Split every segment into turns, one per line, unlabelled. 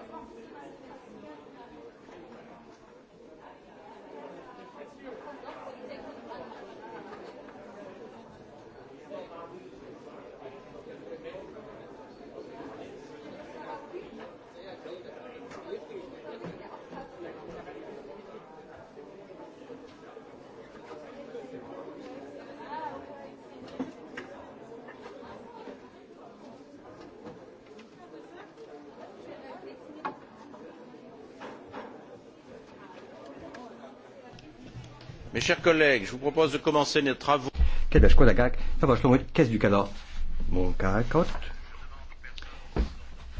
Thank you.
Mes chers collègues, je vous propose de commencer nos travaux. Kedves kollégák, javaslom, hogy kezdjük el a munkákat,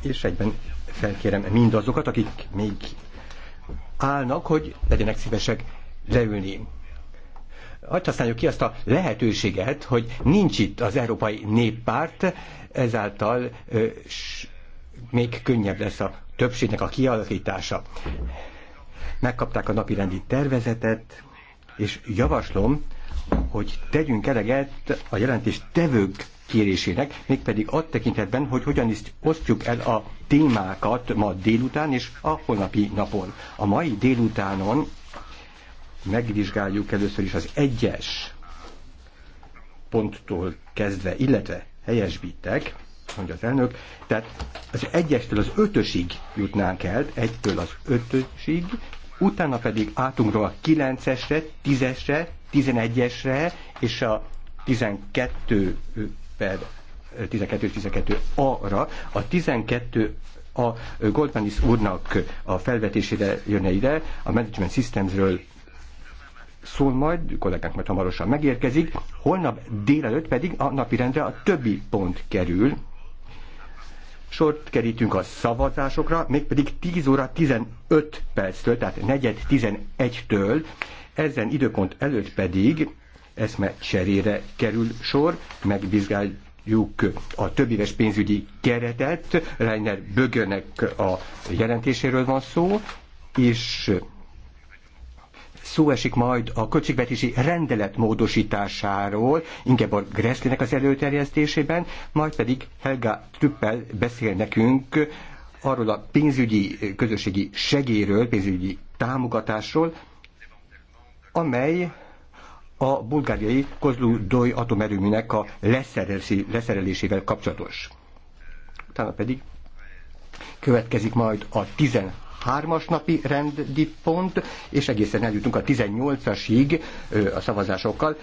és egyben felkérem mindazokat, akik még állnak, hogy legyenek szívesek leülni. Hagy használjuk ki azt a lehetőséget, hogy nincs itt az Európai Néppárt, ezáltal ö, s, még könnyebb lesz a többségnek a kialakítása. Megkapták a napirendi tervezetet, és javaslom, hogy tegyünk eleget a jelentés tevők kérésének, mégpedig a tekintetben, hogy hogyan is osztjuk el a témákat ma délután és a holnapi napon. A mai délutánon megvizsgáljuk először is az egyes ponttól kezdve, illetve helyesbítek, mondja az elnök, tehát az egyestől az ötösig jutnánk el, egytől az ötösig, utána pedig átunkról a 9-esre, 10-esre, 11-esre és a 12 per 12-12 és arra, a 12 a Goldmanis úrnak a felvetésére jönne ide, a Management Systemsről szól majd, kollégánk majd hamarosan megérkezik, holnap délelőtt pedig a napirendre a többi pont kerül, sort kerítünk a szavazásokra, mégpedig 10 óra 15 perctől, tehát negyed 11-től, ezen időpont előtt pedig eszme cserére kerül sor, megvizsgáljuk a többéves pénzügyi keretet, Reiner Bögönek a jelentéséről van szó, és szó esik majd a költségvetési rendelet módosításáról, Ingeborg Gresslinek az előterjesztésében, majd pedig Helga Trüppel beszél nekünk arról a pénzügyi közösségi segéről, pénzügyi támogatásról, amely a bulgáriai Kozludói atomerőműnek a leszerelési, leszerelésével kapcsolatos. Utána pedig következik majd a 13 hármas napi rendi pont, és egészen eljutunk a 18-asig a szavazásokkal.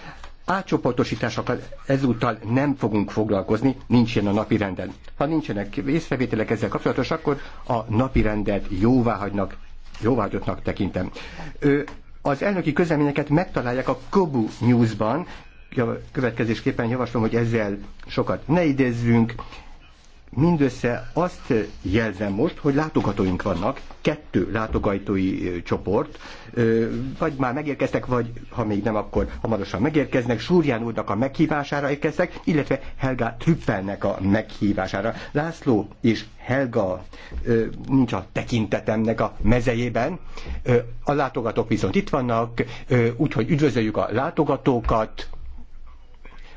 Átcsoportosításokkal ezúttal nem fogunk foglalkozni, nincs ilyen a napi renden. Ha nincsenek észrevételek ezzel kapcsolatos, akkor a napi rendet jóváhagynak, jóváhagyottnak tekintem. Ö, az elnöki közleményeket megtalálják a Kobu Newsban, következésképpen javaslom, hogy ezzel sokat ne idézzünk, mindössze azt jelzem most, hogy látogatóink vannak, kettő látogatói csoport, vagy már megérkeztek, vagy ha még nem, akkor hamarosan megérkeznek, Súrján úrnak a meghívására érkeztek, illetve Helga Trüppelnek a meghívására. László és Helga nincs a tekintetemnek a mezejében, a látogatók viszont itt vannak, úgyhogy üdvözöljük a látogatókat.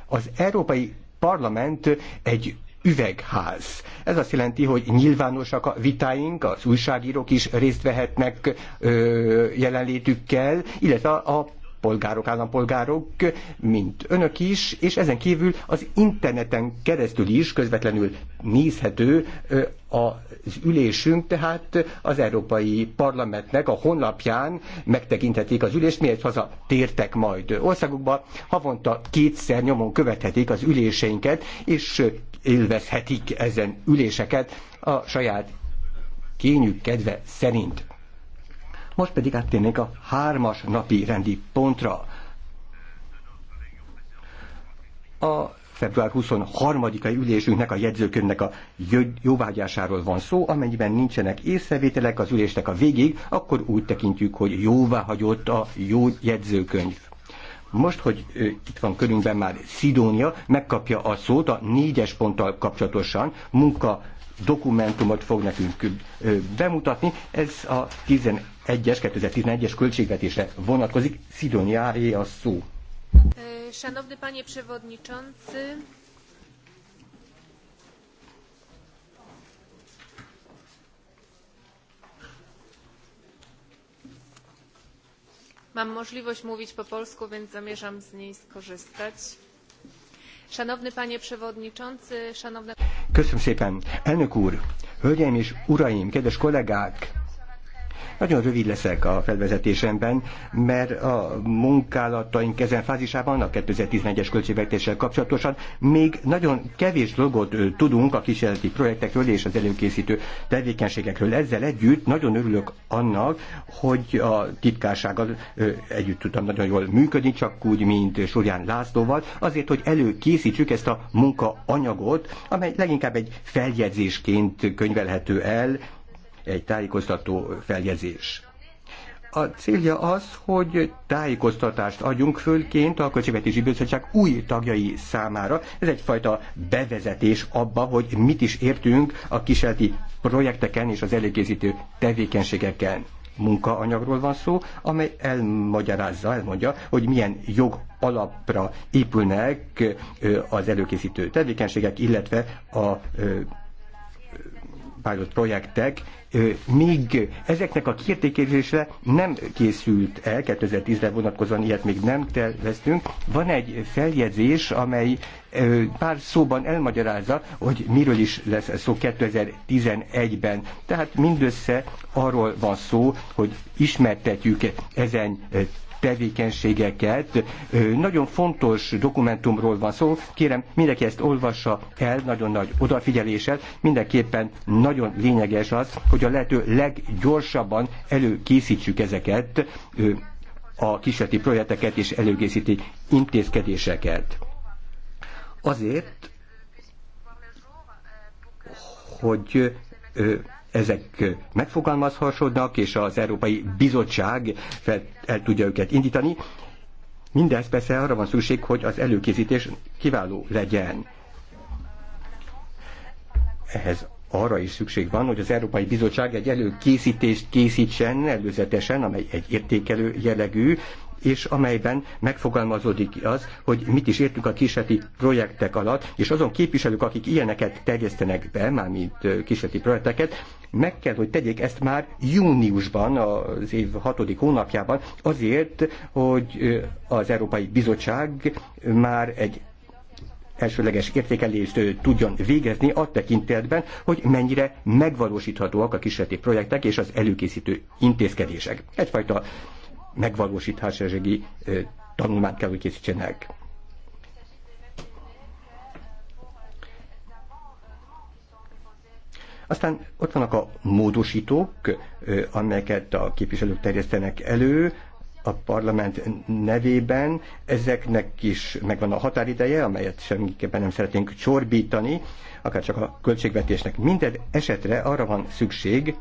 Az Európai Parlament egy üvegház. Ez azt jelenti, hogy nyilvánosak a vitáink, az újságírók is részt vehetnek ö, jelenlétükkel, illetve a polgárok, állampolgárok, mint önök is, és ezen kívül az interneten keresztül is közvetlenül nézhető az ülésünk, tehát az Európai Parlamentnek a honlapján megtekinthetik az ülést, miért haza tértek majd országokba. Havonta kétszer nyomon követhetik az üléseinket, és élvezhetik ezen üléseket a saját kényük kedve szerint. Most pedig áttérnénk a hármas napi rendi pontra. A február 23-ai ülésünknek a jegyzőkönnek a jóvágyásáról van szó, amennyiben nincsenek észrevételek az ülésnek a végig, akkor úgy tekintjük, hogy jóváhagyott a jó jegyzőkönyv. Most, hogy ő, itt van körünkben már Szidónia, megkapja a szót a négyes ponttal kapcsolatosan, munka dokumentumot fog nekünk bemutatni. Ez a 11-es, 2011-es költségvetésre vonatkozik. Szidóniáé a szó.
Szanowny panie przewodniczący,
Mam możliwość mówić po polsku, więc zamierzam z niej skorzystać.
Szanowny panie przewodniczący, szanowne...
Köszönöm szépen. Elnök úr, hölgyeim és uraim, kedves kollégák! Nagyon rövid leszek a felvezetésemben, mert a munkálataink ezen fázisában, a 2011-es költségvetéssel kapcsolatosan még nagyon kevés dolgot tudunk a kísérleti projektekről és az előkészítő tevékenységekről. Ezzel együtt nagyon örülök annak, hogy a titkársággal együtt tudtam nagyon jól működni, csak úgy, mint Surján Lászlóval, azért, hogy előkészítsük ezt a munkaanyagot, amely leginkább egy feljegyzésként könyvelhető el, egy tájékoztató feljegyzés. A célja az, hogy tájékoztatást adjunk fölként a Költségvetési Bizottság új tagjai számára. Ez egyfajta bevezetés abba, hogy mit is értünk a kísérleti projekteken és az előkészítő tevékenységeken munkaanyagról van szó, amely elmagyarázza, elmondja, hogy milyen jog alapra épülnek az előkészítő tevékenységek, illetve a pilot projektek még ezeknek a kiértékezésre nem készült el, 2010-re vonatkozóan ilyet még nem terveztünk. Van egy feljegyzés, amely pár szóban elmagyarázza, hogy miről is lesz szó 2011-ben. Tehát mindössze arról van szó, hogy ismertetjük ezen tevékenységeket. Nagyon fontos dokumentumról van szó. Kérem, mindenki ezt olvassa el, nagyon nagy odafigyeléssel. Mindenképpen nagyon lényeges az, hogy a lehető leggyorsabban előkészítsük ezeket, a kísérleti projekteket és előkészíti intézkedéseket. Azért, hogy ezek megfogalmazhassodnak, és az Európai Bizottság fel el tudja őket indítani. Mindez persze arra van szükség, hogy az előkészítés kiváló legyen. Ehhez arra is szükség van, hogy az Európai Bizottság egy előkészítést készítsen előzetesen, amely egy értékelő jellegű, és amelyben megfogalmazódik az, hogy mit is értünk a kísérleti projektek alatt, és azon képviselők, akik ilyeneket terjesztenek be, mármint kísérleti projekteket, meg kell, hogy tegyék ezt már júniusban, az év hatodik hónapjában, azért, hogy az Európai Bizottság már egy elsőleges értékelést tudjon végezni a tekintetben, hogy mennyire megvalósíthatóak a kísérleti projektek és az előkészítő intézkedések. Egyfajta megvalósításági tanulmányt kell, hogy készítsenek. Aztán ott vannak a módosítók, amelyeket a képviselők terjesztenek elő, a parlament nevében. Ezeknek is megvan a határideje, amelyet semmiképpen nem szeretnénk csorbítani, akár csak a költségvetésnek. Minden esetre arra van szükség,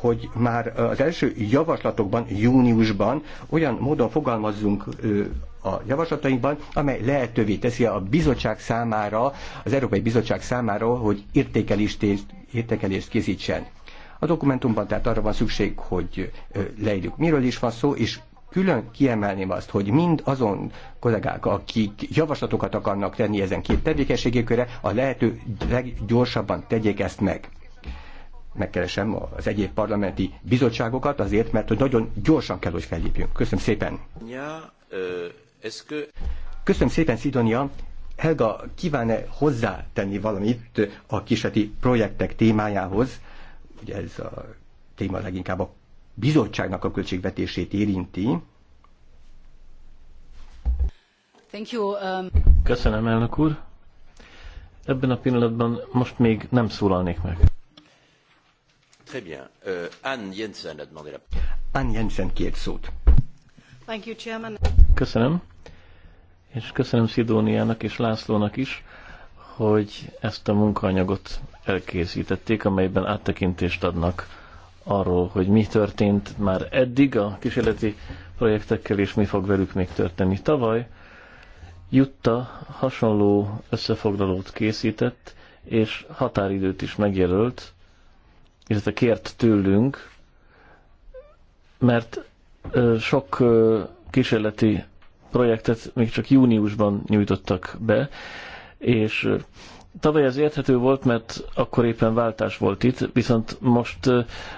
hogy már az első javaslatokban, júniusban olyan módon fogalmazzunk a javaslatainkban, amely lehetővé teszi a bizottság számára, az Európai Bizottság számára, hogy értékelést, értékelést készítsen. A dokumentumban tehát arra van szükség, hogy leírjuk, miről is van szó, és külön kiemelném azt, hogy mind azon kollégák, akik javaslatokat akarnak tenni ezen két tevékenységékörre, a lehető leggyorsabban tegyék ezt meg megkeresem az egyéb parlamenti bizottságokat azért, mert hogy nagyon gyorsan kell, hogy fellépjünk. Köszönöm szépen. Köszönöm szépen, Szidonia. Helga, kíván-e hozzátenni valamit a kiseti projektek témájához? Ugye ez a téma leginkább a bizottságnak a költségvetését
érinti.
Thank you, um...
Köszönöm, elnök úr. Ebben a pillanatban most még nem szólalnék meg.
Très bien. Euh, Anne Jensen a demandé la
Anne Jensen Thank you, Chairman. Köszönöm. És köszönöm Szidóniának és Lászlónak is, hogy ezt a munkaanyagot elkészítették, amelyben áttekintést adnak arról, hogy mi történt már eddig a kísérleti projektekkel, és mi fog velük még történni. Tavaly Jutta hasonló összefoglalót készített, és határidőt is megjelölt, illetve kért tőlünk, mert sok kísérleti projektet még csak júniusban nyújtottak be, és tavaly ez érthető volt, mert akkor éppen váltás volt itt, viszont most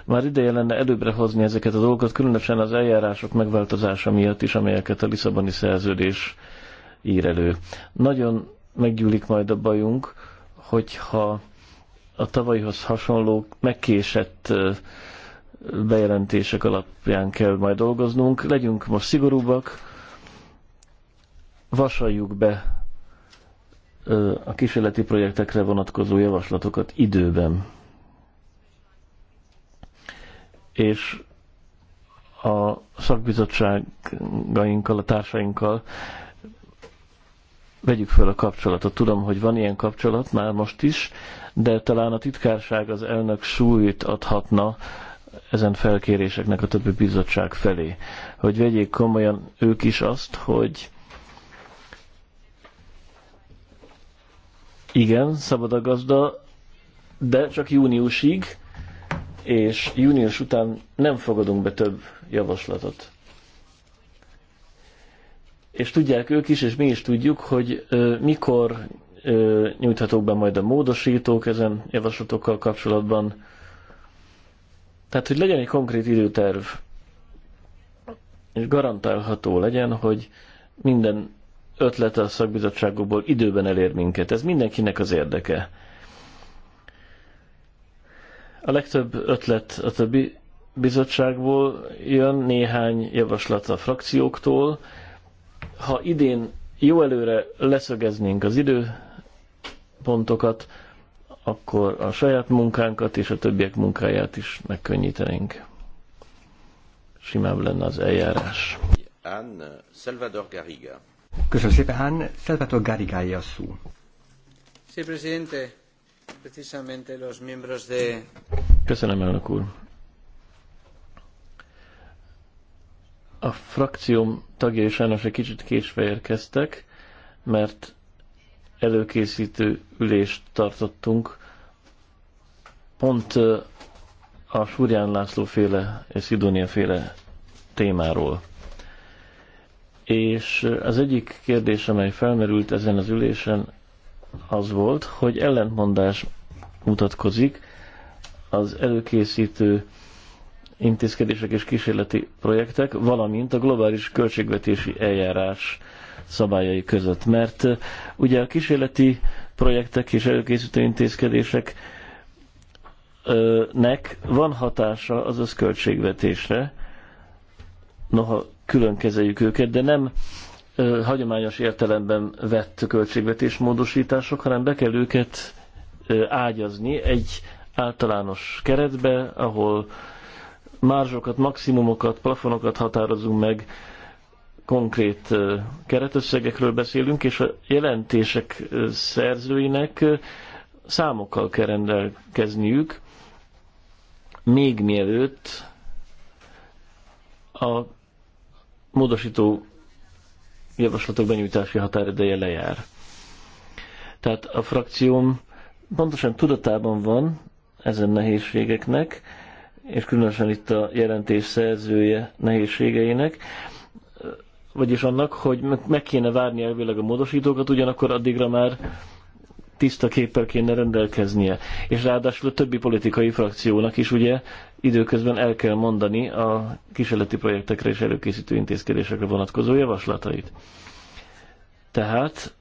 már ideje lenne előbbre hozni ezeket a dolgokat, különösen az eljárások megváltozása miatt is, amelyeket a Lisszaboni szerződés ír elő. Nagyon meggyűlik majd a bajunk, hogyha a tavalyhoz hasonló megkésett bejelentések alapján kell majd dolgoznunk. Legyünk most szigorúbbak, vasaljuk be a kísérleti projektekre vonatkozó javaslatokat időben. És a szakbizottságainkkal, a társainkkal vegyük föl a kapcsolatot. Tudom, hogy van ilyen kapcsolat már most is, de talán a titkárság az elnök súlyt adhatna ezen felkéréseknek a többi bizottság felé, hogy vegyék komolyan ők is azt, hogy igen, szabad a gazda, de csak júniusig, és június után nem fogadunk be több javaslatot és tudják ők is, és mi is tudjuk, hogy mikor nyújthatók be majd a módosítók ezen javaslatokkal kapcsolatban. Tehát, hogy legyen egy konkrét időterv, és garantálható legyen, hogy minden ötlet a szakbizottságokból időben elér minket. Ez mindenkinek az érdeke. A legtöbb ötlet a többi bizottságból jön, néhány javaslat a frakcióktól, ha idén jó előre leszögeznénk az időpontokat, akkor a saját munkánkat és a többiek munkáját is megkönnyítenénk. Simább lenne az eljárás.
Anne Salvador Garriga.
Köszönöm szépen, Hán. Salvador Garriga a szó.
Sí, presidente. Precisamente los miembros de...
Köszönöm, elnök úr. a frakcióm tagjai sajnos egy kicsit késve érkeztek, mert előkészítő ülést tartottunk pont a Súrján László féle és Szidónia féle témáról. És az egyik kérdés, amely felmerült ezen az ülésen, az volt, hogy ellentmondás mutatkozik az előkészítő intézkedések és kísérleti projektek, valamint a globális költségvetési eljárás szabályai között. Mert ugye a kísérleti projektek és előkészítő intézkedések nek van hatása az költségvetésre, noha külön kezeljük őket, de nem ö, hagyományos értelemben vett költségvetés módosítások, hanem be kell őket ö, ágyazni egy általános keretbe, ahol márzsokat, maximumokat, plafonokat határozunk meg, konkrét keretösszegekről beszélünk, és a jelentések szerzőinek számokkal kell rendelkezniük, még mielőtt a módosító javaslatok benyújtási határideje lejár. Tehát a frakcióm pontosan tudatában van ezen nehézségeknek, és különösen itt a jelentés szerzője nehézségeinek, vagyis annak, hogy meg kéne várni elvileg a módosítókat, ugyanakkor addigra már tiszta képpel kéne rendelkeznie. És ráadásul a többi politikai frakciónak is ugye időközben el kell mondani a kísérleti projektekre és előkészítő intézkedésekre vonatkozó javaslatait. Tehát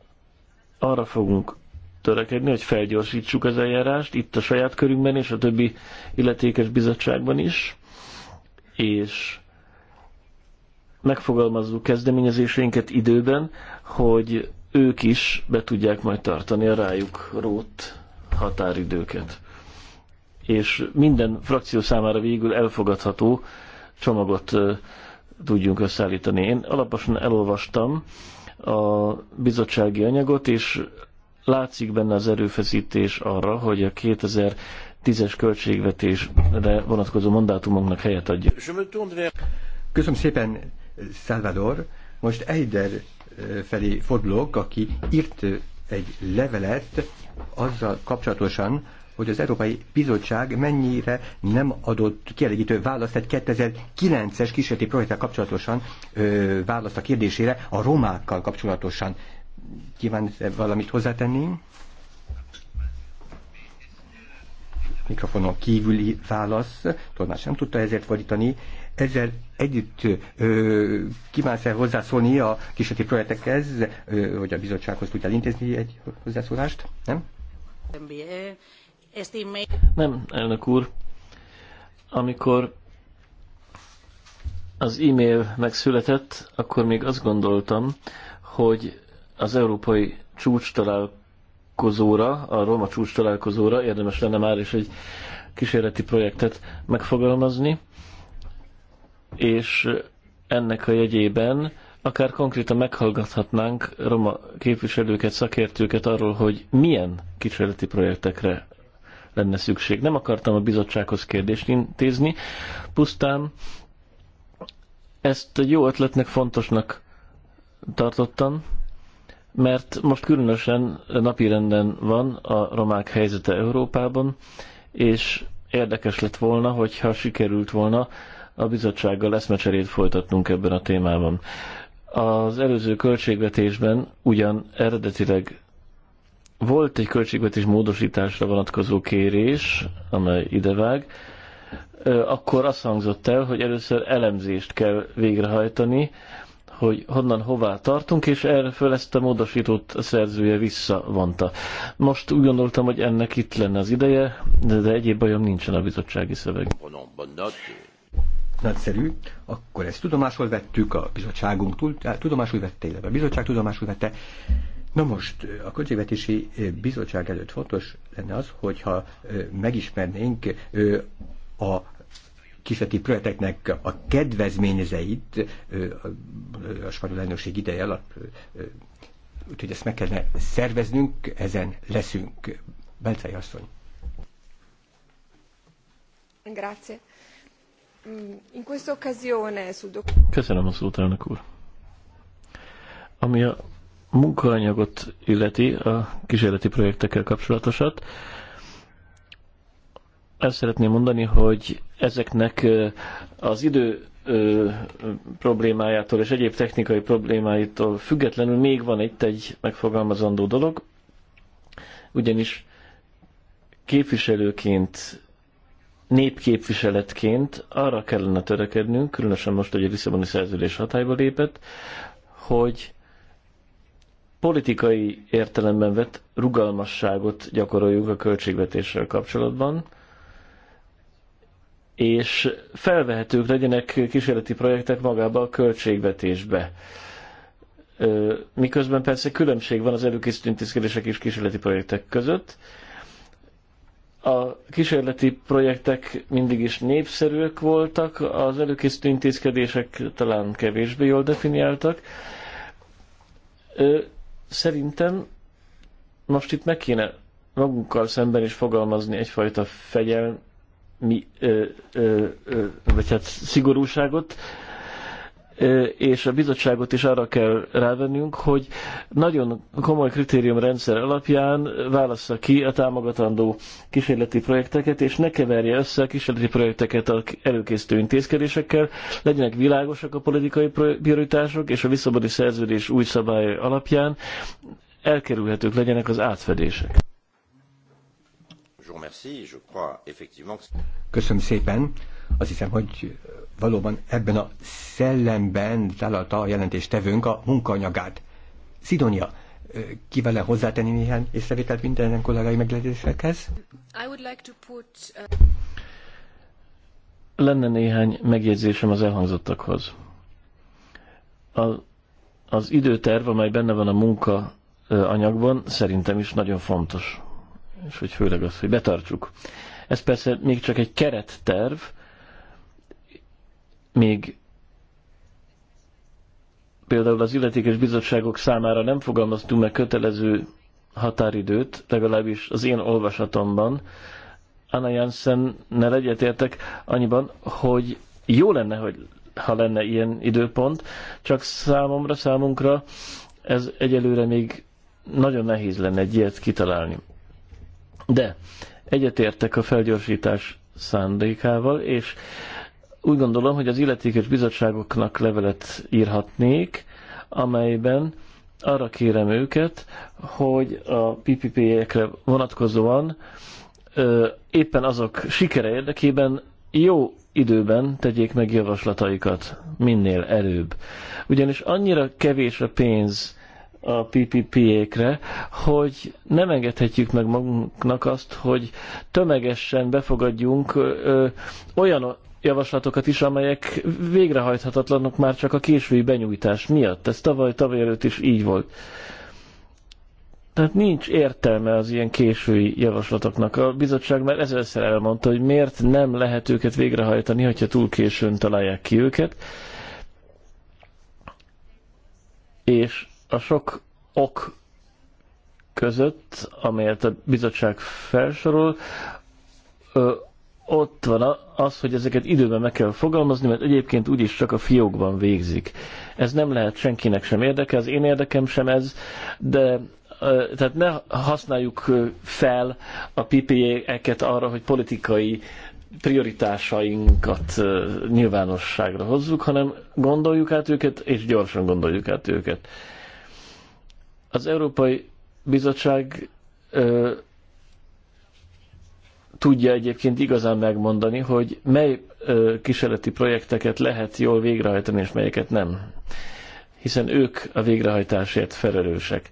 arra fogunk törekedni, hogy felgyorsítsuk az eljárást itt a saját körünkben és a többi illetékes bizottságban is, és megfogalmazzuk kezdeményezéseinket időben, hogy ők is be tudják majd tartani a rájuk rót határidőket. És minden frakció számára végül elfogadható csomagot tudjunk összeállítani. Én alaposan elolvastam a bizottsági anyagot, és látszik benne az erőfeszítés arra, hogy a 2010-es költségvetésre vonatkozó mandátumoknak helyet adja. Köszönöm szépen,
Salvador. Most Eider felé fordulok, aki írt egy levelet azzal kapcsolatosan, hogy az Európai Bizottság mennyire nem adott kielégítő választ egy 2009-es kísérleti projekttel kapcsolatosan ö, választ a kérdésére a romákkal kapcsolatosan kíván -e valamit hozzátenni? Mikrofonon kívüli válasz, Tornás nem tudta ezért fordítani. Ezzel együtt kívánsz -e hozzászólni a kísérleti projektekhez, ö, hogy a bizottsághoz tudjál intézni
egy hozzászólást? Nem? Nem, elnök úr. Amikor az e-mail megszületett, akkor még azt gondoltam, hogy az európai csúcs találkozóra, a roma csúcs találkozóra érdemes lenne már is egy kísérleti projektet megfogalmazni, és ennek a jegyében akár konkrétan meghallgathatnánk roma képviselőket, szakértőket arról, hogy milyen kísérleti projektekre lenne szükség. Nem akartam a bizottsághoz kérdést intézni, pusztán ezt egy jó ötletnek fontosnak tartottam, mert most különösen napirenden van a romák helyzete Európában, és érdekes lett volna, hogyha sikerült volna a bizottsággal eszmecserét folytatnunk ebben a témában. Az előző költségvetésben ugyan eredetileg volt egy költségvetés módosításra vonatkozó kérés, amely idevág, akkor azt hangzott el, hogy először elemzést kell végrehajtani, hogy honnan hová tartunk, és erre föl ezt a módosítót a szerzője visszavonta. Most úgy gondoltam, hogy ennek itt lenne az ideje, de egyéb bajom nincsen a bizottsági szöveg.
Nagyszerű. Akkor ezt tudomásul vettük, a bizottságunk tudomásul vette, illetve a bizottság tudomásul vette. Na most, a Költségvetési Bizottság előtt fontos lenne az, hogyha megismernénk a kísérleti projekteknek a kedvezményezeit a spanyol elnökség ideje alatt, úgyhogy ezt meg kellene szerveznünk, ezen leszünk. Belcei asszony.
Grazie. Mm, in questa occasione sul Köszönöm a szót, elnök úr. Ami a munkaanyagot illeti, a kísérleti projektekkel kapcsolatosat, ezt szeretném mondani, hogy ezeknek az idő problémájától és egyéb technikai problémáitól függetlenül még van itt egy megfogalmazandó dolog, ugyanis képviselőként, népképviseletként arra kellene törekednünk, különösen most, hogy a Lisszaboni szerződés hatályba lépett, hogy politikai értelemben vett rugalmasságot gyakoroljunk a költségvetéssel kapcsolatban, és felvehetők legyenek kísérleti projektek magába a költségvetésbe. Miközben persze különbség van az előkészítő intézkedések és kísérleti projektek között. A kísérleti projektek mindig is népszerűek voltak, az előkészítő intézkedések talán kevésbé jól definiáltak. Szerintem most itt meg kéne magunkkal szemben is fogalmazni egyfajta fegyelmet, mi, ö, ö, ö, vagy hát szigorúságot, és a bizottságot is arra kell rávennünk, hogy nagyon komoly kritériumrendszer alapján válassza ki a támogatandó kísérleti projekteket, és ne keverje össze a kísérleti projekteket a előkészítő intézkedésekkel, legyenek világosak a politikai prioritások, és a Visszabadi Szerződés új szabály alapján elkerülhetők legyenek az átfedések.
Köszönöm szépen. Azt hiszem, hogy valóban ebben a szellemben találta a jelentéstevőnk a munkanyagát. Szidonia, vele hozzátenni néhány észrevételt minden kollégai megjegyzésekhez?
Like put... Uh,
Lenne néhány megjegyzésem az elhangzottakhoz. A, az időterv, amely benne van a munka anyagban, szerintem is nagyon fontos és hogy főleg az, hogy betartsuk. Ez persze még csak egy keretterv, még például az illetékes bizottságok számára nem fogalmaztunk meg kötelező határidőt, legalábbis az én olvasatomban, Anna Janssen ne egyetértek annyiban, hogy jó lenne, hogy ha lenne ilyen időpont, csak számomra, számunkra ez egyelőre még nagyon nehéz lenne egy ilyet kitalálni. De egyetértek a felgyorsítás szándékával, és úgy gondolom, hogy az illetékes bizottságoknak levelet írhatnék, amelyben arra kérem őket, hogy a PPP-ekre vonatkozóan ö, éppen azok sikere érdekében jó időben tegyék meg javaslataikat, minél előbb. Ugyanis annyira kevés a pénz a PPP-ékre, hogy nem engedhetjük meg magunknak azt, hogy tömegesen befogadjunk ö, olyan javaslatokat is, amelyek végrehajthatatlanok már csak a késői benyújtás miatt. Ez tavaly, tavaly előtt is így volt. Tehát nincs értelme az ilyen késői javaslatoknak. A bizottság már ezerszer elmondta, hogy miért nem lehet őket végrehajtani, hogyha túl későn találják ki őket. És a sok ok között, amelyet a bizottság felsorol, ö, ott van az, hogy ezeket időben meg kell fogalmazni, mert egyébként úgyis csak a fiókban végzik. Ez nem lehet senkinek sem érdeke, az én érdekem sem ez, de ö, tehát ne használjuk fel a PPA-eket arra, hogy politikai prioritásainkat nyilvánosságra hozzuk, hanem gondoljuk át őket, és gyorsan gondoljuk át őket. Az Európai Bizottság ö, tudja egyébként igazán megmondani, hogy mely ö, kísérleti projekteket lehet jól végrehajtani, és melyeket nem. Hiszen ők a végrehajtásért felelősek,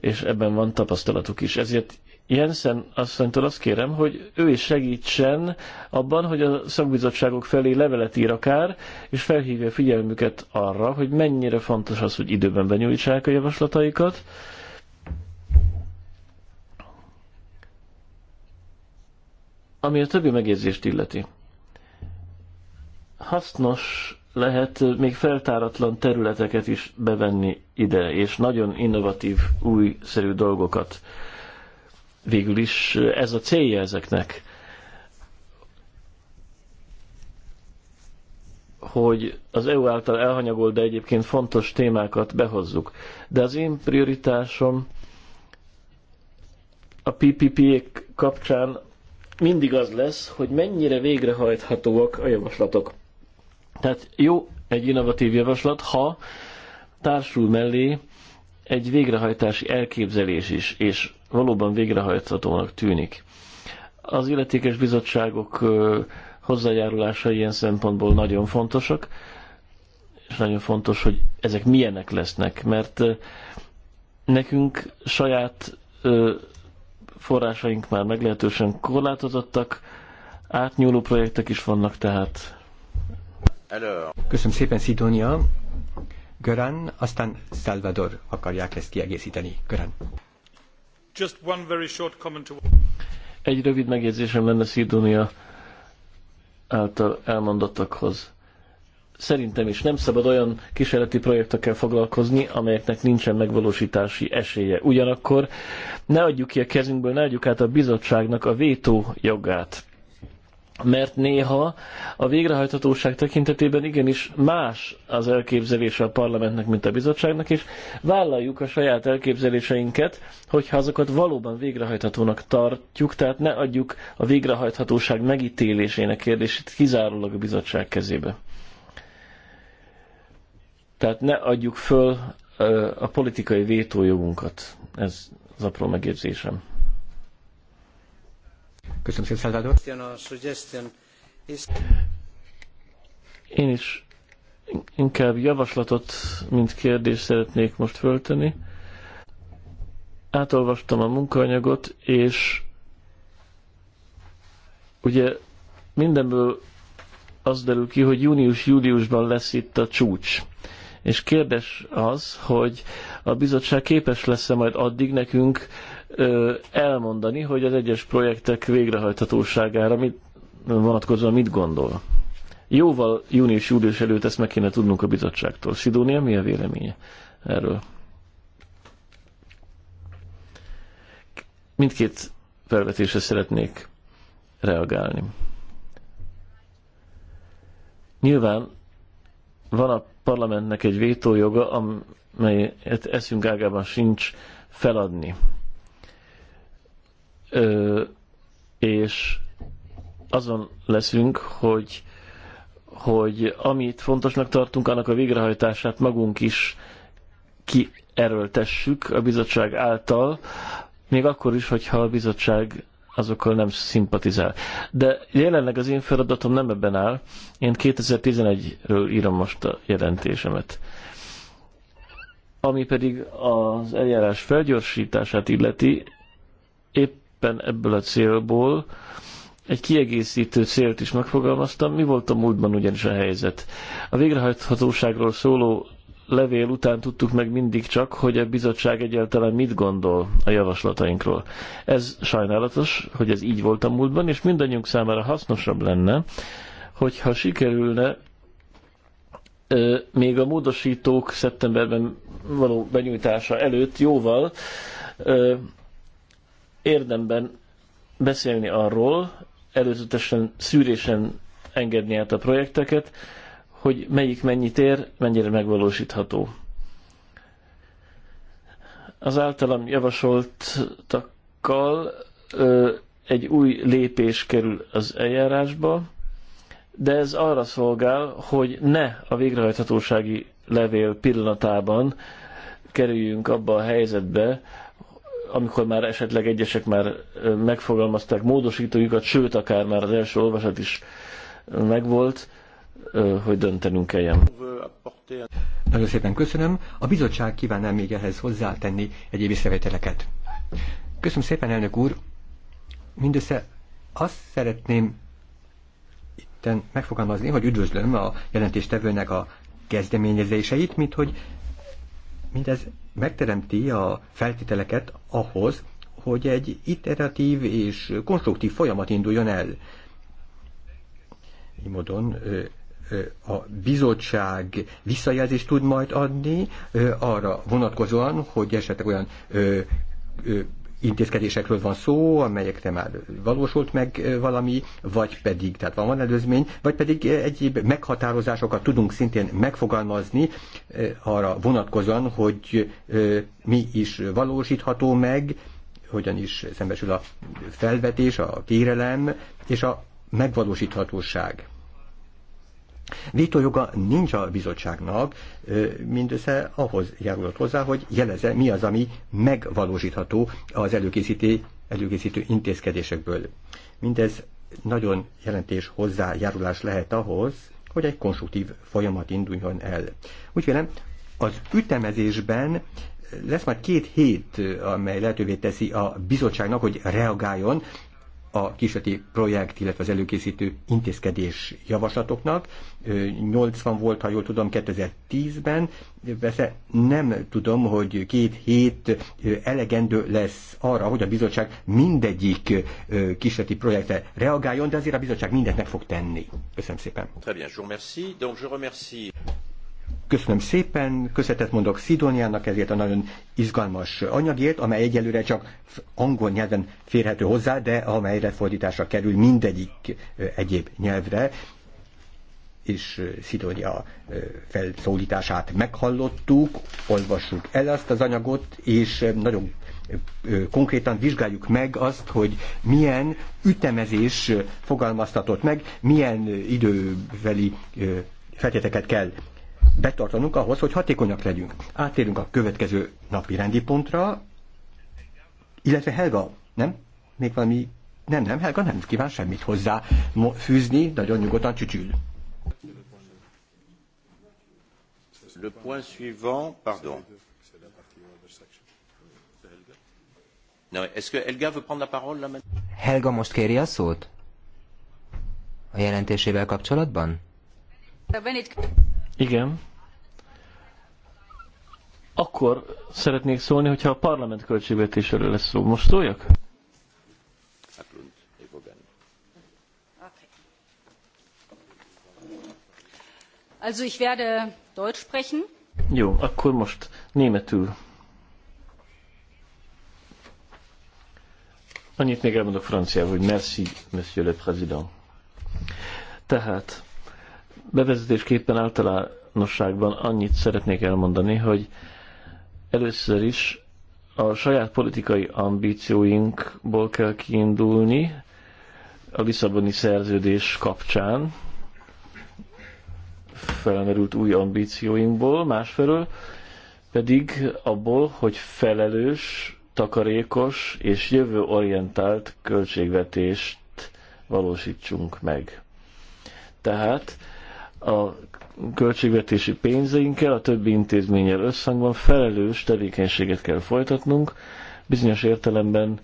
és ebben van tapasztalatuk is. Ezért Jensen asszonytól azt kérem, hogy ő is segítsen abban, hogy a szakbizottságok felé levelet ír akár, és felhívja figyelmüket arra, hogy mennyire fontos az, hogy időben benyújtsák a javaslataikat. Ami a többi megjegyzést illeti. Hasznos lehet még feltáratlan területeket is bevenni ide, és nagyon innovatív, újszerű dolgokat végül is ez a célja ezeknek, hogy az EU által elhanyagolt, de egyébként fontos témákat behozzuk. De az én prioritásom a PPP-ek kapcsán mindig az lesz, hogy mennyire végrehajthatóak a javaslatok. Tehát jó egy innovatív javaslat, ha társul mellé egy végrehajtási elképzelés is, és valóban végrehajthatónak tűnik. Az illetékes bizottságok hozzájárulása ilyen szempontból nagyon fontosak, és nagyon fontos, hogy ezek milyenek lesznek, mert nekünk saját forrásaink már meglehetősen korlátozottak, átnyúló projektek is vannak tehát. Köszönöm szépen, Szidónia.
Görán, aztán Salvador akarják ezt kiegészíteni. Görán.
Egy rövid megjegyzésem lenne Szidónia által elmondottakhoz. Szerintem is nem szabad olyan kísérleti projektekkel foglalkozni, amelyeknek nincsen megvalósítási esélye. Ugyanakkor ne adjuk ki a kezünkből, ne adjuk át a bizottságnak a vétó jogát mert néha a végrehajthatóság tekintetében igenis más az elképzelése a parlamentnek, mint a bizottságnak, és vállaljuk a saját elképzeléseinket, hogyha azokat valóban végrehajthatónak tartjuk, tehát ne adjuk a végrehajthatóság megítélésének kérdését kizárólag a bizottság kezébe. Tehát ne adjuk föl a politikai vétójogunkat. Ez az apró megérzésem. Köszönöm szépen, Salvador. Én is inkább javaslatot, mint kérdést szeretnék most föltenni. Átolvastam a munkaanyagot, és ugye mindenből az derül ki, hogy június-júliusban lesz itt a csúcs. És kérdés az, hogy a bizottság képes lesz-e majd addig nekünk elmondani, hogy az egyes projektek végrehajthatóságára mit, vonatkozóan mit gondol. Jóval június-július előtt ezt meg kéne tudnunk a bizottságtól. Szidónia, mi a véleménye erről? Mindkét felvetésre szeretnék reagálni. Nyilván van a parlamentnek egy vétójoga, amelyet eszünk ágában sincs feladni Ö, és azon leszünk, hogy, hogy amit fontosnak tartunk, annak a végrehajtását magunk is kierőltessük a bizottság által, még akkor is, hogyha a bizottság azokkal nem szimpatizál. De jelenleg az én feladatom nem ebben áll. Én 2011-ről írom most a jelentésemet. Ami pedig az eljárás felgyorsítását illeti, épp éppen ebből a célból egy kiegészítő célt is megfogalmaztam. Mi volt a múltban ugyanis a helyzet? A végrehajthatóságról szóló levél után tudtuk meg mindig csak, hogy a bizottság egyáltalán mit gondol a javaslatainkról. Ez sajnálatos, hogy ez így volt a múltban, és mindannyiunk számára hasznosabb lenne, hogyha sikerülne még a módosítók szeptemberben való benyújtása előtt jóval érdemben beszélni arról, előzetesen szűrésen engedni át a projekteket, hogy melyik mennyit ér, mennyire megvalósítható. Az általam javasoltakkal ö, egy új lépés kerül az eljárásba, de ez arra szolgál, hogy ne a végrehajthatósági levél pillanatában kerüljünk abba a helyzetbe, amikor már esetleg egyesek már megfogalmazták módosítójukat, sőt, akár már az első olvasat is megvolt, hogy döntenünk kelljen.
Nagyon szépen köszönöm. A bizottság el még ehhez hozzátenni egyéb észrevételeket. Köszönöm szépen, elnök úr. Mindössze azt szeretném itten megfogalmazni, hogy üdvözlöm a jelentéstevőnek a kezdeményezéseit, mint hogy mindez megteremti a feltételeket ahhoz, hogy egy iteratív és konstruktív folyamat induljon el. Így módon a bizottság visszajelzést tud majd adni arra vonatkozóan, hogy esetleg olyan intézkedésekről van szó, amelyekre már valósult meg valami, vagy pedig, tehát van, van előzmény, vagy pedig egyéb meghatározásokat tudunk szintén megfogalmazni arra vonatkozóan, hogy mi is valósítható meg, hogyan is szembesül a felvetés, a kérelem és a megvalósíthatóság. Vétójoga nincs a bizottságnak, mindössze ahhoz járulott hozzá, hogy jelezze, mi az, ami megvalósítható az előkészítő, előkészítő intézkedésekből. Mindez nagyon jelentés hozzájárulás lehet ahhoz, hogy egy konstruktív folyamat induljon el. Úgy vélem, az ütemezésben lesz már két hét, amely lehetővé teszi a bizottságnak, hogy reagáljon a kísérleti projekt, illetve az előkészítő intézkedés javaslatoknak. 80 volt, ha jól tudom, 2010-ben. Persze nem tudom, hogy két hét elegendő lesz arra, hogy a bizottság mindegyik kísérleti projektre reagáljon, de azért a bizottság mindent meg fog tenni. Köszönöm szépen. Très bien, je vous remercie. Donc je remercie Köszönöm szépen, köszönetet mondok Szidóniának ezért a nagyon izgalmas anyagért, amely egyelőre csak angol nyelven férhető hozzá, de amelyre fordításra kerül mindegyik egyéb nyelvre és Szidónia felszólítását meghallottuk, olvassuk el azt az anyagot, és nagyon konkrétan vizsgáljuk meg azt, hogy milyen ütemezés fogalmaztatott meg, milyen időveli feltéteket kell betartanunk ahhoz, hogy hatékonyak legyünk. Átérünk a következő napi rendi pontra, illetve Helga, nem? Még valami... Nem, nem, Helga nem kíván semmit hozzá fűzni, nagyon nyugodtan csücsül. Le point suivant, pardon. Non, est-ce que Helga veut prendre la parole là maintenant?
Helga most kéri a szót?
A jelentésével kapcsolatban? Igen. Akkor szeretnék szólni, hogyha a parlament költségvetéséről lesz szó. Most szóljak?
Also ich werde Deutsch sprechen.
Jó, akkor most németül. Annyit még elmondok franciául, hogy merci, monsieur le président. Tehát bevezetésképpen általánosságban annyit szeretnék elmondani, hogy először is a saját politikai ambícióinkból kell kiindulni a Lisszaboni szerződés kapcsán, felmerült új ambícióinkból, másfelől pedig abból, hogy felelős, takarékos és jövőorientált költségvetést valósítsunk meg. Tehát a költségvetési pénzeinkkel, a többi intézménnyel összhangban felelős tevékenységet kell folytatnunk, bizonyos értelemben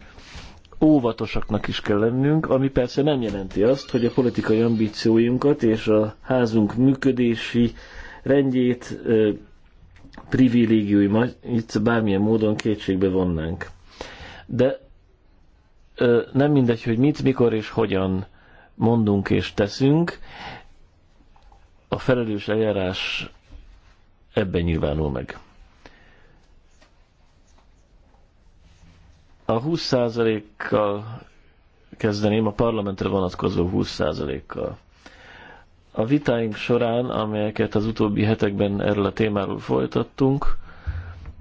óvatosaknak is kell lennünk, ami persze nem jelenti azt, hogy a politikai ambícióinkat és a házunk működési rendjét, privilégiumait bármilyen módon kétségbe vonnánk. De nem mindegy, hogy mit, mikor és hogyan mondunk és teszünk, a felelős eljárás ebben nyilvánul meg. A 20%-kal kezdeném, a parlamentre vonatkozó 20%-kal. A vitáink során, amelyeket az utóbbi hetekben erről a témáról folytattunk,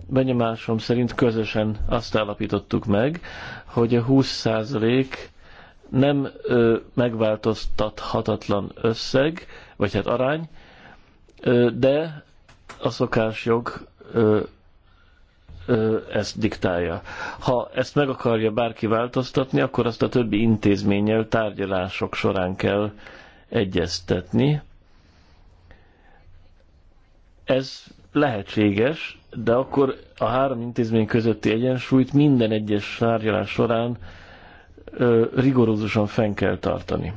benyomásom szerint közösen azt állapítottuk meg, hogy a 20% nem ö, megváltoztathatatlan összeg, vagy hát arány, de a szokásjog ezt diktálja. Ha ezt meg akarja bárki változtatni, akkor azt a többi intézménnyel tárgyalások során kell egyeztetni. Ez lehetséges, de akkor a három intézmény közötti egyensúlyt minden egyes tárgyalás során rigorózusan fenn kell tartani.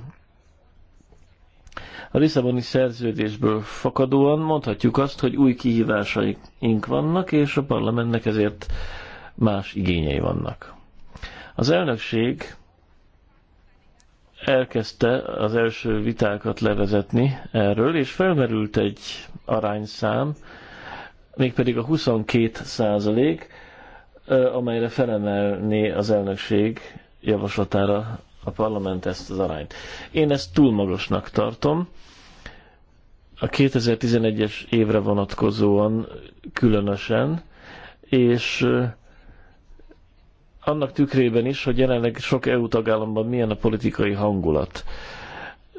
A Lisszaboni szerződésből fakadóan mondhatjuk azt, hogy új kihívásaink vannak, és a parlamentnek ezért más igényei vannak. Az elnökség elkezdte az első vitákat levezetni erről, és felmerült egy arányszám, mégpedig a 22 százalék, amelyre felemelné az elnökség javaslatára a parlament ezt az arányt. Én ezt túl magasnak tartom. A 2011-es évre vonatkozóan különösen, és annak tükrében is, hogy jelenleg sok EU tagállamban milyen a politikai hangulat.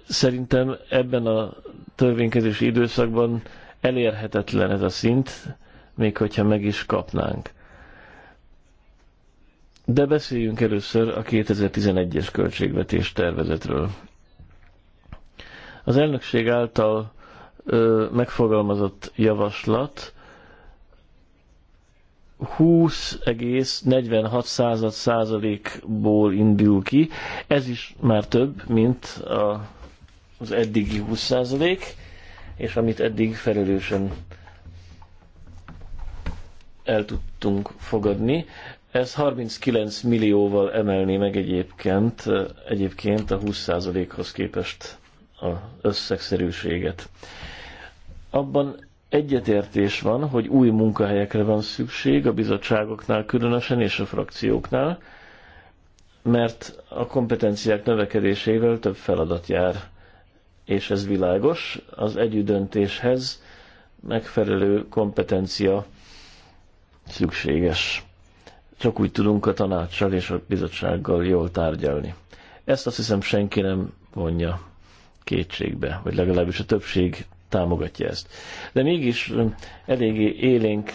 Szerintem ebben a törvénykezési időszakban elérhetetlen ez a szint, még hogyha meg is kapnánk. De beszéljünk először a 2011-es költségvetés tervezetről. Az elnökség által ö, megfogalmazott javaslat 20,46 százalékból indul ki. Ez is már több, mint a, az eddigi 20 százalék, és amit eddig felelősen el tudtunk fogadni. Ez 39 millióval emelni meg egyébként, egyébként a 20%-hoz képest az összegszerűséget. Abban egyetértés van, hogy új munkahelyekre van szükség a bizottságoknál különösen és a frakcióknál, mert a kompetenciák növekedésével több feladat jár, és ez világos. Az együttdöntéshez megfelelő kompetencia szükséges csak úgy tudunk a tanácssal és a bizottsággal jól tárgyalni. Ezt azt hiszem senki nem vonja kétségbe, vagy legalábbis a többség támogatja ezt. De mégis eléggé élénk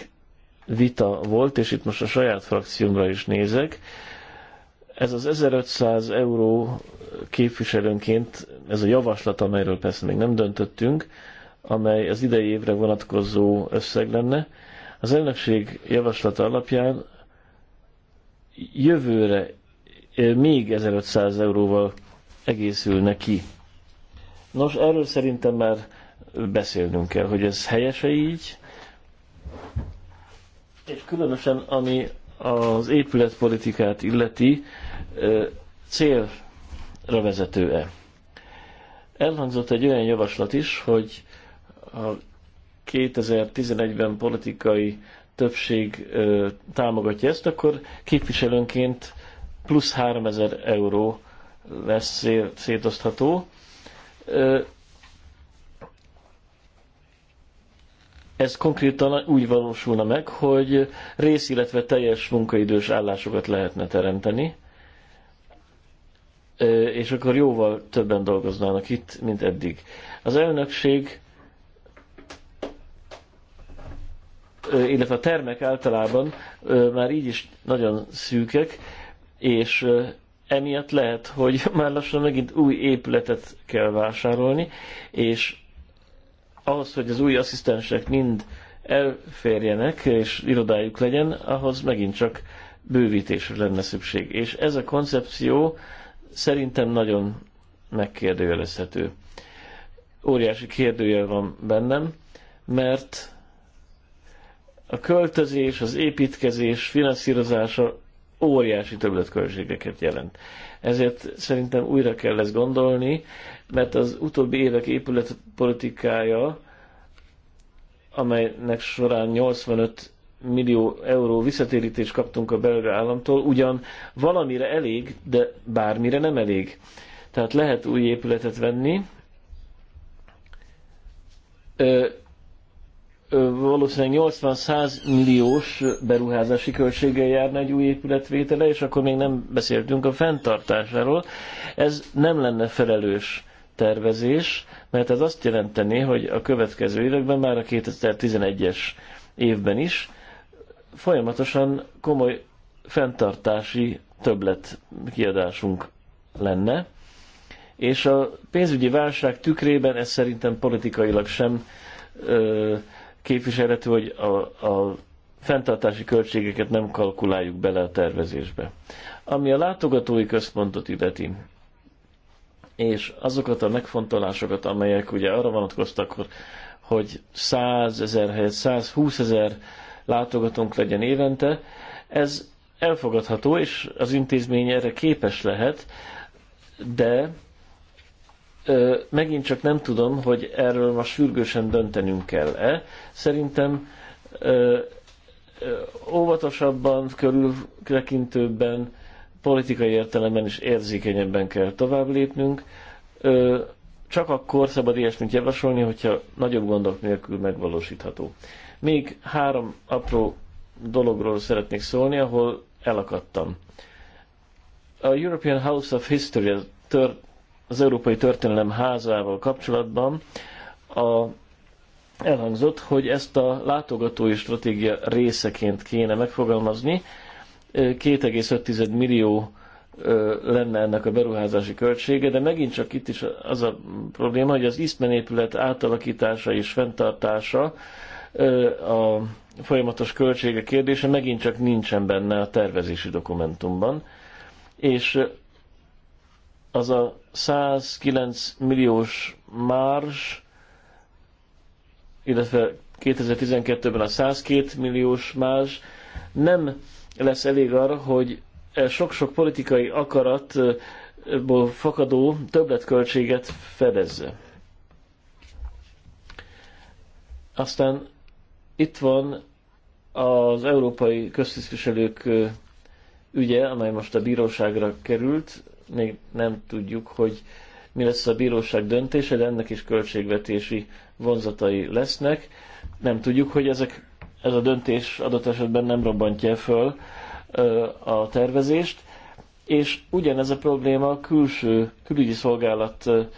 vita volt, és itt most a saját frakciómra is nézek. Ez az 1500 euró képviselőnként, ez a javaslat, amelyről persze még nem döntöttünk, amely az idei évre vonatkozó összeg lenne, az elnökség javaslata alapján jövőre eh, még 1500 euróval egészülne ki. Nos, erről szerintem már beszélnünk kell, hogy ez helyese így, és különösen ami az épületpolitikát illeti, eh, célra vezető-e. Elhangzott egy olyan javaslat is, hogy a 2011-ben politikai többség ö, támogatja ezt, akkor képviselőnként plusz 3000 euró lesz szétosztható. ez konkrétan úgy valósulna meg, hogy rész, illetve teljes munkaidős állásokat lehetne teremteni, és akkor jóval többen dolgoznának itt, mint eddig. Az elnökség illetve a termek általában már így is nagyon szűkek, és emiatt lehet, hogy már lassan megint új épületet kell vásárolni, és ahhoz, hogy az új asszisztensek mind elférjenek, és irodájuk legyen, ahhoz megint csak bővítésre lenne szükség. És ez a koncepció szerintem nagyon megkérdőjelezhető. Óriási kérdője van bennem, mert a költözés, az építkezés finanszírozása óriási többletköltségeket jelent. Ezért szerintem újra kell ezt gondolni, mert az utóbbi évek épületpolitikája, amelynek során 85 millió euró visszatérítést kaptunk a belga államtól, ugyan valamire elég, de bármire nem elég. Tehát lehet új épületet venni, valószínűleg 80-100 milliós beruházási költséggel járna egy új épület vétele, és akkor még nem beszéltünk a fenntartásáról. Ez nem lenne felelős tervezés, mert ez azt jelenteni, hogy a következő években, már a 2011-es évben is folyamatosan komoly fenntartási többlet kiadásunk lenne, és a pénzügyi válság tükrében ez szerintem politikailag sem ö, képviseletű, hogy a, a fenntartási költségeket nem kalkuláljuk bele a tervezésbe. Ami a látogatói központot illeti, és azokat a megfontolásokat, amelyek ugye arra vonatkoztak, hogy 100 ezer helyett 120 ezer látogatónk legyen évente, ez elfogadható, és az intézmény erre képes lehet, de megint csak nem tudom, hogy erről most sürgősen döntenünk kell-e. Szerintem óvatosabban, körültekintőbben, politikai értelemben is érzékenyebben kell tovább lépnünk. Csak akkor szabad ilyesmit javasolni, hogyha nagyobb gondok nélkül megvalósítható. Még három apró dologról szeretnék szólni, ahol elakadtam. A European House of History, a az Európai Történelem házával kapcsolatban a, elhangzott, hogy ezt a látogatói stratégia részeként kéne megfogalmazni. 2,5 millió lenne ennek a beruházási költsége, de megint csak itt is az a probléma, hogy az Iszmen épület átalakítása és fenntartása a folyamatos költsége kérdése megint csak nincsen benne a tervezési dokumentumban. És az a 109 milliós márs, illetve 2012-ben a 102 milliós márs nem lesz elég arra, hogy e sok-sok politikai akaratból fakadó többletköltséget fedezze. Aztán itt van az európai köztisztviselők ügye, amely most a bíróságra került, még nem tudjuk, hogy mi lesz a bíróság döntése, de ennek is költségvetési vonzatai lesznek. Nem tudjuk, hogy ezek, ez a döntés adott esetben nem robbantja föl a tervezést, és ugyanez a probléma a külső külügyi szolgálattal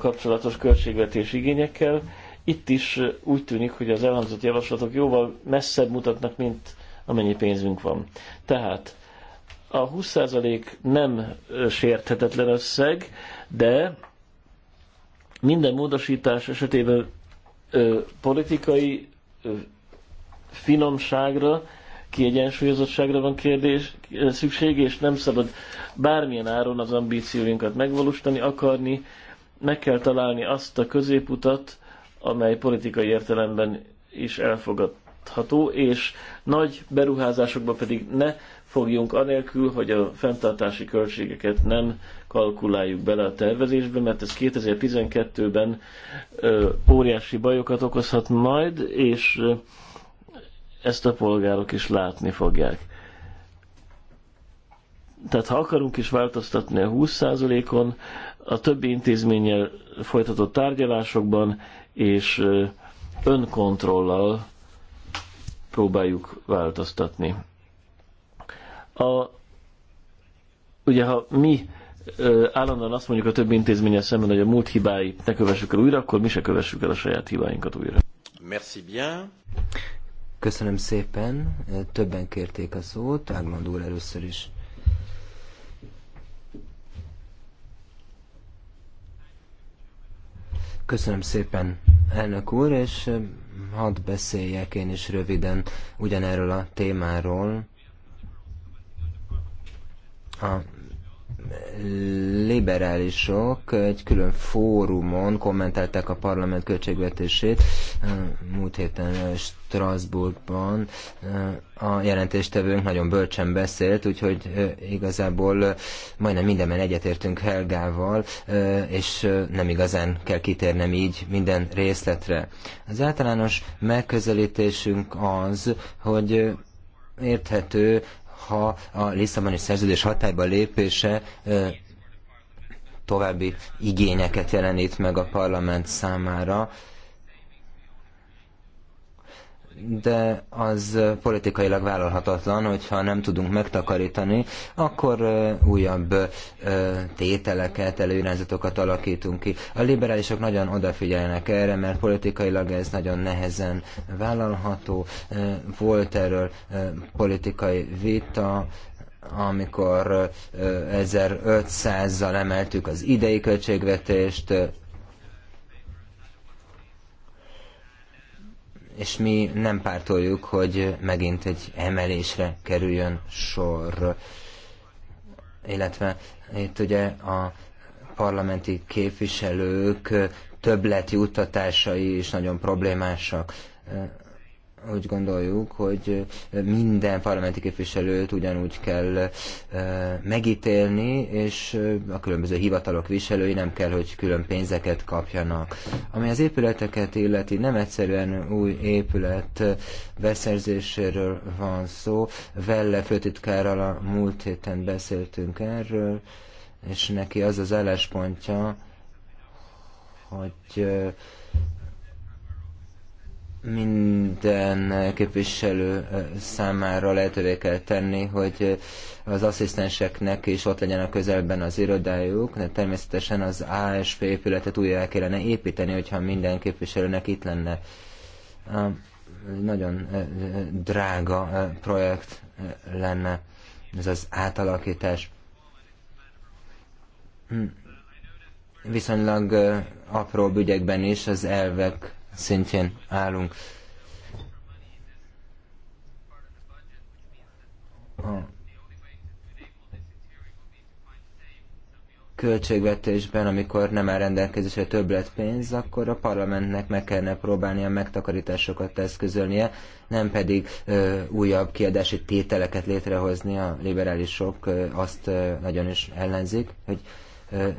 kapcsolatos költségvetés igényekkel. Itt is úgy tűnik, hogy az elhangzott javaslatok jóval messzebb mutatnak, mint amennyi pénzünk van. Tehát a 20% nem sérthetetlen összeg, de minden módosítás esetében ö, politikai ö, finomságra, kiegyensúlyozottságra van kérdés, szükség, és nem szabad bármilyen áron az ambícióinkat megvalósítani, akarni, meg kell találni azt a középutat, amely politikai értelemben is elfogadható, és nagy beruházásokba pedig ne fogjunk, anélkül, hogy a fenntartási költségeket nem kalkuláljuk bele a tervezésbe, mert ez 2012-ben óriási bajokat okozhat majd, és ezt a polgárok is látni fogják. Tehát ha akarunk is változtatni a 20%-on, a többi intézménnyel folytatott tárgyalásokban és önkontrollal próbáljuk változtatni a, ugye ha mi ö, állandóan azt mondjuk a több intézménye szemben, hogy a múlt hibáit ne kövessük el újra, akkor mi se kövessük el a saját hibáinkat újra.
Merci bien.
Köszönöm szépen. Többen kérték a szót, Ágmond úr először is. Köszönöm szépen, elnök úr, és hadd beszéljek én is röviden ugyanerről a témáról, a liberálisok egy külön fórumon kommentálták a parlament költségvetését múlt héten Strasbourgban. A jelentéstevőnk nagyon bölcsen beszélt, úgyhogy igazából majdnem mindenben egyetértünk Helgával, és nem igazán kell kitérnem így minden részletre. Az általános megközelítésünk az, hogy érthető ha a Lisszaboni szerződés hatályba lépése további igényeket jelenít meg a parlament számára, de az politikailag vállalhatatlan, hogyha nem tudunk megtakarítani, akkor újabb tételeket, előirányzatokat alakítunk ki. A liberálisok nagyon odafigyelnek erre, mert politikailag ez nagyon nehezen vállalható. Volt erről politikai vita, amikor 1500-zal emeltük az idei költségvetést, és mi nem pártoljuk, hogy megint egy emelésre kerüljön sor. Illetve itt ugye a parlamenti képviselők többleti juttatásai is nagyon problémásak úgy gondoljuk, hogy minden parlamenti képviselőt ugyanúgy kell eh, megítélni, és eh, a különböző hivatalok viselői nem kell, hogy külön pénzeket kapjanak. Ami az épületeket illeti, nem egyszerűen új épület eh, beszerzéséről van szó. Velle főtitkárral a múlt héten beszéltünk erről, és neki az az álláspontja, hogy minden képviselő számára lehetővé kell tenni, hogy az asszisztenseknek is ott legyen a közelben az irodájuk, de természetesen az ASP épületet újra kellene építeni, hogyha minden képviselőnek itt lenne. Nagyon drága projekt lenne ez az átalakítás. Hm. Viszonylag apró ügyekben is az elvek szintjén állunk. költségvetésben, amikor nem áll rendelkezésre pénz, akkor a parlamentnek meg kellene próbálnia megtakarításokat eszközölnie, nem pedig ö, újabb kiadási tételeket létrehozni. A liberálisok ö, azt ö, nagyon is ellenzik, hogy ö,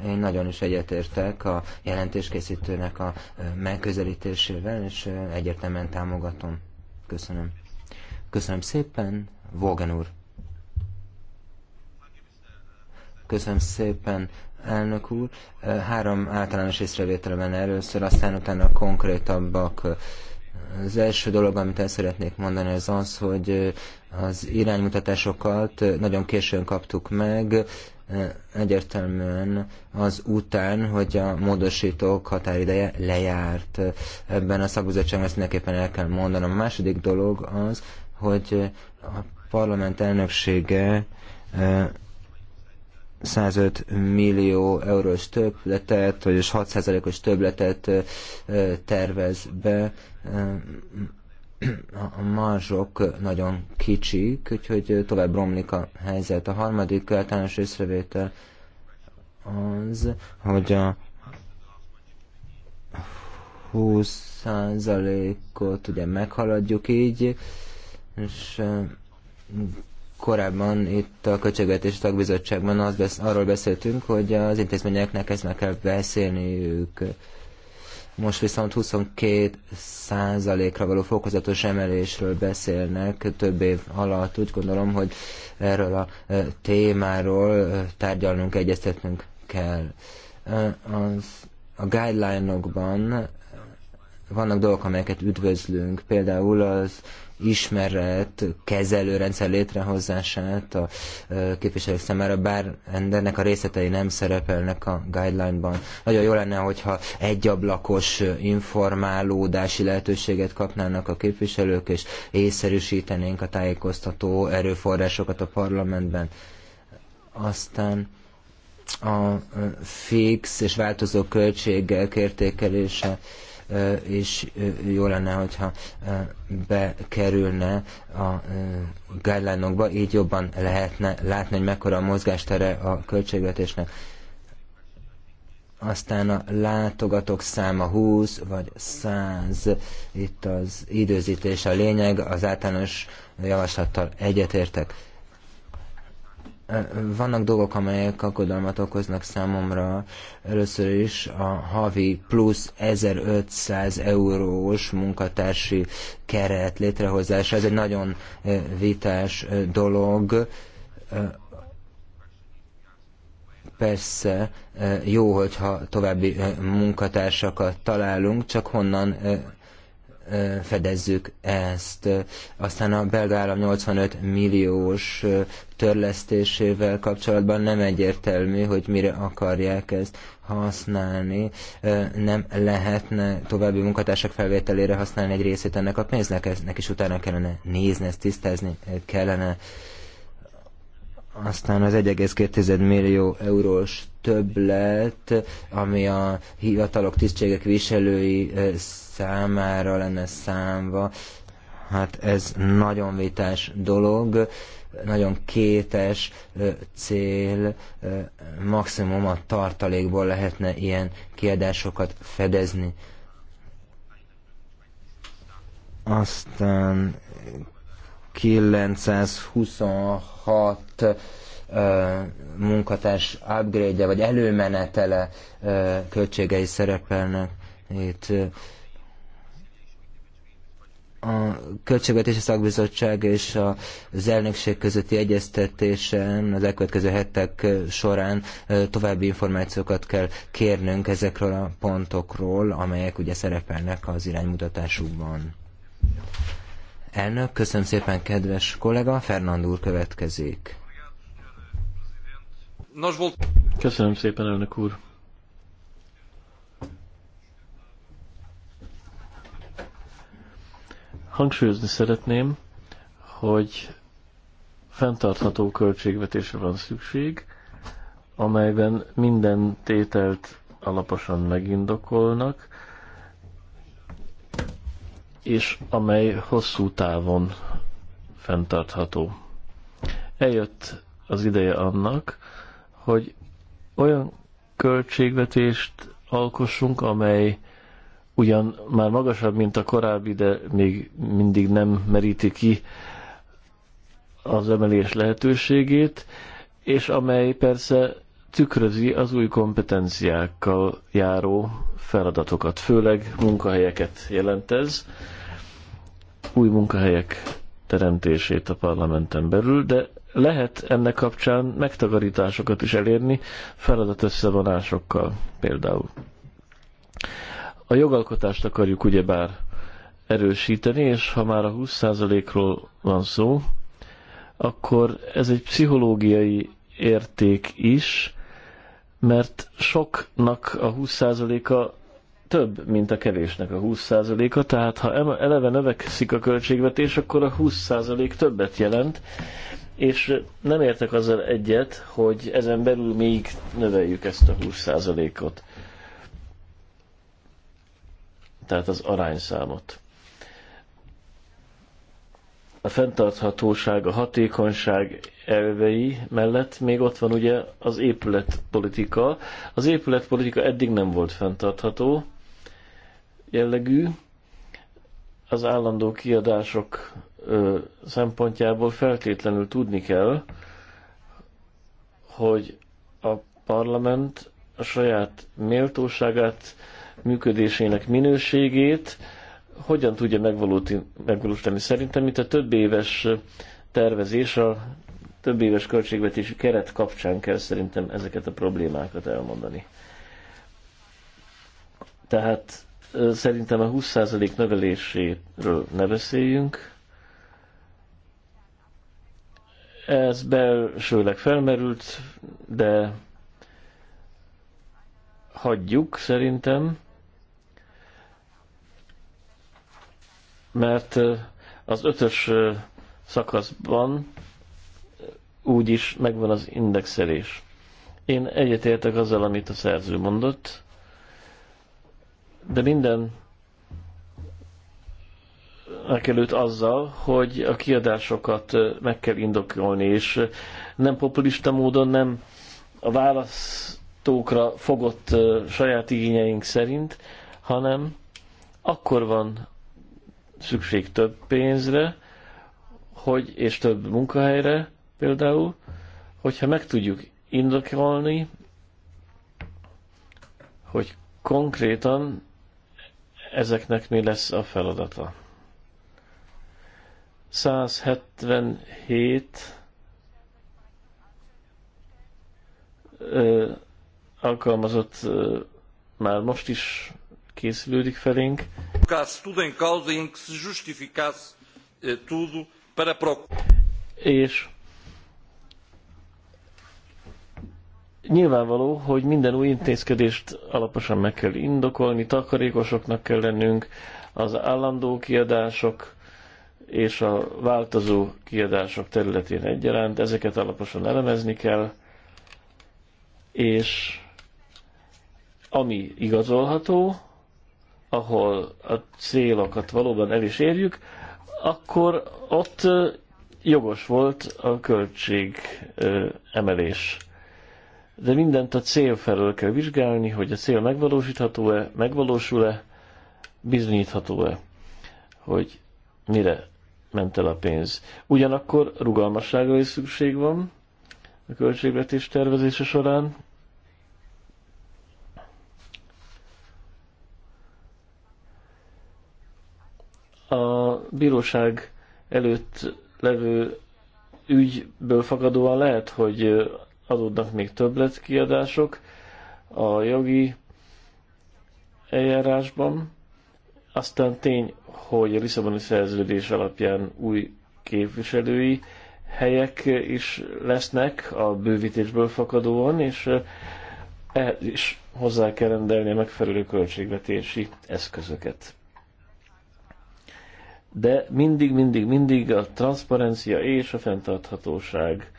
én nagyon is egyetértek a jelentéskészítőnek a megközelítésével, és egyértelműen támogatom. Köszönöm. Köszönöm szépen, Vogen úr. Köszönöm szépen, elnök úr. Három általános észrevételem van először, aztán utána konkrétabbak. Az első dolog, amit el szeretnék mondani, az az, hogy az iránymutatásokat nagyon későn kaptuk meg, E, egyértelműen az után, hogy a módosítók határideje lejárt. Ebben a szakbizottságban ezt mindenképpen el kell mondanom. A második dolog az, hogy a parlament elnöksége 105 e, millió eurós többletet, vagyis 6%-os többletet e, tervez be a marzsok nagyon kicsik, úgyhogy tovább romlik a helyzet. A harmadik általános észrevétel az, hogy a 20%-ot ugye meghaladjuk így, és korábban itt a Költségvetési Tagbizottságban az besz- arról beszéltünk, hogy az intézményeknek ezt meg kell beszélniük. ők most viszont 22 százalékra való fokozatos emelésről beszélnek több év alatt. Úgy gondolom, hogy erről a e, témáról e, tárgyalnunk, egyeztetnünk kell. E, az, a guideline-okban vannak dolgok, amelyeket üdvözlünk, például az ismeret kezelőrendszer létrehozását a képviselők számára, bár ennek a részletei nem szerepelnek a guideline-ban. Nagyon jó lenne, hogyha egyablakos informálódási lehetőséget kapnának a képviselők, és észszerűsítenénk a tájékoztató erőforrásokat a parlamentben. Aztán a fix és változó költségek értékelése és jó lenne, hogyha bekerülne a guideline-okba, így jobban lehetne látni, hogy mekkora a mozgástere a költségvetésnek aztán a látogatók száma 20 vagy 100, itt az időzítés a lényeg, az általános javaslattal egyetértek vannak dolgok, amelyek aggodalmat okoznak számomra. Először is a havi plusz 1500 eurós munkatársi keret létrehozása. Ez egy nagyon eh, vitás eh, dolog. Eh, persze jó, hogyha további munkatársakat találunk, csak honnan fedezzük ezt. Aztán a belga állam 85 milliós törlesztésével kapcsolatban nem egyértelmű, hogy mire akarják ezt használni. Nem lehetne további munkatársak felvételére használni egy részét ennek a pénznek, ennek is utána kellene nézni, ezt tisztázni kellene. Aztán az 1,2 millió eurós többlet, ami a hivatalok, tisztségek viselői számára lenne számva. Hát ez nagyon vitás dolog, nagyon kétes cél, maximum a tartalékból lehetne ilyen kiadásokat fedezni. Aztán 926 munkatárs upgrade e vagy előmenetele költségei szerepelnek itt a Költségvetési Szakbizottság és az elnökség közötti egyeztetésen az elkövetkező hetek során további információkat kell kérnünk ezekről a pontokról, amelyek ugye szerepelnek az iránymutatásukban. Elnök, köszönöm szépen, kedves kollega, Fernand úr következik.
Nos volt... Köszönöm szépen, elnök úr. Hangsúlyozni szeretném, hogy fenntartható költségvetésre van szükség, amelyben minden tételt alaposan megindokolnak, és amely hosszú távon fenntartható. Eljött az ideje annak, hogy olyan költségvetést alkossunk, amely ugyan már magasabb, mint a korábbi, de még mindig nem meríti ki az emelés lehetőségét, és amely persze tükrözi az új kompetenciákkal járó feladatokat, főleg munkahelyeket jelent ez, új munkahelyek teremtését a parlamenten belül, de lehet ennek kapcsán megtakarításokat is elérni, feladat összevonásokkal, például. A jogalkotást akarjuk ugyebár erősíteni, és ha már a 20%-ról van szó, akkor ez egy pszichológiai érték is, mert soknak a 20%-a több, mint a kevésnek a 20%-a, tehát ha eleve növekszik a költségvetés, akkor a 20% többet jelent, és nem értek azzal egyet, hogy ezen belül még növeljük ezt a 20%-ot. Tehát az arányszámot. A fenntarthatóság, a hatékonyság elvei mellett még ott van ugye az épületpolitika. Az épületpolitika eddig nem volt fenntartható jellegű. Az állandó kiadások ö, szempontjából feltétlenül tudni kell, hogy a parlament a saját méltóságát, működésének minőségét hogyan tudja megvalósítani. Szerintem itt a több éves tervezés, a több éves költségvetési keret kapcsán kell szerintem ezeket a problémákat elmondani. Tehát szerintem a 20% növeléséről ne beszéljünk, Ez belsőleg felmerült, de hagyjuk szerintem, mert az ötös szakaszban úgyis is megvan az indexelés. Én egyetértek azzal, amit a szerző mondott, de minden előtt azzal, hogy a kiadásokat meg kell indokolni, és nem populista módon, nem a választókra fogott saját igényeink szerint, hanem akkor van szükség több pénzre, hogy, és több munkahelyre például, hogyha meg tudjuk indokolni, hogy konkrétan ezeknek mi lesz a feladata. 177 ö, alkalmazott ö, már most is készülődik felénk. Eh, És nyilvánvaló, hogy minden új intézkedést alaposan meg kell indokolni, takarékosoknak kell lennünk, az állandó kiadások és a változó kiadások területén egyaránt, ezeket alaposan elemezni kell, és ami igazolható, ahol a célokat valóban el is érjük, akkor ott jogos volt a költség emelés. De mindent a cél felől kell vizsgálni, hogy a cél megvalósítható-e, megvalósul-e, bizonyítható-e, hogy mire ment el a pénz. Ugyanakkor rugalmasságra is szükség van a költségvetés tervezése során. A bíróság előtt levő ügyből fakadóan lehet, hogy adódnak még többletkiadások a jogi eljárásban, aztán tény, hogy a Lisszaboni szerződés alapján új képviselői helyek is lesznek a bővítésből fakadóan, és ehhez eh, is hozzá kell rendelni a megfelelő költségvetési eszközöket. De mindig, mindig, mindig a transzparencia és a fenntarthatóság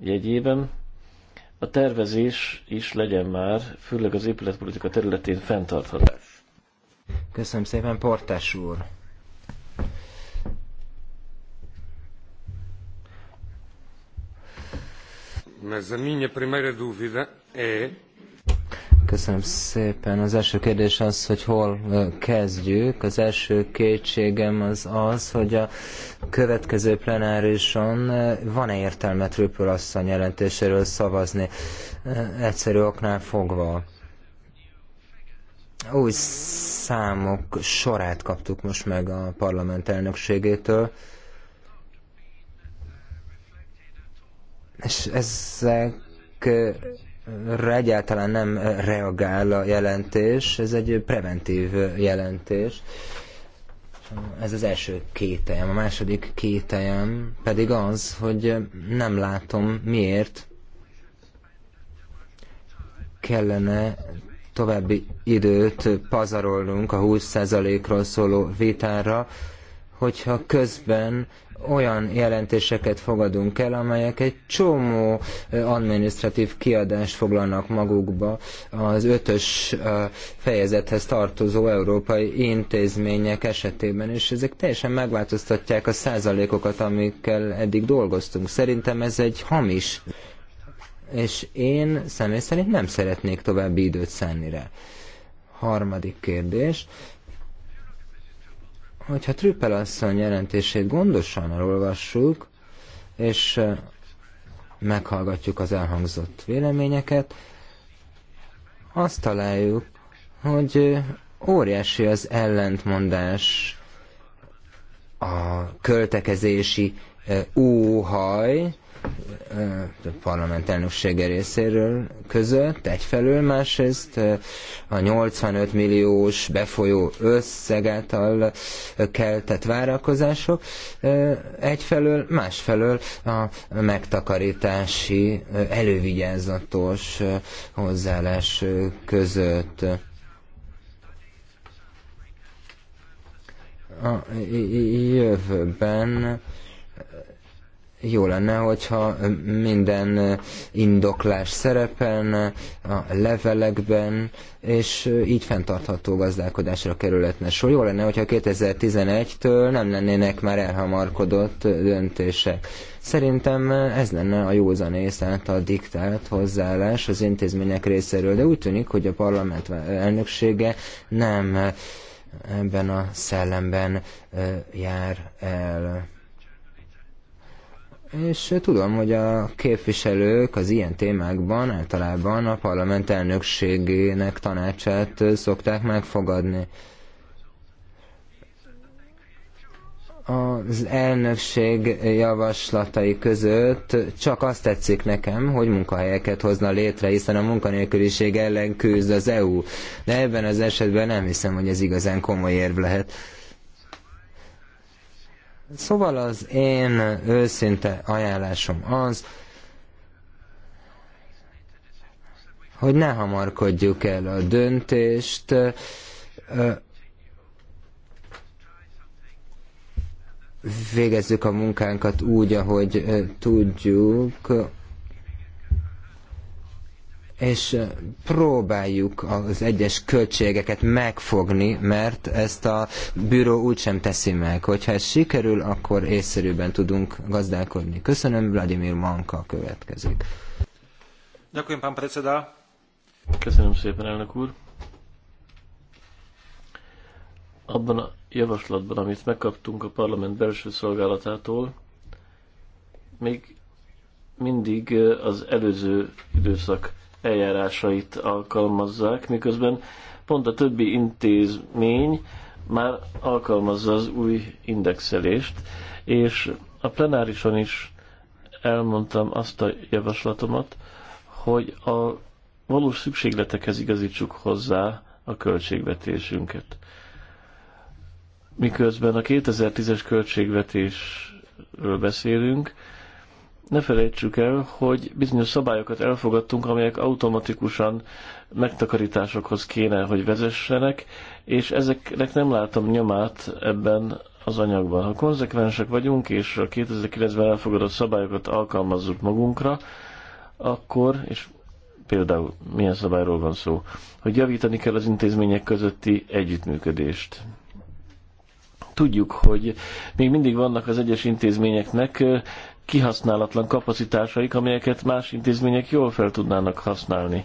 jegyében a tervezés is legyen már, főleg az épületpolitika területén fenntarthatás. Köszönöm szépen, Portás úr.
Köszönöm szépen. Az első kérdés az, hogy hol kezdjük. Az első kétségem az az, hogy a következő plenárison van-e értelme Trüppel asszony jelentéséről szavazni egyszerű oknál fogva új számok sorát kaptuk most meg a parlament elnökségétől, és ezekre egyáltalán nem reagál a jelentés, ez egy preventív jelentés. Ez az első kételjem. A második kételjem pedig az, hogy nem látom miért kellene további időt pazarolnunk a 20%-ról szóló vitára, hogyha közben olyan jelentéseket fogadunk el, amelyek egy csomó administratív kiadást foglalnak magukba az ötös fejezethez tartozó európai intézmények esetében, és ezek teljesen megváltoztatják a százalékokat, amikkel eddig dolgoztunk. Szerintem ez egy hamis és én személy szerint nem szeretnék további időt szenni rá. Harmadik kérdés. Hogyha Trüppel asszony jelentését gondosan elolvassuk, és meghallgatjuk az elhangzott véleményeket, azt találjuk, hogy óriási az ellentmondás a költekezési óhaj, a parlament elnöksége részéről között egyfelől, másrészt a 85 milliós befolyó összeg által keltett várakozások, egyfelől, másfelől a megtakarítási elővigyázatos hozzáállás között. A jövőben jó lenne, hogyha minden indoklás szerepelne a levelekben, és így fenntartható gazdálkodásra kerületne sor. Jó lenne, hogyha 2011-től nem lennének már elhamarkodott döntések. Szerintem ez lenne a józan józanész által diktált hozzáállás az intézmények részéről, de úgy tűnik, hogy a parlament elnöksége nem ebben a szellemben jár el. És tudom, hogy a képviselők az ilyen témákban általában a parlament elnökségének tanácsát szokták megfogadni. Az elnökség javaslatai között csak azt tetszik nekem, hogy munkahelyeket hozna létre, hiszen a munkanélküliség ellen küzd az EU. De ebben az esetben nem hiszem, hogy ez igazán komoly érv lehet. Szóval az én őszinte ajánlásom az, hogy ne hamarkodjuk el a döntést, végezzük a munkánkat úgy, ahogy tudjuk, és próbáljuk az egyes költségeket megfogni, mert ezt a bűró úgysem teszi meg. Hogyha ez sikerül, akkor észszerűben tudunk gazdálkodni. Köszönöm, Vladimir Manka következik.
Gyakorlom, pán precedá. Köszönöm szépen, elnök úr. Abban a javaslatban, amit megkaptunk a parlament belső szolgálatától, még mindig az előző időszak eljárásait alkalmazzák, miközben pont a többi intézmény már alkalmazza az új indexelést, és a plenárison is elmondtam azt a javaslatomat, hogy a valós szükségletekhez igazítsuk hozzá a költségvetésünket. Miközben a 2010-es költségvetésről beszélünk, ne felejtsük el, hogy bizonyos szabályokat elfogadtunk, amelyek automatikusan megtakarításokhoz kéne, hogy vezessenek, és ezeknek nem látom nyomát ebben az anyagban. Ha konzekvensek vagyunk, és a 2009-ben elfogadott szabályokat alkalmazzuk magunkra, akkor, és például milyen szabályról van szó, hogy javítani kell az intézmények közötti együttműködést. Tudjuk, hogy még mindig vannak az egyes intézményeknek kihasználatlan kapacitásaik, amelyeket más intézmények jól fel tudnának használni.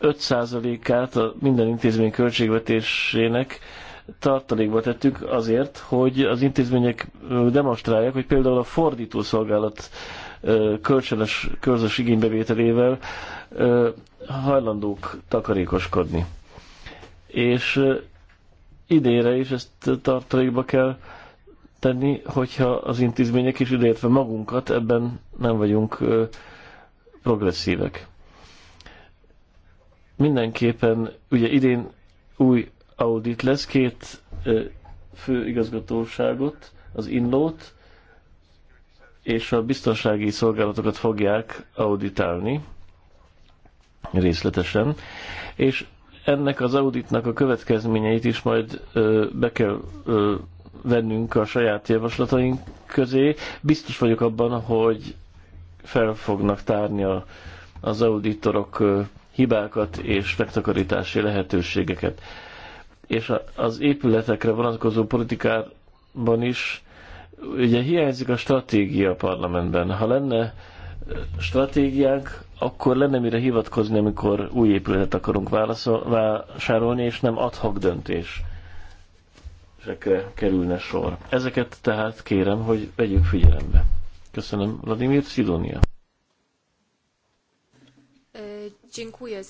5%-át a minden intézmény költségvetésének tartalékba tettük azért, hogy az intézmények demonstrálják, hogy például a fordítószolgálat kölcsönös, közös igénybevételével hajlandók takarékoskodni. És idére is ezt tartalékba kell tenni, hogyha az intézmények is, ideértve magunkat, ebben nem vagyunk progresszívek. Mindenképpen, ugye idén új audit lesz, két fő igazgatóságot, az inlót és a biztonsági szolgálatokat fogják auditálni részletesen, és ennek az auditnak a következményeit is majd ö, be kell ö, vennünk a saját javaslataink közé. Biztos vagyok abban, hogy fel fognak tárni a, az auditorok hibákat és megtakarítási lehetőségeket. És a, az épületekre vonatkozó politikában is ugye hiányzik a stratégia a parlamentben. Ha lenne stratégiánk, akkor lenne mire hivatkozni, amikor új épületet akarunk válaszol, vásárolni, és nem adhok döntés ezekre kerülne sor. Ezeket tehát kérem, hogy vegyük figyelembe. Köszönöm, Vladimir Szidónia.
E, e,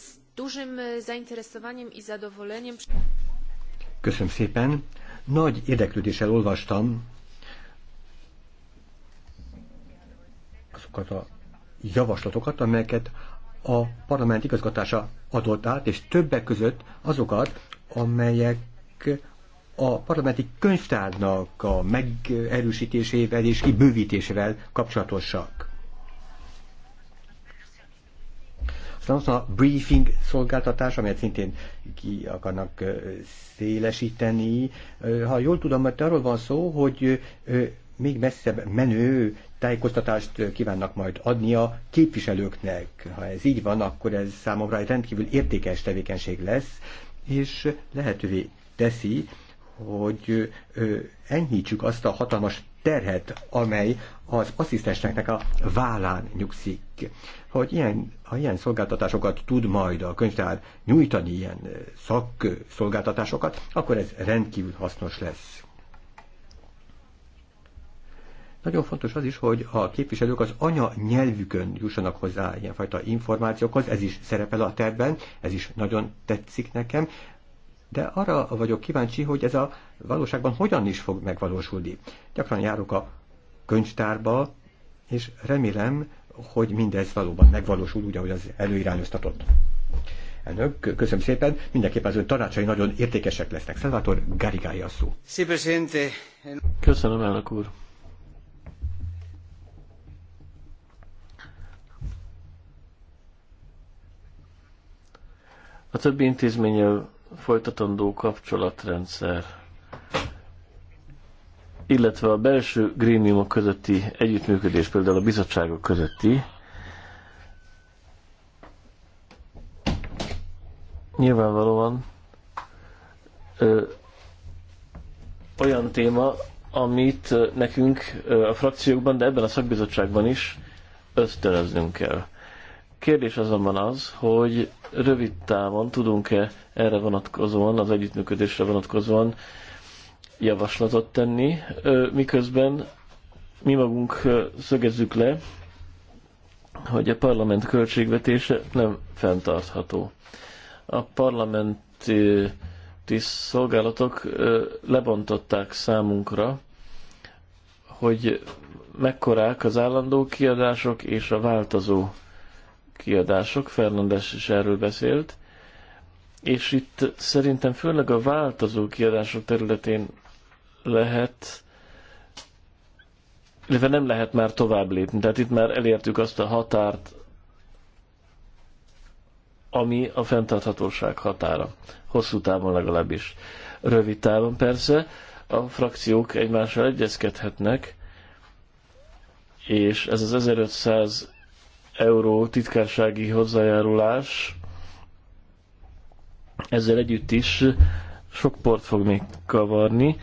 Köszönöm szépen. Nagy érdeklődéssel olvastam azokat a javaslatokat, amelyeket a parlament igazgatása adott át, és többek között azokat, amelyek a parlamenti könyvtárnak a megerősítésével és kibővítésével kapcsolatosak. Aztán ott a briefing szolgáltatás, amelyet szintén ki akarnak szélesíteni. Ha jól tudom, mert arról van szó, hogy még messzebb menő tájékoztatást kívánnak majd adni a képviselőknek. Ha ez így van, akkor ez számomra egy rendkívül értékes tevékenység lesz, és lehetővé teszi, hogy enyhítsük azt a hatalmas terhet, amely az asszisztenseknek a vállán nyugszik. Hogy ilyen, ha ilyen szolgáltatásokat tud majd a könyvtár nyújtani, ilyen szakszolgáltatásokat, akkor ez rendkívül hasznos lesz. Nagyon fontos az is, hogy a képviselők az anya nyelvükön jussanak hozzá ilyenfajta információkhoz, ez is szerepel a tervben, ez is nagyon tetszik nekem de arra vagyok kíváncsi, hogy ez a valóságban hogyan is fog megvalósulni. Gyakran járok a könyvtárba, és remélem, hogy mindez valóban megvalósul úgy, ahogy az előirányoztatott. Elnök, köszönöm szépen, mindenképpen az ön tanácsai nagyon értékesek lesznek. Szelvátor Garigály a szó. Köszönöm, elnök úr.
A többi intézménnyel folytatandó kapcsolatrendszer, illetve a belső grémiumok közötti együttműködés, például a bizottságok közötti, nyilvánvalóan ö, olyan téma, amit nekünk a frakciókban, de ebben a szakbizottságban is ösztönöznünk kell. Kérdés azonban az, hogy rövid távon tudunk-e erre vonatkozóan, az együttműködésre vonatkozóan javaslatot tenni, miközben mi magunk szögezzük le, hogy a parlament költségvetése nem fenntartható. A parlamenti szolgálatok lebontották számunkra, hogy mekkorák az állandó kiadások és a változó kiadások, Fernandes is erről beszélt, és itt szerintem főleg a változó kiadások területén lehet, illetve nem lehet már tovább lépni. Tehát itt már elértük azt a határt, ami a fenntarthatóság határa. Hosszú távon legalábbis. Rövid távon persze a frakciók egymással egyezkedhetnek, és ez az 1500 euró titkársági hozzájárulás, ezzel együtt is sok port fog még kavarni.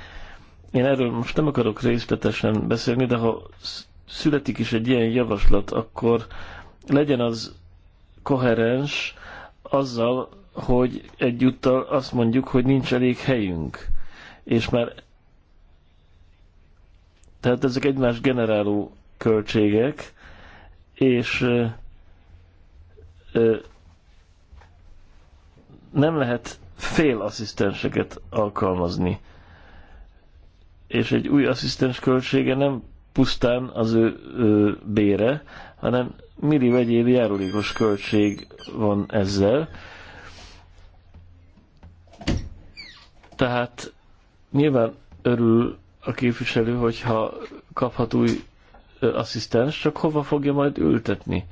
Én erről most nem akarok részletesen beszélni, de ha születik is egy ilyen javaslat, akkor legyen az koherens azzal, hogy egyúttal azt mondjuk, hogy nincs elég helyünk. És már tehát ezek egymás generáló költségek, és nem lehet fél asszisztenseket alkalmazni. És egy új asszisztens költsége nem pusztán az ő, ö, bére, hanem milli vegyéli járulékos költség van ezzel. Tehát nyilván örül a képviselő, hogyha kaphat új asszisztens, csak hova fogja majd ültetni.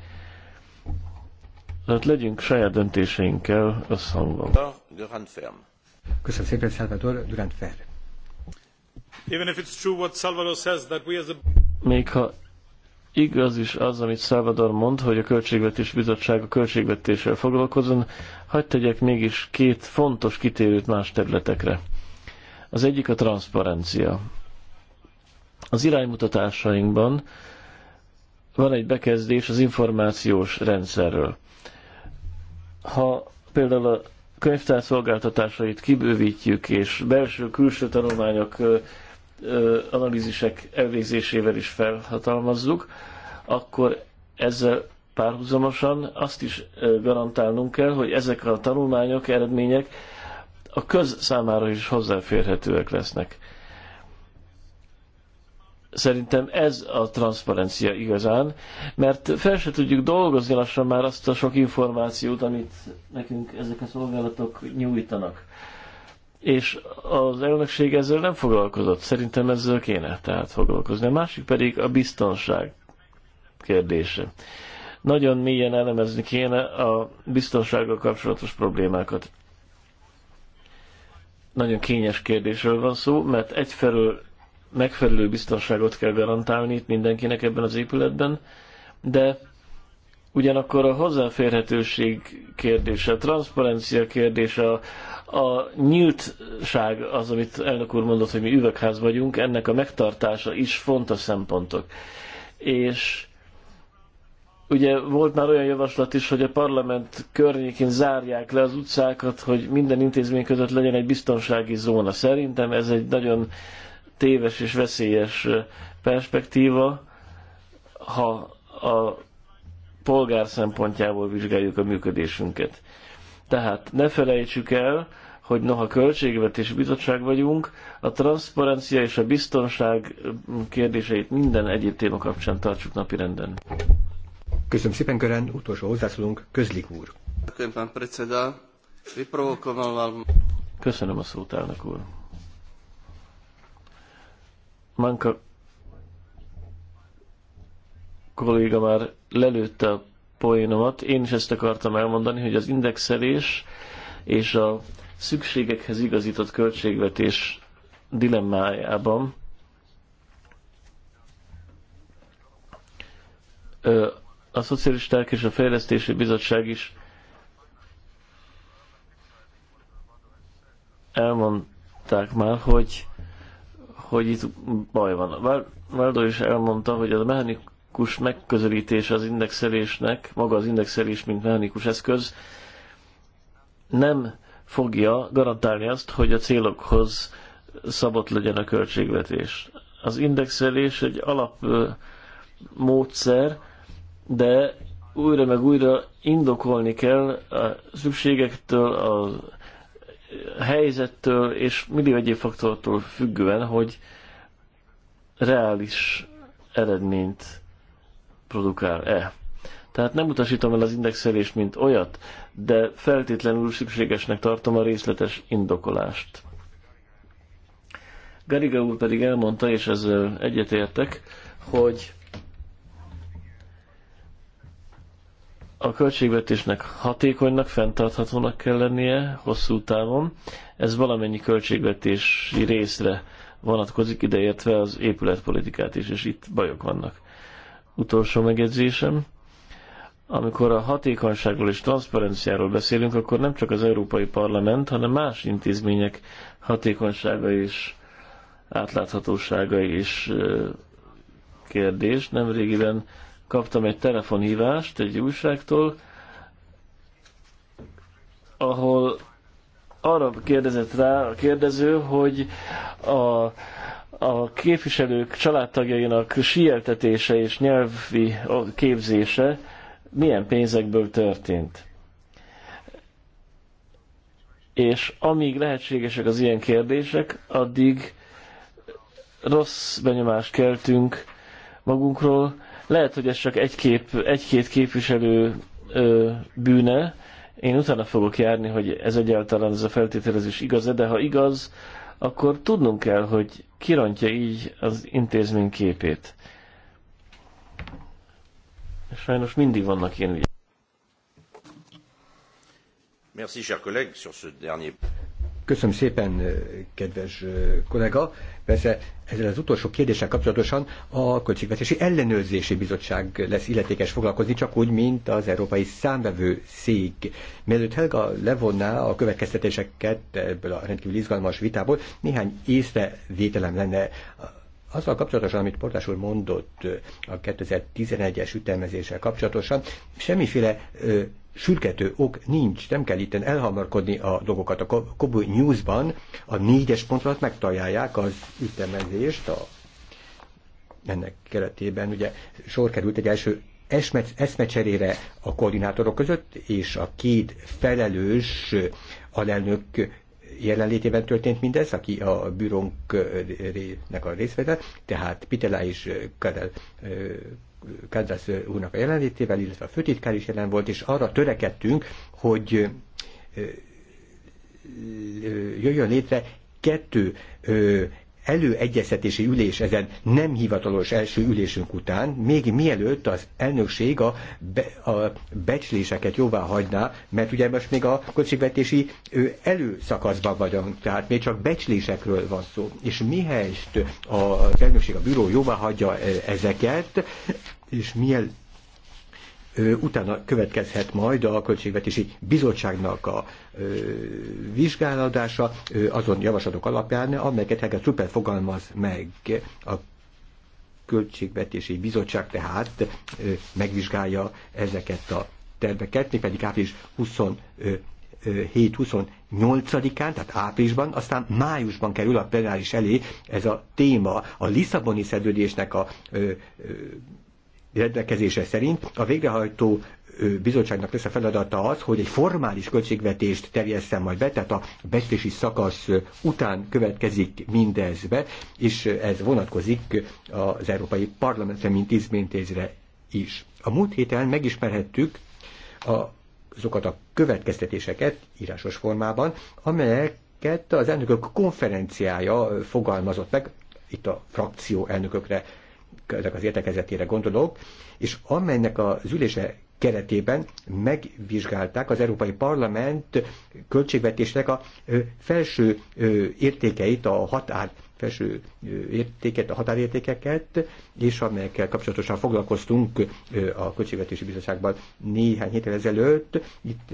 Tehát legyünk saját döntéseinkkel összhangban. Köszönöm szépen,
Salvador Durant Fer. Even if it's true what Salvador says that we as a...
Még ha igaz is az, amit Salvador mond, hogy a Költségvetés Bizottság a költségvetéssel foglalkozon, hagyd tegyek mégis két fontos kitérőt más területekre. Az egyik a transzparencia. Az iránymutatásainkban van egy bekezdés az információs rendszerről. Ha például a könyvtár szolgáltatásait kibővítjük, és belső-külső tanulmányok, analízisek elvégzésével is felhatalmazzuk, akkor ezzel párhuzamosan azt is garantálnunk kell, hogy ezek a tanulmányok, eredmények a köz számára is hozzáférhetőek lesznek. Szerintem ez a transzparencia igazán, mert fel se tudjuk dolgozni lassan már azt a sok információt, amit nekünk ezek a szolgálatok nyújtanak. És az elnökség ezzel nem foglalkozott. Szerintem ezzel kéne tehát foglalkozni. A másik pedig a biztonság kérdése. Nagyon mélyen elemezni kéne a biztonsággal kapcsolatos problémákat. Nagyon kényes kérdésről van szó, mert egyfelől megfelelő biztonságot kell garantálni itt mindenkinek ebben az épületben, de ugyanakkor a hozzáférhetőség kérdése, a transzparencia kérdése, a, a nyíltság az, amit elnök úr mondott, hogy mi üvegház vagyunk, ennek a megtartása is fontos szempontok. És ugye volt már olyan javaslat is, hogy a parlament környékén zárják le az utcákat, hogy minden intézmény között legyen egy biztonsági zóna. Szerintem ez egy nagyon téves és veszélyes perspektíva, ha a polgár szempontjából vizsgáljuk a működésünket. Tehát ne felejtsük el, hogy noha költségvetési bizottság vagyunk, a transzparencia és a biztonság kérdéseit minden egyéb téma kapcsán tartsuk napirenden. Köszönöm szépen, Körán. Utolsó hozzászólunk, Közlik úr. Köszönöm a szót, elnök úr. Manka kolléga már lelőtte a poénomat. Én is ezt akartam elmondani, hogy az indexelés és a szükségekhez igazított költségvetés dilemmájában a szocialisták és a fejlesztési bizottság is elmondták már, hogy hogy itt baj van. Váldó is elmondta, hogy a mechanikus megközelítés az indexelésnek, maga az indexelés, mint mechanikus eszköz, nem fogja garantálni azt, hogy a célokhoz szabott legyen a költségvetés. Az indexelés egy alap módszer, de újra meg újra indokolni kell a szükségektől, a helyzettől és millió egyéb faktortól függően, hogy reális eredményt produkál-e. Tehát nem utasítom el az indexelést, mint olyat, de feltétlenül szükségesnek tartom a részletes indokolást. Gariga úr pedig elmondta, és ezzel egyetértek, hogy a költségvetésnek hatékonynak, fenntarthatónak kell lennie hosszú távon. Ez valamennyi költségvetési részre vonatkozik, ideértve az épületpolitikát is, és itt bajok vannak. Utolsó megjegyzésem. Amikor a hatékonyságról és transzparenciáról beszélünk, akkor nem csak az Európai Parlament, hanem más intézmények hatékonysága és átláthatósága is kérdés. Nemrégiben régiben kaptam egy telefonhívást egy újságtól, ahol arra kérdezett rá a kérdező, hogy a, a képviselők családtagjainak sieltetése és nyelvi képzése milyen pénzekből történt. És amíg lehetségesek az ilyen kérdések, addig rossz benyomást keltünk magunkról, lehet, hogy ez csak egy kép, egy-két képviselő ö, bűne. Én utána fogok járni, hogy ez egyáltalán ez a feltételezés igaz-e, de ha igaz, akkor tudnunk kell, hogy kirontja így az intézmény képét. És sajnos mindig vannak ilyen ügyek. Köszönöm szépen,
kedves kollega. Persze ezzel az utolsó kérdéssel kapcsolatosan a Költségvetési Ellenőrzési Bizottság lesz illetékes foglalkozni, csak úgy, mint az Európai Számvevő Szék. Mielőtt Helga levonná a következtetéseket ebből a rendkívül izgalmas vitából, néhány észrevételem lenne azzal kapcsolatosan, amit Portás úr mondott a 2011-es ütemezéssel kapcsolatosan, semmiféle sürgető ok nincs, nem kell itten elhamarkodni a dolgokat. A Kobu Newsban a négyes pontra megtalálják az ütemezést, a, ennek keretében ugye sor került egy első eszmecserére a koordinátorok között, és a két felelős alelnök jelenlétében történt mindez, aki a bürónknek a részvete, tehát Pitela és Karel Kedves úrnak a jelenlétével, illetve a főtitkár is jelen volt, és arra törekedtünk, hogy jöjjön létre kettő előegyeztetési ülés ezen nem hivatalos első ülésünk után, még mielőtt az elnökség a, be, a becsléseket jóvá hagyná, mert ugye most még a költségvetési előszakaszban vagyunk, tehát még csak becslésekről van szó. És mihelyest az elnökség, a büró jóvá hagyja ezeket, és mielőtt utána következhet majd a Költségvetési Bizottságnak a vizsgálatása azon javaslatok alapján, amelyeket Helga Trupper fogalmaz meg a Költségvetési Bizottság tehát megvizsgálja ezeket a terveket, pedig április 27-28-án, tehát áprilisban, aztán májusban kerül a plenáris elé ez a téma. A Lisszaboni szerződésnek a rendelkezése szerint a végrehajtó bizottságnak lesz a feladata az, hogy egy formális költségvetést terjesszen majd be, tehát a beszélési szakasz után következik mindezbe, és ez vonatkozik az Európai Parlamentre, mint izméntézre is. A múlt héten megismerhettük a, azokat a következtetéseket írásos formában, amelyeket az elnökök konferenciája fogalmazott meg, itt a frakció elnökökre ezek az értekezetére gondolok, és amelynek az ülése keretében megvizsgálták az Európai Parlament költségvetésnek a felső értékeit, a határ felső értéket, a határértékeket, és amelyekkel kapcsolatosan foglalkoztunk a Költségvetési Bizottságban néhány héttel ezelőtt, itt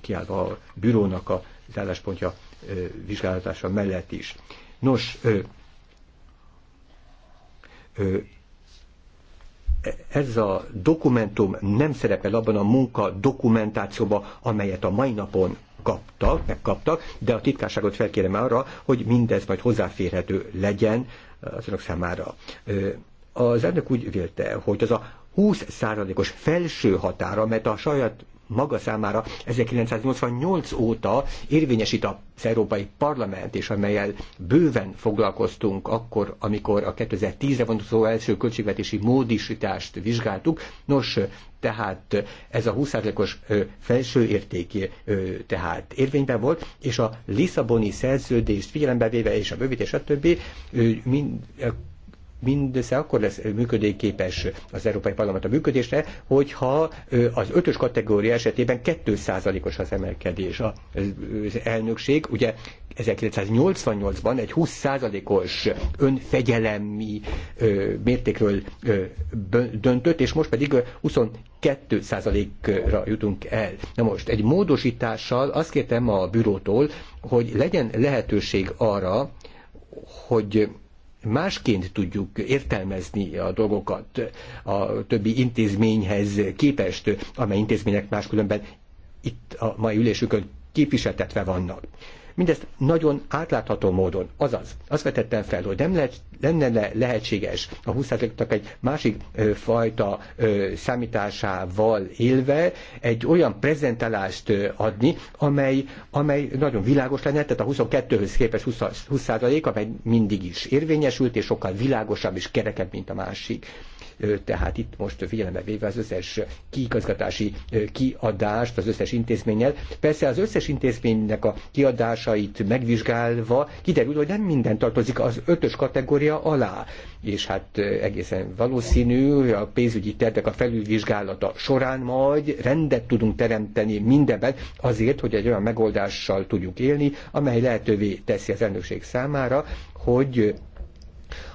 kiállva a bürónak az álláspontja vizsgálatása mellett is. Nos, ez a dokumentum nem szerepel abban a munka dokumentációban, amelyet a mai napon kaptak, megkaptak, de a titkárságot felkérem arra, hogy mindez majd hozzáférhető legyen önök számára. Az elnök úgy vélte, hogy az a 20 os felső határa, mert a saját maga számára 1988 óta érvényesít az Európai Parlament, és amelyel bőven foglalkoztunk akkor, amikor a 2010-re vonatkozó első költségvetési módisítást vizsgáltuk. Nos, tehát ez a 20%-os felső érték tehát érvényben volt, és a Lisszaboni szerződést figyelembe véve, és a bővítés, stb mindössze akkor lesz működőképes az Európai Parlament a működésre, hogyha az ötös kategória esetében 2%-os az emelkedés. Az elnökség ugye 1988-ban egy 20%-os önfegyelemi mértékről döntött, és most pedig 22%-ra jutunk el. Na most egy módosítással azt kértem a bürótól, hogy legyen lehetőség arra, hogy másként tudjuk értelmezni a dolgokat a többi intézményhez képest, amely intézmények máskülönben itt a mai ülésükön képviseltetve vannak. Mindezt nagyon átlátható módon. Azaz, azt vetettem fel, hogy nem lehet, lenne lehetséges a 20%-nak egy másik ö, fajta ö, számításával élve egy olyan prezentálást ö, adni, amely, amely nagyon világos lenne, tehát a 22-höz képest 20%, 20 amely mindig is érvényesült, és sokkal világosabb és kerekebb, mint a másik tehát itt most figyelembe véve az összes kiigazgatási kiadást az összes intézménnyel. Persze az összes intézménynek a kiadásait megvizsgálva kiderül, hogy nem minden tartozik az ötös kategória alá, és hát egészen valószínű, hogy a pénzügyi tervek a felülvizsgálata során majd rendet tudunk teremteni mindenben azért, hogy egy olyan megoldással tudjuk élni, amely lehetővé teszi az elnökség számára, hogy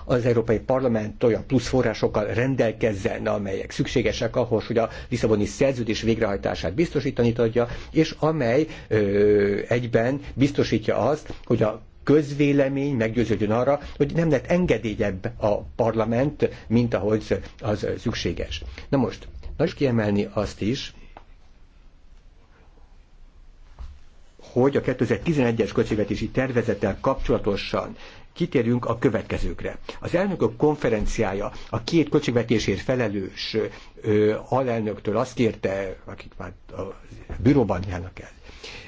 az Európai Parlament olyan plusz forrásokkal rendelkezzen, amelyek szükségesek ahhoz, hogy a Lisszaboni szerződés végrehajtását biztosítani tudja, és amely ö, egyben biztosítja azt, hogy a közvélemény meggyőződjön arra, hogy nem lett engedélyebb a parlament, mint ahogy az szükséges. Na most, nagy kiemelni azt is, hogy a 2011-es költségvetési tervezettel kapcsolatosan kitérjünk a következőkre. Az elnökök konferenciája a két költségvetésért felelős ö, alelnöktől azt kérte, akik már a büróban járnak el,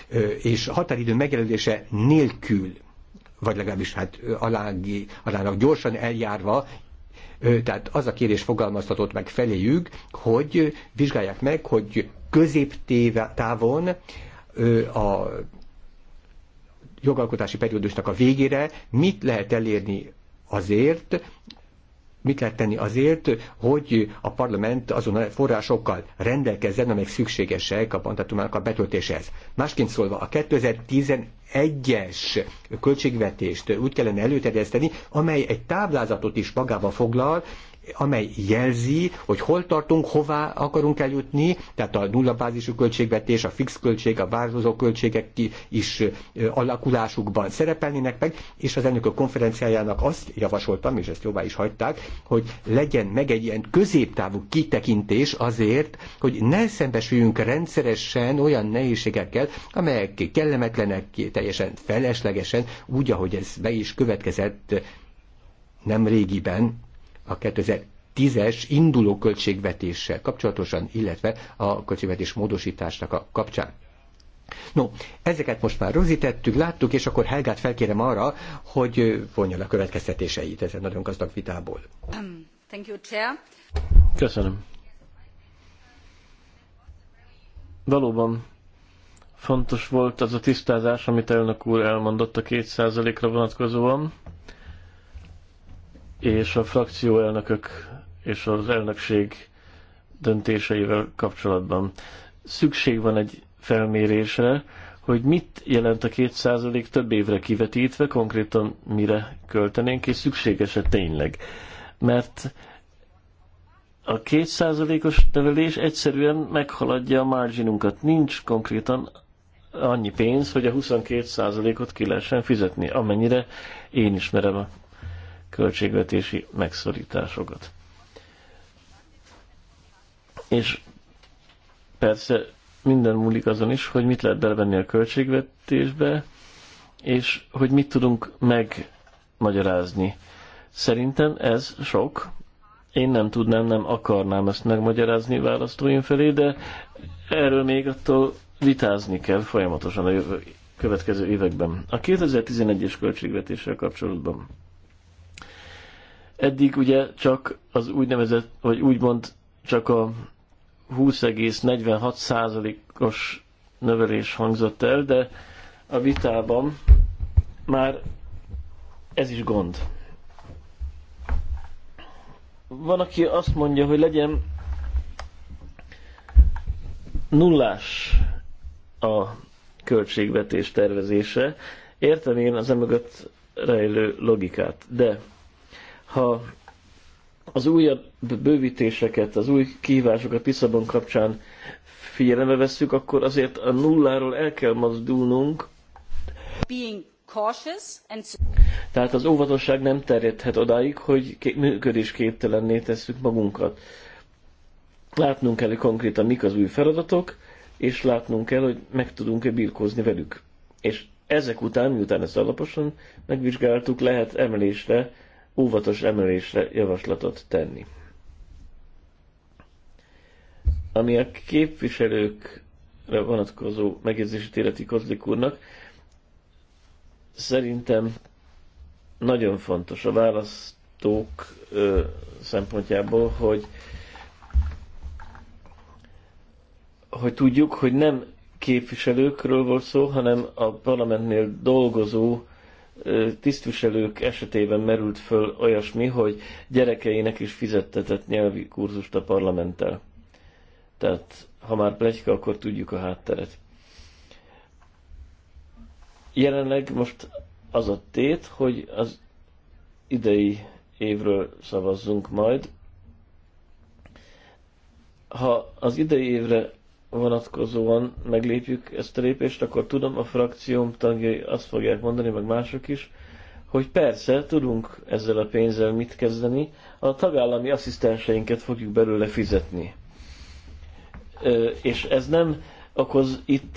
ö, és határidő megjelölése nélkül, vagy legalábbis hát alági, alának gyorsan eljárva, ö, tehát az a kérés fogalmaztatott meg feléjük, hogy vizsgálják meg, hogy középtávon a jogalkotási periódusnak a végére mit lehet elérni azért, mit lehet tenni azért, hogy a parlament azon a forrásokkal rendelkezzen, amelyek szükségesek a mandátumának a betöltéséhez. Másként szólva, a 2011-es költségvetést úgy kellene előterjeszteni, amely egy táblázatot is magába foglal, amely jelzi, hogy hol tartunk, hová akarunk eljutni, tehát a nullabázisú költségvetés, a fix költség, a változó költségek is alakulásukban szerepelnének meg, és az elnökök konferenciájának azt javasoltam, és ezt jobbá is hagyták, hogy legyen meg egy ilyen középtávú kitekintés azért, hogy ne szembesüljünk rendszeresen olyan nehézségekkel, amelyek kellemetlenek, teljesen feleslegesen, úgy, ahogy ez be is következett nem régiben, a 2010-es induló költségvetéssel kapcsolatosan, illetve a költségvetés módosításnak a kapcsán. No, ezeket most már rögzítettük, láttuk, és akkor Helgát felkérem arra, hogy vonjon a következtetéseit ezen nagyon gazdag vitából.
Um, thank you, Chair.
Köszönöm. Valóban fontos volt az a tisztázás, amit elnök úr elmondott a kétszázalékra ra vonatkozóan és a frakcióelnökök és az elnökség döntéseivel kapcsolatban. Szükség van egy felmérésre, hogy mit jelent a két százalék több évre kivetítve, konkrétan mire költenénk, és szükséges-e tényleg. Mert a két százalékos növelés egyszerűen meghaladja a marginunkat. Nincs konkrétan annyi pénz, hogy a 22 százalékot ki lehessen fizetni, amennyire én ismerem a költségvetési megszorításokat. És persze minden múlik azon is, hogy mit lehet belevenni a költségvetésbe, és hogy mit tudunk megmagyarázni. Szerintem ez sok. Én nem tudnám, nem akarnám ezt megmagyarázni választóim felé, de erről még attól vitázni kell folyamatosan a jövő, következő években. A 2011-es költségvetéssel kapcsolatban Eddig ugye csak az úgynevezett, vagy úgymond csak a 20,46%-os növelés hangzott el, de a vitában már ez is gond. Van, aki azt mondja, hogy legyen nullás a költségvetés tervezése. Értem én az emögött rejlő logikát, de ha az újabb bővítéseket, az új kihívásokat Lisszabon kapcsán figyelembe vesszük, akkor azért a nulláról el kell mozdulnunk. And... Tehát az óvatosság nem terjedhet odáig, hogy működésképtelenné tesszük magunkat. Látnunk kell, hogy konkrétan mik az új feladatok, és látnunk kell, hogy meg tudunk-e birkózni velük. És ezek után, miután ezt alaposan megvizsgáltuk, lehet emelésre óvatos emelésre javaslatot tenni. Ami a képviselőkre vonatkozó megjegyzését életi Kozlik úrnak, szerintem nagyon fontos a választók ö, szempontjából, hogy hogy tudjuk, hogy nem képviselőkről volt szó, hanem a parlamentnél dolgozó tisztviselők esetében merült föl olyasmi, hogy gyerekeinek is fizettetett nyelvi kurzust a parlamenttel. Tehát, ha már plegyka, akkor tudjuk a hátteret. Jelenleg most az a tét, hogy az idei évről szavazzunk majd. Ha az idei évre vonatkozóan meglépjük ezt a lépést, akkor tudom, a frakcióm tagjai azt fogják mondani, meg mások is, hogy persze, tudunk ezzel a pénzzel mit kezdeni, a tagállami asszisztenseinket fogjuk belőle fizetni. És ez nem okoz itt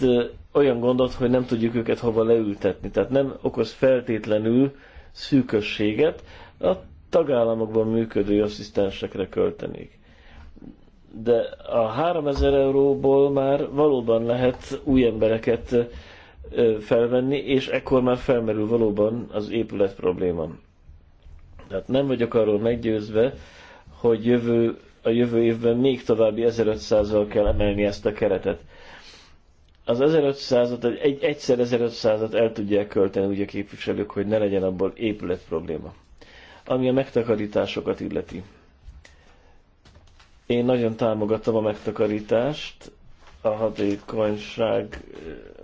olyan gondot, hogy nem tudjuk őket hova leültetni. Tehát nem okoz feltétlenül szűkösséget, a tagállamokban működő asszisztensekre költenék de a 3000 euróból már valóban lehet új embereket felvenni, és ekkor már felmerül valóban az épület probléma. Tehát nem vagyok arról meggyőzve, hogy jövő, a jövő évben még további 1500-val kell emelni ezt a keretet. Az 1500-at, egy, egyszer 1500-at el tudják költeni úgy a képviselők, hogy ne legyen abból épület probléma. Ami a megtakarításokat illeti. Én nagyon támogatom a megtakarítást a hatékonyság eh,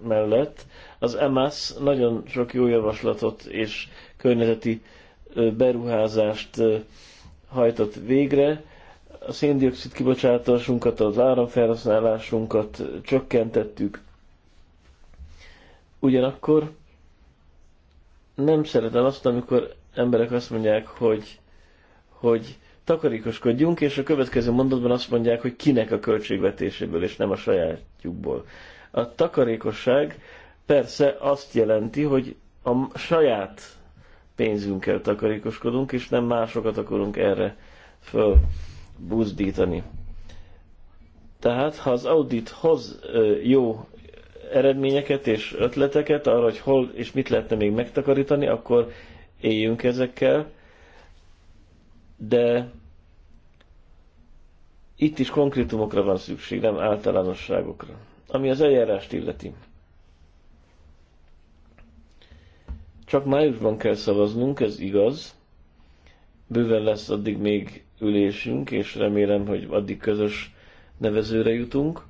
mellett. Az MS nagyon sok jó javaslatot és környezeti eh, beruházást eh, hajtott végre. A széndiokszid kibocsátásunkat, az áramfelhasználásunkat csökkentettük. Ugyanakkor nem szeretem azt, amikor emberek azt mondják, hogy, hogy takarékoskodjunk, és a következő mondatban azt mondják, hogy kinek a költségvetéséből, és nem a sajátjukból. A takarékosság persze azt jelenti, hogy a saját pénzünkkel takarékoskodunk, és nem másokat akarunk erre fölbuzdítani. Tehát, ha az audit hoz jó eredményeket és ötleteket arra, hogy hol és mit lehetne még megtakarítani, akkor éljünk ezekkel, de itt is konkrétumokra van szükség, nem általánosságokra. Ami az eljárást illeti. Csak májusban kell szavaznunk, ez igaz. Bőven lesz addig még ülésünk, és remélem, hogy addig közös nevezőre jutunk.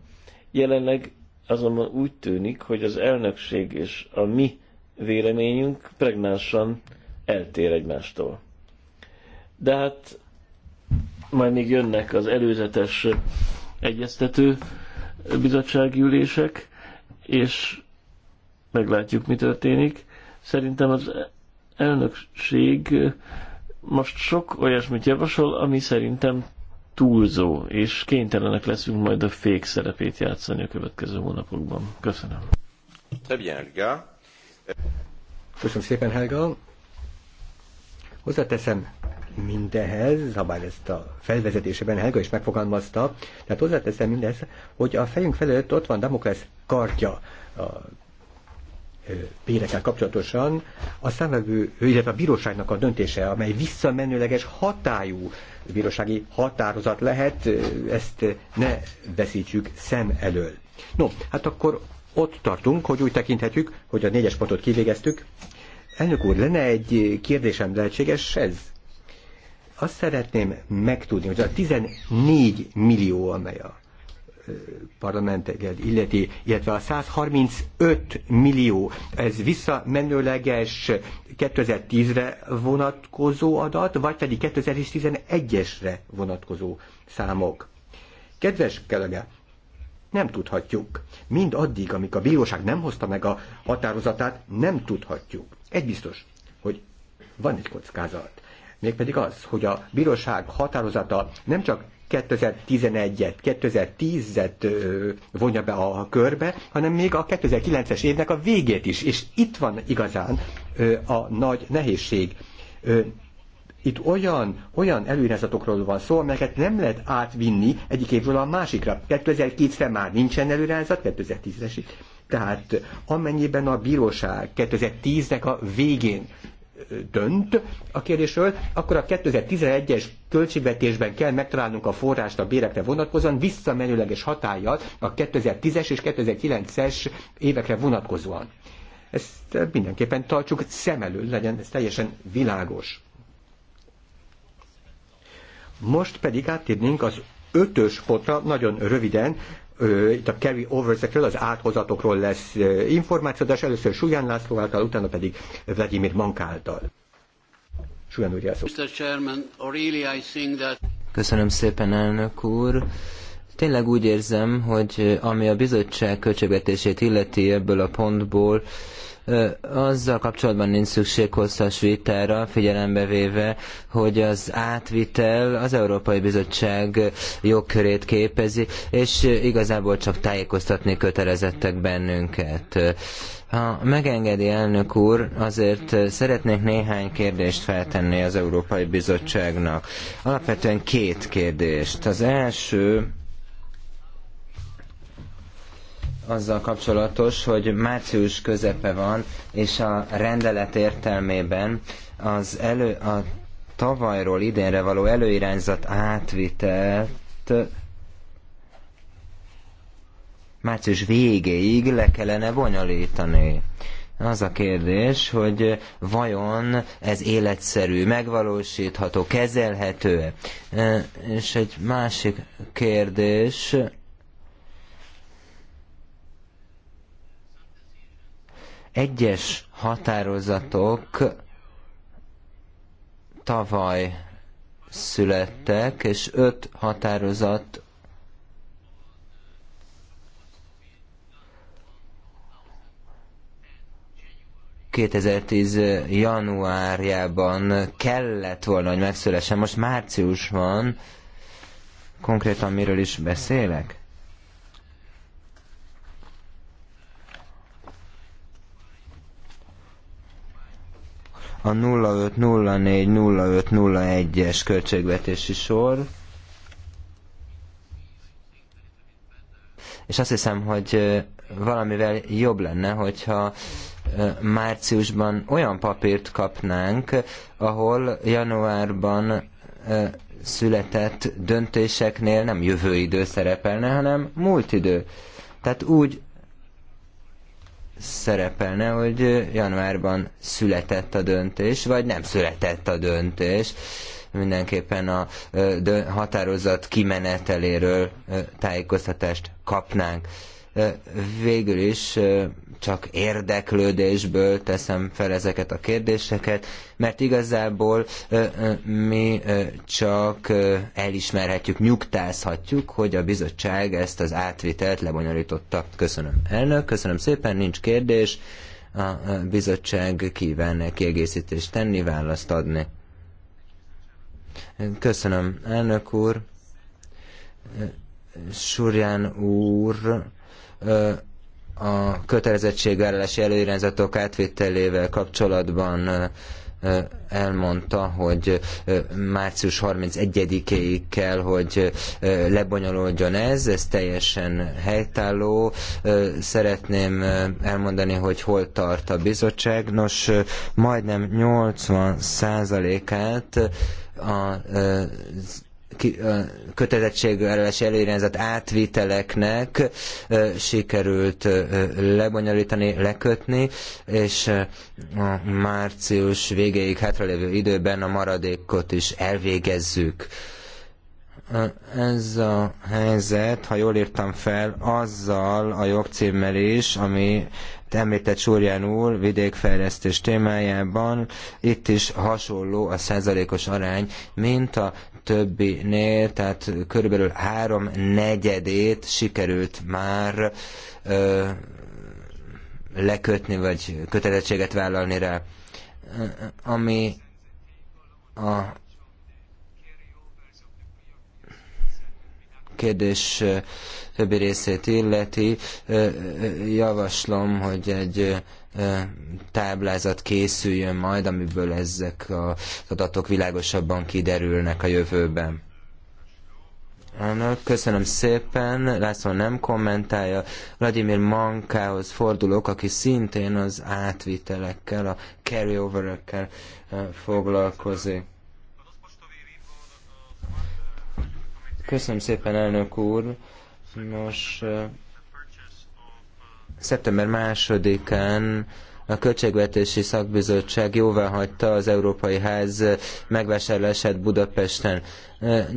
Jelenleg azonban úgy tűnik, hogy az elnökség és a mi véleményünk pregnánsan eltér egymástól de hát majd még jönnek az előzetes egyeztető bizottsági ülések, és meglátjuk, mi történik. Szerintem az elnökség most sok olyasmit javasol, ami szerintem túlzó, és kénytelenek leszünk majd a fék szerepét játszani a következő hónapokban. Köszönöm.
Köszönöm szépen, Helga. Hozzáteszem, mindehez, bár ezt a felvezetésében Helga is megfogalmazta, tehát hozzáteszem mindez, hogy a fejünk felett ott van Damoklesz kardja a bérekkel kapcsolatosan, a számlevő, illetve a bíróságnak a döntése, amely visszamenőleges hatályú bírósági határozat lehet, ezt ne veszítsük szem elől. No, hát akkor ott tartunk, hogy úgy tekinthetjük, hogy a négyes pontot kivégeztük. Elnök úr, lenne egy kérdésem, lehetséges ez? Azt szeretném megtudni, hogy a 14 millió, amely a parlamenteket illeti, illetve a 135 millió, ez visszamenőleges 2010-re vonatkozó adat, vagy pedig 2011-esre vonatkozó számok. Kedves kelege, nem tudhatjuk. Mind addig, amíg a bíróság nem hozta meg a határozatát, nem tudhatjuk. Egy biztos, hogy van egy kockázat mégpedig az, hogy a bíróság határozata nem csak 2011-et, 2010-et vonja be a körbe, hanem még a 2009-es évnek a végét is. És itt van igazán a nagy nehézség itt olyan, olyan előirányzatokról van szó, amelyeket nem lehet átvinni egyik évről a másikra. 2009-re már nincsen előirányzat, 2010-re Tehát amennyiben a bíróság 2010-nek a végén dönt a kérdésről, akkor a 2011-es költségvetésben kell megtalálnunk a forrást a bérekre vonatkozóan, visszamenőleges hatállyal a 2010-es és 2009-es évekre vonatkozóan. Ezt mindenképpen tartsuk szem elől, legyen ez teljesen világos. Most pedig áttérnénk az ötös potra, nagyon röviden, itt a carry oversekről, az áthozatokról lesz információ, de először Súlyán László által, utána pedig Vladimir Mank által.
Súlyán úr, Köszönöm szépen, elnök úr. Tényleg úgy érzem, hogy ami a bizottság költségvetését illeti ebből a pontból, azzal kapcsolatban nincs szükség hosszas vitára, figyelembe véve, hogy az átvitel az Európai Bizottság jogkörét képezi, és igazából csak tájékoztatni kötelezettek bennünket. Ha megengedi elnök úr, azért szeretnék néhány kérdést feltenni az Európai Bizottságnak. Alapvetően két kérdést. Az első, azzal kapcsolatos, hogy március közepe van, és a rendelet értelmében az elő, a tavalyról idénre való előirányzat átvitelt március végéig le kellene bonyolítani. Az a kérdés, hogy vajon ez életszerű, megvalósítható, kezelhető -e? És egy másik kérdés, Egyes határozatok tavaly születtek, és öt határozat ...2010 januárjában kellett volna, hogy megszülessen. Most március van. Konkrétan miről is beszélek? a 0504-0501-es költségvetési sor. És azt hiszem, hogy valamivel jobb lenne, hogyha márciusban olyan papírt kapnánk, ahol januárban született döntéseknél nem jövő idő szerepelne, hanem múlt idő. Tehát úgy szerepelne, hogy januárban született a döntés, vagy nem született a döntés. Mindenképpen a határozat kimeneteléről tájékoztatást kapnánk. Végül is csak érdeklődésből teszem fel ezeket a kérdéseket, mert igazából mi csak elismerhetjük, nyugtázhatjuk, hogy a bizottság ezt az átvitelt lebonyolította. Köszönöm, elnök, köszönöm szépen, nincs kérdés. A bizottság kívánne kiegészítést tenni, választ adni. Köszönöm, elnök úr. Surján úr a kötelezettségvállalási előirányzatok átvételével kapcsolatban elmondta, hogy március 31-éig kell, hogy lebonyolódjon ez, ez teljesen helytálló. Szeretném elmondani, hogy hol tart a bizottság. Nos, majdnem 80 százalékát az kötelezettségvállalási előirányzat átviteleknek sikerült lebonyolítani, lekötni, és a március végéig hátralévő időben a maradékot is elvégezzük ez a helyzet, ha jól írtam fel, azzal a jogcímmel is, ami említett Súrján úr vidékfejlesztés témájában, itt is hasonló a százalékos arány, mint a többinél, tehát körülbelül három negyedét sikerült már ö, lekötni, vagy kötelezettséget vállalni rá. Ami a kérdés többi részét illeti, javaslom, hogy egy táblázat készüljön majd, amiből ezek az adatok világosabban kiderülnek a jövőben. köszönöm szépen. László nem kommentálja. Vladimir Mankához fordulok, aki szintén az átvitelekkel, a carryoverekkel foglalkozik. Köszönöm szépen, elnök úr. Nos, Szeptember másodikán a Költségvetési Szakbizottság jóváhagyta az Európai Ház megvásárlását Budapesten.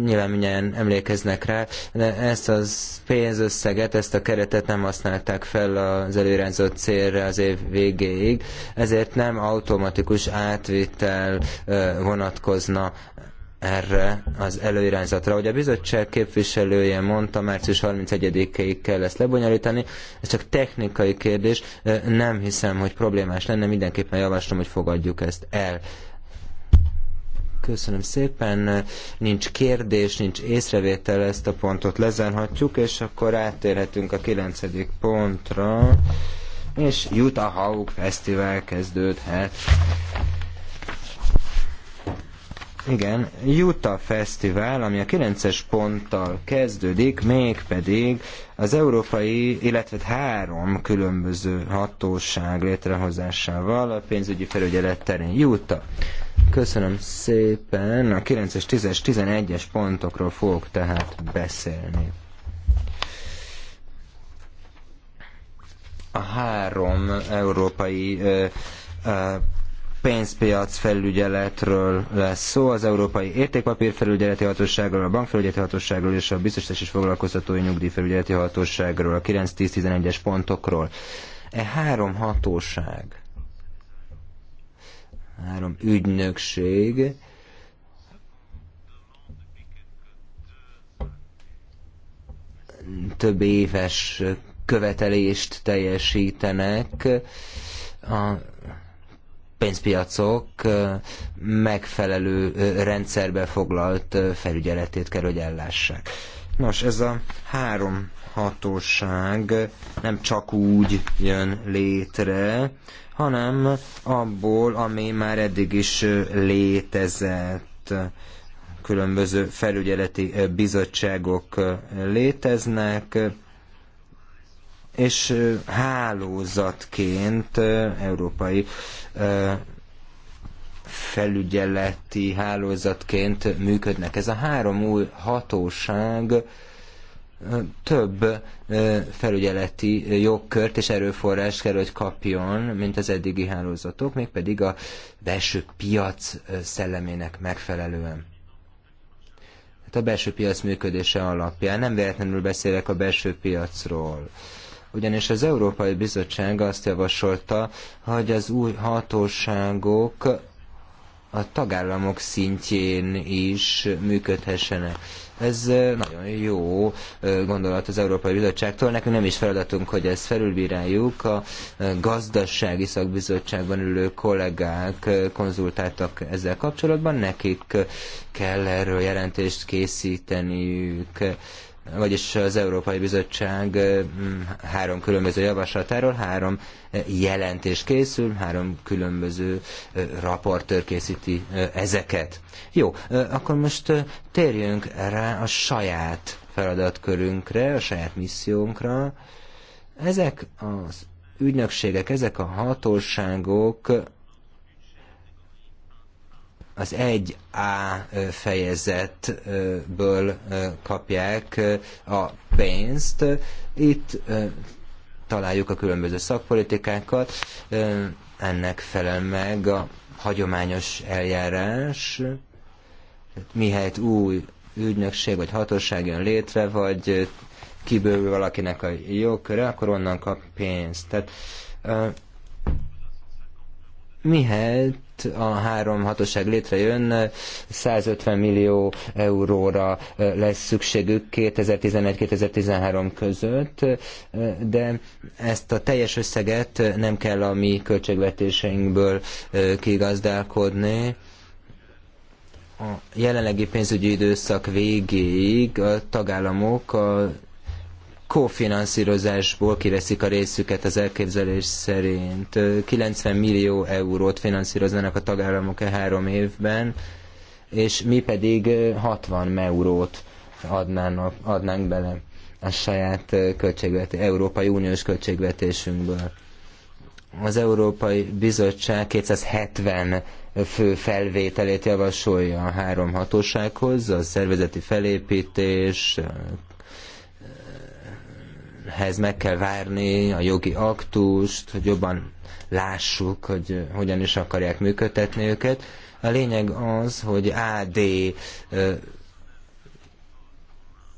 Nyilván mindjárt emlékeznek rá, de ezt az pénzösszeget, ezt a keretet nem használták fel az előirányzott célra az év végéig, ezért nem automatikus átvitel vonatkozna erre az előirányzatra. Ahogy a bizottság képviselője mondta, március 31-ig kell ezt lebonyolítani, ez csak technikai kérdés, nem hiszem, hogy problémás lenne, mindenképpen javaslom, hogy fogadjuk ezt el. Köszönöm szépen, nincs kérdés, nincs észrevétel, ezt a pontot lezárhatjuk, és akkor átérhetünk a 9. pontra, és Utah Hawk Fesztivál kezdődhet. Igen, Utah Festival, ami a 9-es ponttal kezdődik, mégpedig az európai, illetve hát három különböző hatóság létrehozásával a pénzügyi felügyelet terén. Utah. Köszönöm szépen. A 9-es, 10-es, 11-es pontokról fogok tehát beszélni. A három európai ö, ö, pénzpiac felügyeletről lesz szó, az Európai felügyeleti Hatóságról, a Bankfelügyeleti Hatóságról és a biztosítási és Foglalkoztatói Nyugdíjfelügyeleti Hatóságról, a 9-10-11-es pontokról. E három hatóság, három ügynökség, több éves követelést teljesítenek a pénzpiacok megfelelő rendszerbe foglalt felügyeletét kell, hogy ellássák. Nos, ez a három hatóság nem csak úgy jön létre, hanem abból, ami már eddig is létezett. Különböző felügyeleti bizottságok léteznek, és hálózatként európai felügyeleti hálózatként működnek. Ez a három új hatóság több felügyeleti jogkört és erőforrás kell, hogy kapjon, mint az eddigi hálózatok, mégpedig a belső piac szellemének megfelelően. Hát a belső piac működése alapján nem véletlenül beszélek a belső piacról ugyanis az Európai Bizottság azt javasolta, hogy az új hatóságok a tagállamok szintjén is működhessenek. Ez nagyon jó gondolat az Európai Bizottságtól. Nekünk nem is feladatunk, hogy ezt felülbíráljuk. A gazdasági szakbizottságban ülő kollégák konzultáltak ezzel kapcsolatban. Nekik kell erről jelentést készíteniük vagyis az Európai Bizottság három különböző javaslatáról három jelentés készül, három különböző raportőr készíti ezeket. Jó, akkor most térjünk rá a saját feladatkörünkre, a saját missziónkra. Ezek az ügynökségek, ezek a hatóságok az 1A fejezetből kapják a pénzt. Itt találjuk a különböző szakpolitikákat, ennek felel meg a hagyományos eljárás, mihelyt új ügynökség vagy hatóság jön létre, vagy kibővül valakinek a jogköre, akkor onnan kap pénzt. Tehát mihelyt a három hatóság létrejön, 150 millió euróra lesz szükségük 2011-2013 között, de ezt a teljes összeget nem kell a mi költségvetéseinkből kigazdálkodni a jelenlegi pénzügyi időszak végéig a tagállamok a kofinanszírozásból kireszik a részüket az elképzelés szerint. 90 millió eurót finanszíroznának a tagállamok e három évben, és mi pedig 60 eurót adnának, adnánk bele a saját költségvetés, Európai Uniós költségvetésünkből. Az Európai Bizottság 270 fő felvételét javasolja a három hatósághoz, a szervezeti felépítés, ehhez meg kell várni a jogi aktust, hogy jobban lássuk, hogy hogyan is akarják működtetni őket. A lényeg az, hogy AD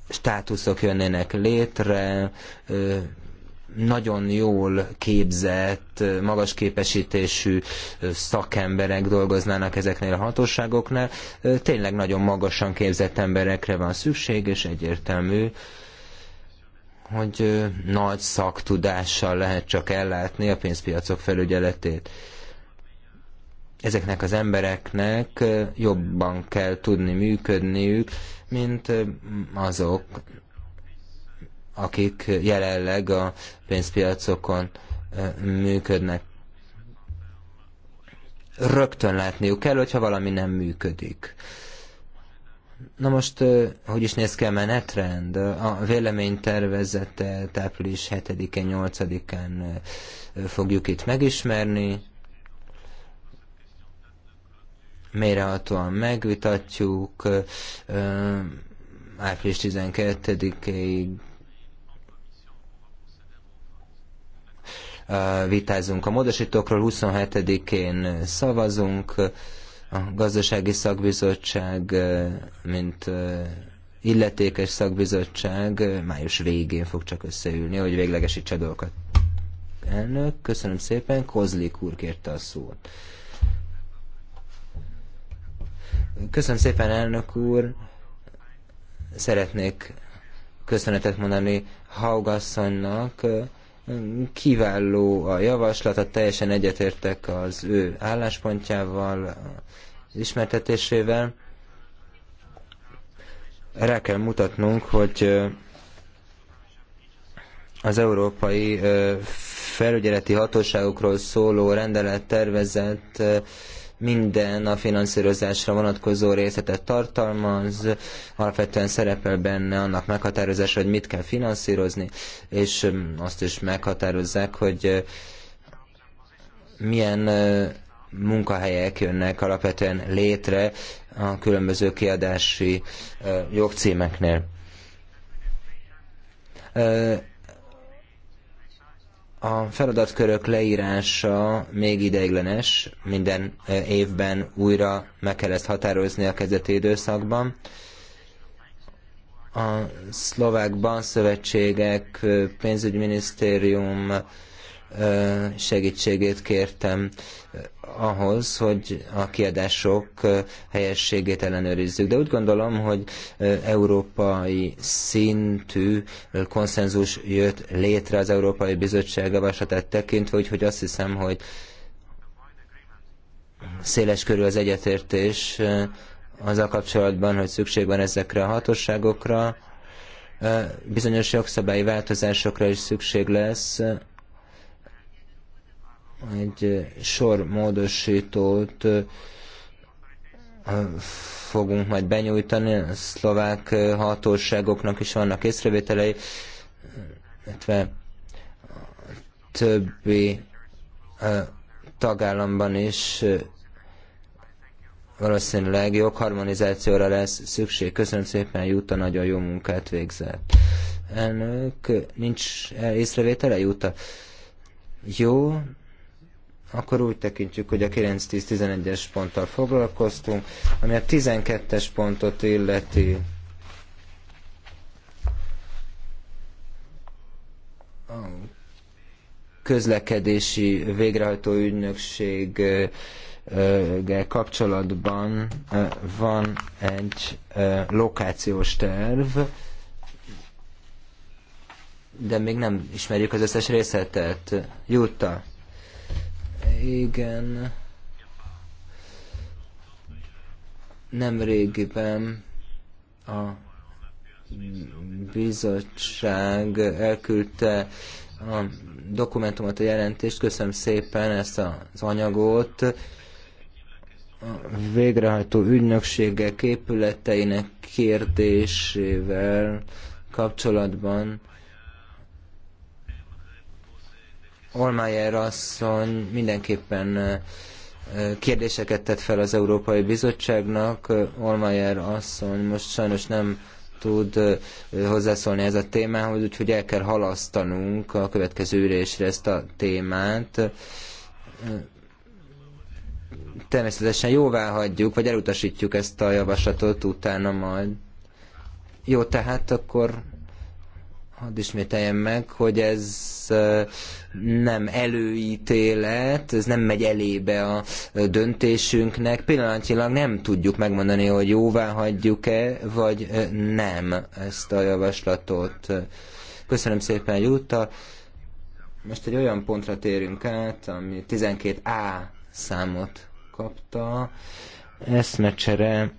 státuszok jönnének létre, nagyon jól képzett, magas képesítésű szakemberek dolgoznának ezeknél a hatóságoknál. Tényleg nagyon magasan képzett emberekre van szükség, és egyértelmű, hogy nagy szaktudással lehet csak ellátni a pénzpiacok felügyeletét. Ezeknek az embereknek jobban kell tudni működniük, mint azok, akik jelenleg a pénzpiacokon működnek. Rögtön látniuk kell, hogyha valami nem működik. Na most, hogy is néz ki a menetrend? A tervezete április 7-e, 8-án fogjuk itt megismerni. Mérehatóan megvitatjuk. Április 12-ig vitázunk a módosítókról, 27-én szavazunk, a gazdasági szakbizottság, mint illetékes szakbizottság május végén fog csak összeülni, hogy véglegesítse dolgokat. Elnök, köszönöm szépen, Kozlik úr kérte a szót. Köszönöm szépen, elnök úr. Szeretnék köszönetet mondani Haugasszonynak, Kiváló a javaslat, a teljesen egyetértek az ő álláspontjával, ismertetésével. Rá kell mutatnunk, hogy az európai felügyeleti hatóságokról szóló rendelet tervezett minden a finanszírozásra vonatkozó részletet tartalmaz, alapvetően szerepel benne annak meghatározása, hogy mit kell finanszírozni, és azt is meghatározzák, hogy milyen munkahelyek jönnek alapvetően létre a különböző kiadási jogcímeknél a feladatkörök leírása még ideiglenes, minden e, évben újra meg kell ezt határozni a kezdeti időszakban. A szlovák banszövetségek, e, pénzügyminisztérium, segítségét kértem ahhoz, hogy a kiadások helyességét ellenőrizzük. De úgy gondolom, hogy európai szintű konszenzus jött létre az Európai Bizottság javaslatát tekintve, úgyhogy azt hiszem, hogy széles körül az egyetértés a kapcsolatban, hogy szükség van ezekre a hatóságokra, bizonyos jogszabályi változásokra is szükség lesz, egy sor módosítót fogunk majd benyújtani, a szlovák hatóságoknak is vannak észrevételei, illetve többi tagállamban is valószínűleg harmonizációra lesz szükség. Köszönöm szépen, Júta nagyon jó munkát végzett. Elnök, nincs észrevétele, Júta? Jó, akkor úgy tekintjük, hogy a 9-10-11-es ponttal foglalkoztunk, ami a 12-es pontot illeti. A közlekedési végrehajtó ügynökség kapcsolatban van egy lokációs terv, de még nem ismerjük az összes részletet. Jutta. Igen. Nem régiben a bizottság elküldte a dokumentumot, a jelentést. Köszönöm szépen ezt az anyagot. A végrehajtó ügynökségek épületeinek kérdésével kapcsolatban Olmájer asszony mindenképpen kérdéseket tett fel az Európai Bizottságnak. Olmájer asszony most sajnos nem tud hozzászólni ez a témához, úgyhogy el kell halasztanunk a következő ülésre ezt a témát. Természetesen jóvá hagyjuk, vagy elutasítjuk ezt a javaslatot utána majd. Jó, tehát akkor hadd ismételjem meg, hogy ez nem előítélet, ez nem megy elébe a döntésünknek. Pillanatilag nem tudjuk megmondani, hogy jóvá hagyjuk-e, vagy nem ezt a javaslatot. Köszönöm szépen, júta. Most egy olyan pontra térünk át, ami 12A számot kapta. Eszmecsere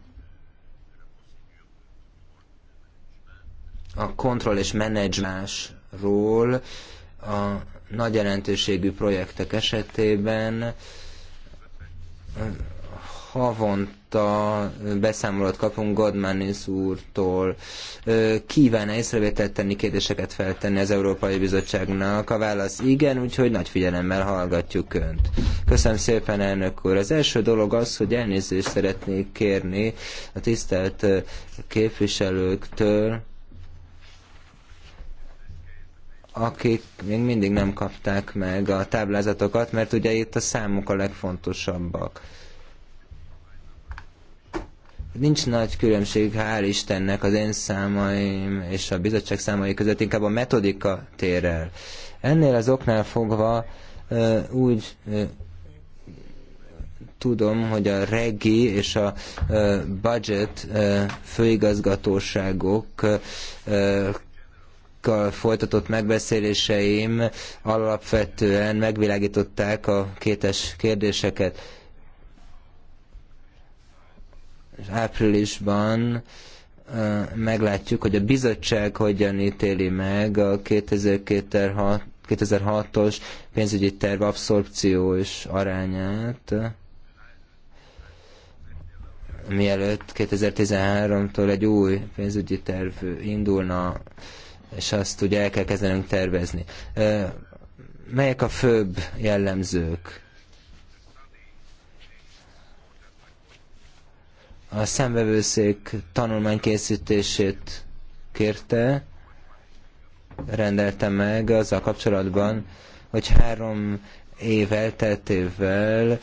a kontroll és menedzsmásról a nagy jelentőségű projektek esetében havonta beszámolót kapunk Godmanis úrtól. Kívánna észrevételt tenni, kérdéseket feltenni az Európai Bizottságnak? A válasz igen, úgyhogy nagy figyelemmel hallgatjuk Önt. Köszönöm szépen, elnök úr. Az első dolog az, hogy elnézést szeretnék kérni a tisztelt képviselőktől, akik még mindig nem kapták meg a táblázatokat, mert ugye itt a számok a legfontosabbak. Nincs nagy különbség, hál' Istennek, az én számaim és a bizottság számai között, inkább a metodika tér el. Ennél az oknál fogva úgy tudom, hogy a regi és a budget főigazgatóságok kollégákkal folytatott megbeszéléseim alapvetően megvilágították a kétes kérdéseket. És áprilisban meglátjuk, hogy a bizottság hogyan ítéli meg a 2006-os pénzügyi terv abszorpció és arányát mielőtt 2013-tól egy új pénzügyi terv indulna és azt ugye el kell kezdenünk tervezni. Melyek a főbb jellemzők? A szembevőszék tanulmánykészítését kérte, rendelte meg azzal kapcsolatban, hogy három év elteltével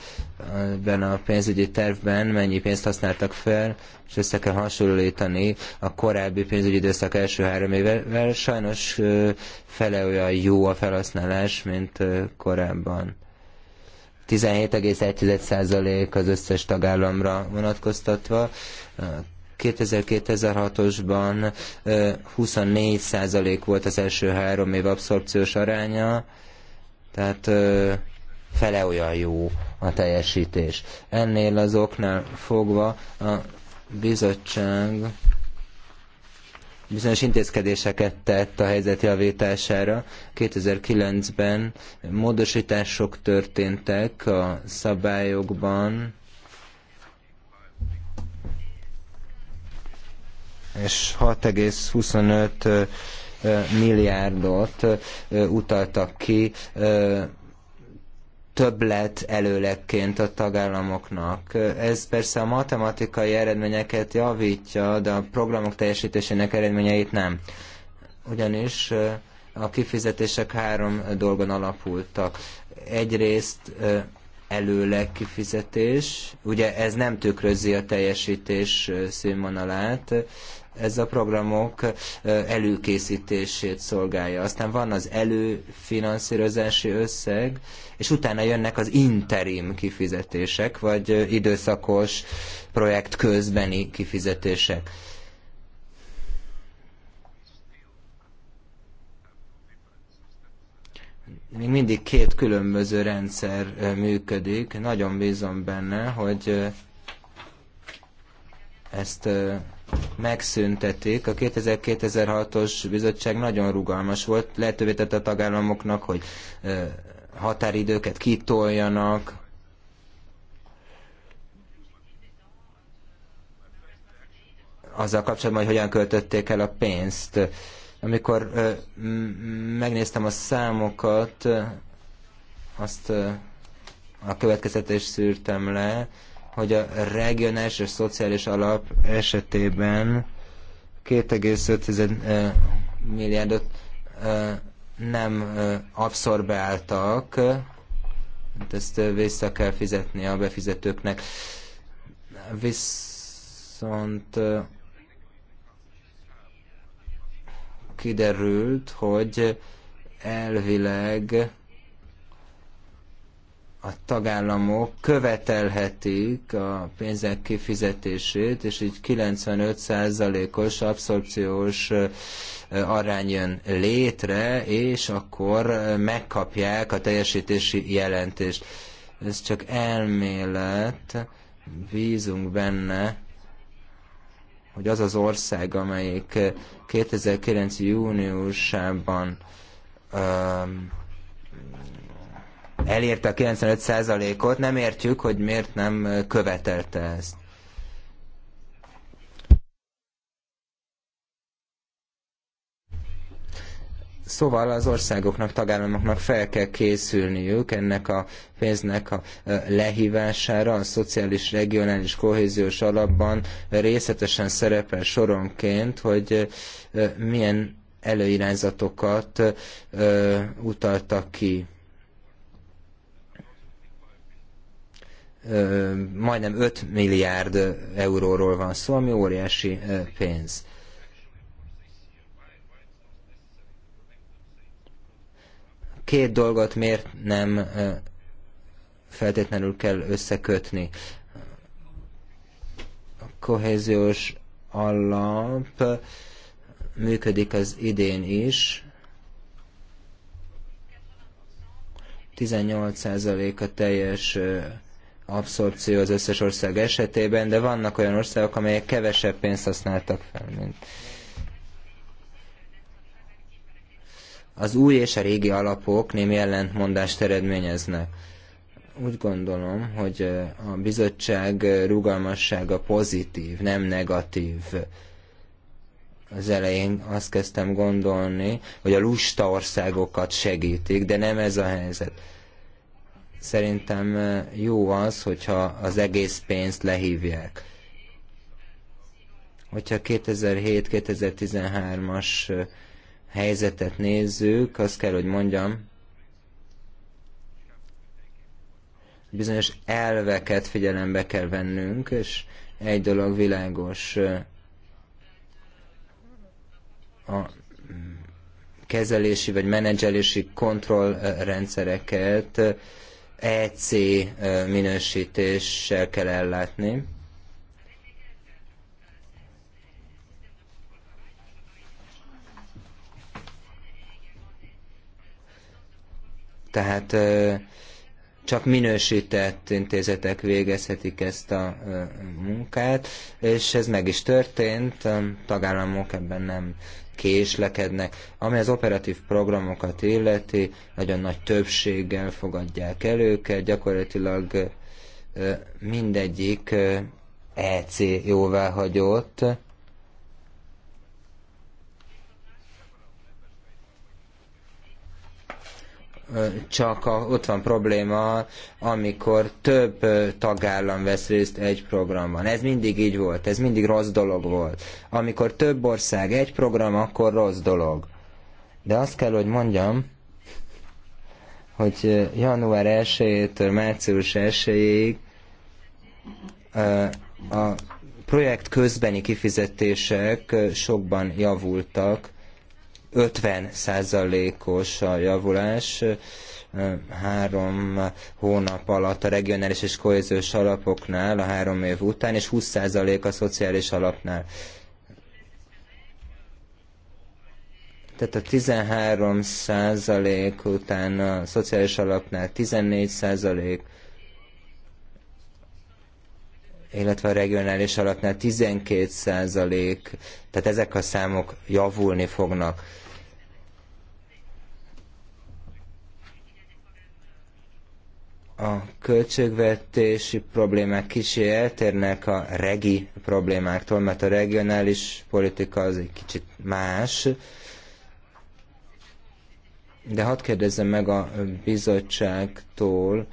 ebben a pénzügyi tervben mennyi pénzt használtak fel, és össze kell hasonlítani a korábbi pénzügyi időszak első három évvel. Sajnos fele olyan jó a felhasználás, mint korábban. 17,1% az összes tagállamra vonatkoztatva. 2000-2006-osban 24% volt az első három év abszorpciós aránya, tehát fele olyan jó a teljesítés. Ennél az oknál fogva a bizottság bizonyos intézkedéseket tett a helyzet javítására. 2009-ben módosítások történtek a szabályokban, és 6,25 milliárdot utaltak ki többlet előlekként a tagállamoknak. Ez persze a matematikai eredményeket javítja, de a programok teljesítésének eredményeit nem. Ugyanis a kifizetések három dolgon alapultak. Egyrészt előleg kifizetés, ugye ez nem tükrözi a teljesítés színvonalát, ez a programok előkészítését szolgálja. Aztán van az előfinanszírozási összeg, és utána jönnek az interim kifizetések, vagy időszakos projekt közbeni kifizetések. még mindig két különböző rendszer működik. Nagyon bízom benne, hogy ezt megszüntetik. A 2006-os bizottság nagyon rugalmas volt, lehetővé tette a tagállamoknak, hogy határidőket kitoljanak, azzal kapcsolatban, hogy hogyan költötték el a pénzt. Amikor megnéztem a számokat, azt a is szűrtem le, hogy a regionális és szociális alap esetében 2,5 milliárdot nem abszorbáltak, hát ezt vissza kell fizetni a befizetőknek. Viszont kiderült, hogy elvileg a tagállamok követelhetik a pénzek kifizetését, és így 95%-os abszorpciós arány jön létre, és akkor megkapják a teljesítési jelentést. Ez csak elmélet, bízunk benne, hogy az az ország, amelyik 2009. júniusában elérte a 95%-ot, nem értjük, hogy miért nem követelte ezt. Szóval az országoknak, tagállamoknak fel kell készülniük ennek a pénznek a lehívására, a szociális, regionális, kohéziós alapban részletesen szerepel soronként, hogy milyen előirányzatokat utaltak ki. majdnem 5 milliárd euróról van szó, ami óriási pénz. Két dolgot miért nem feltétlenül kell összekötni. A kohéziós alap működik az idén is, 18% a teljes abszorpció az összes ország esetében, de vannak olyan országok, amelyek kevesebb pénzt használtak fel, mint az új és a régi alapok némi ellentmondást eredményeznek. Úgy gondolom, hogy eh, a bizottság eh, rugalmassága pozitív, nem negatív az elején azt kezdtem gondolni, hogy a lusta országokat segítik, de nem ez a helyzet. Szerintem jó az, hogyha az egész pénzt lehívják. Hogyha 2007-2013-as helyzetet nézzük, azt kell, hogy mondjam, bizonyos elveket figyelembe kell vennünk, és egy dolog világos, a kezelési vagy menedzselési kontrollrendszereket EC minősítéssel kell ellátni. Tehát csak minősített intézetek végezhetik ezt a munkát, és ez meg is történt, a tagállamok ebben nem késlekednek, ami az operatív programokat illeti, nagyon nagy többséggel fogadják el őket, gyakorlatilag mindegyik EC jóváhagyott, csak a, ott van probléma, amikor több tagállam vesz részt egy programban. Ez mindig így volt, ez mindig rossz dolog volt. Amikor több ország egy program, akkor rossz dolog. De azt kell, hogy mondjam, hogy január 1-től március 1-ig a projekt közbeni kifizetések sokban javultak, 50%-os a javulás, három hónap alatt a regionális és kohéziós alapoknál, a három év után, és 20% a szociális alapnál. Tehát a 13 százalék után a szociális alapnál 14 százalék, illetve a regionális alapnál 12 százalék, tehát ezek a számok javulni fognak. a költségvetési problémák kicsi eltérnek a regi problémáktól, mert a regionális politika az egy kicsit más. De hadd kérdezzem meg a bizottságtól,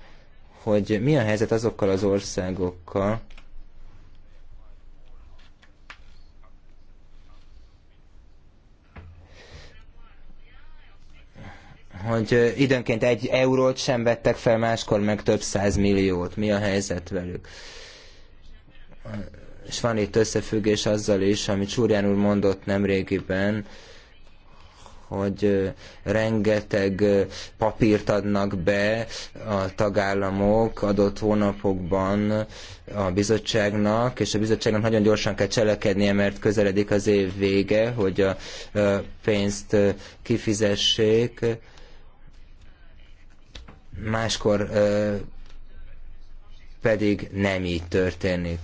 hogy mi a helyzet azokkal az országokkal, hogy időnként egy eurót sem vettek fel, máskor meg több száz milliót. Mi a helyzet velük? És van itt összefüggés azzal is, amit Súrján úr mondott nemrégiben, hogy rengeteg papírt adnak be a tagállamok adott hónapokban a bizottságnak, és a bizottságnak nagyon gyorsan kell cselekednie, mert közeledik az év vége, hogy a pénzt kifizessék máskor pedig nem így történik.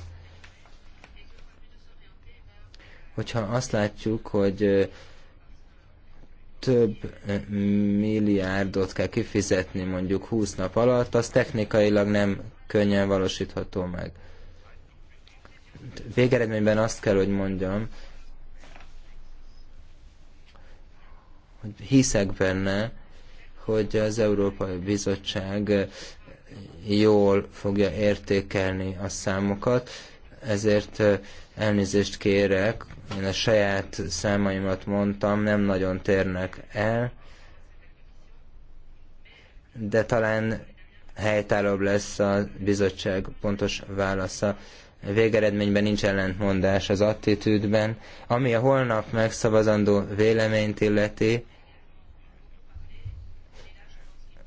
Hogyha azt látjuk, hogy több milliárdot kell kifizetni mondjuk 20 nap alatt, az technikailag nem könnyen valósítható meg. Végeredményben azt kell, hogy mondjam, hogy hiszek benne, hogy az Európai Bizottság jól fogja értékelni a számokat, ezért elnézést kérek, én a saját számaimat mondtam, nem nagyon térnek el, de talán helytállóbb lesz a bizottság pontos válasza. Végeredményben nincs ellentmondás az attitűdben. Ami a holnap megszavazandó véleményt illeti,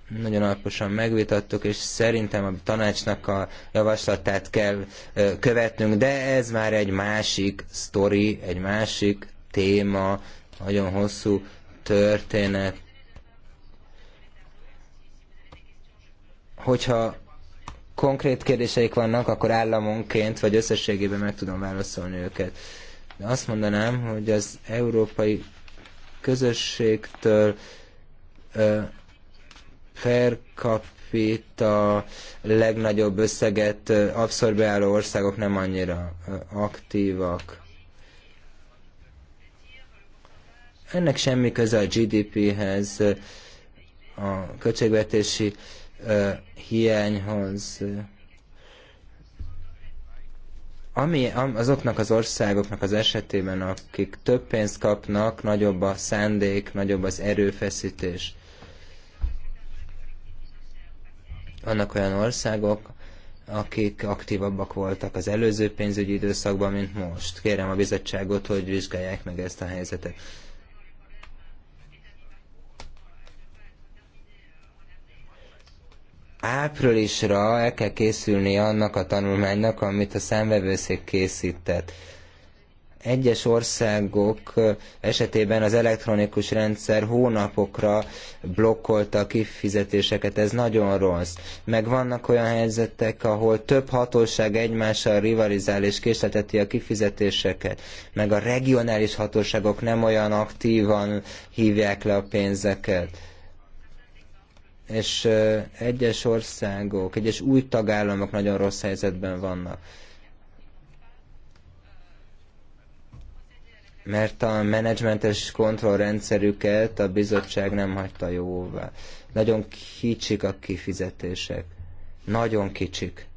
nagyon alaposan megvitattuk, és szerintem a tanácsnak a javaslatát kell követnünk, de ez már egy másik sztori, egy másik téma, nagyon hosszú történet. Hogyha konkrét kérdéseik vannak, akkor államonként vagy összességében meg tudom válaszolni őket. De azt mondanám, hogy az európai közösségtől per capita legnagyobb összeget abszorbáló országok nem annyira aktívak. Ennek semmi köze a GDP-hez, a költségvetési hiányhoz ami azoknak az országoknak az esetében, akik több pénzt kapnak, nagyobb a szándék, nagyobb az erőfeszítés. Vannak olyan országok, akik aktívabbak voltak az előző pénzügyi időszakban, mint most. Kérem a bizottságot, hogy vizsgálják meg ezt a helyzetet. Áprilisra el kell készülni annak a tanulmánynak, amit a számvevőszék készített egyes országok esetében az elektronikus rendszer hónapokra blokkolta a kifizetéseket, ez nagyon rossz. Meg vannak olyan helyzetek, ahol több hatóság egymással rivalizál és késlelteti a kifizetéseket, meg a regionális hatóságok nem olyan aktívan hívják le a pénzeket és egyes országok, egyes új tagállamok nagyon rossz helyzetben vannak. mert a menedzsmentes kontrollrendszerüket a bizottság nem hagyta jóvá. Nagyon kicsik a kifizetések. Nagyon kicsik.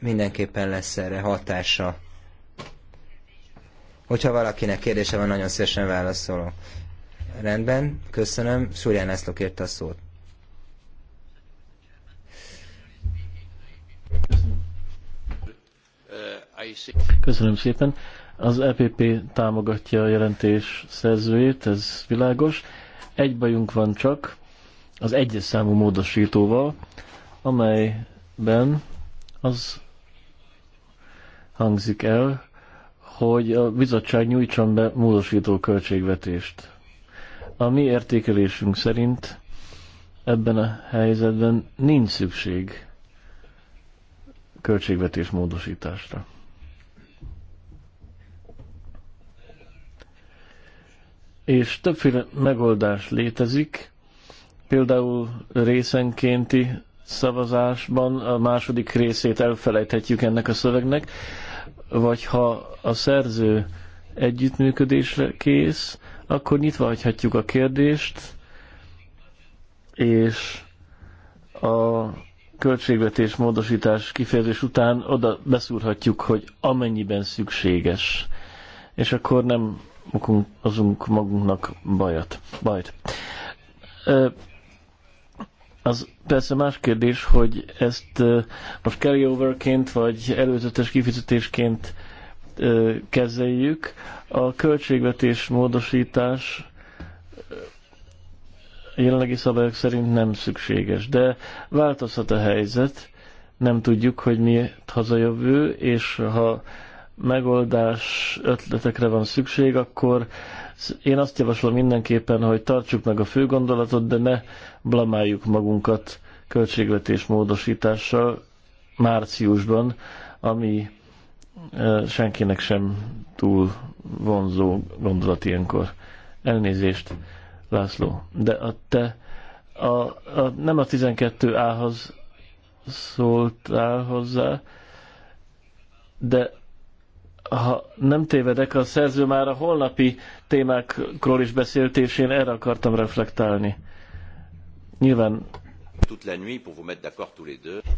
Mindenképpen lesz erre hatása. Hogyha valakinek kérdése van, nagyon szívesen válaszolok. Rendben, köszönöm. Szúrján László kérte a szót.
Köszönöm szépen. Az EPP támogatja a jelentés szerzőjét, ez világos. Egy bajunk van csak az egyes számú módosítóval, amelyben az hangzik el, hogy a bizottság nyújtson be módosító költségvetést. A mi értékelésünk szerint ebben a helyzetben nincs szükség költségvetés módosításra. és többféle megoldás létezik, például részenkénti szavazásban a második részét elfelejthetjük ennek a szövegnek, vagy ha a szerző együttműködésre kész, akkor nyitva hagyhatjuk a kérdést, és a költségvetés módosítás kifejezés után oda beszúrhatjuk, hogy amennyiben szükséges. És akkor nem okozunk magunknak bajat, bajt. Az persze más kérdés, hogy ezt most carryoverként vagy előzetes kifizetésként kezeljük. A költségvetés módosítás jelenlegi szabályok szerint nem szükséges, de változhat a helyzet, nem tudjuk, hogy mi hazajövő, és ha megoldás ötletekre van szükség, akkor én azt javaslom mindenképpen, hogy tartsuk meg a fő gondolatot, de ne blamáljuk magunkat költségvetés módosítással márciusban, ami e, senkinek sem túl vonzó gondolat ilyenkor. Elnézést, László, de a te a, a, nem a 12 ához szóltál hozzá, de ha nem tévedek, a szerző már a holnapi témákról is beszélt, és én erre akartam reflektálni. Nyilván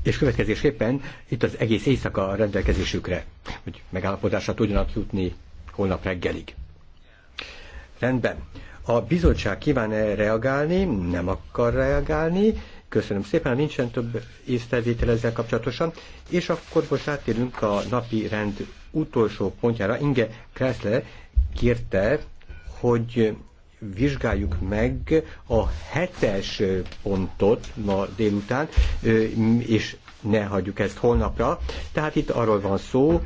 és következésképpen itt az egész éjszaka a
rendelkezésükre, hogy megállapodásra tudjanak jutni holnap reggelig. Rendben. A bizottság kíván -e reagálni, nem akar reagálni, Köszönöm szépen, ha nincsen több észrevétel ezzel kapcsolatosan, és akkor most átérünk a napi rend utolsó pontjára Inge Kressler kérte, hogy vizsgáljuk meg a hetes pontot ma délután, és ne hagyjuk ezt holnapra. Tehát itt arról van szó,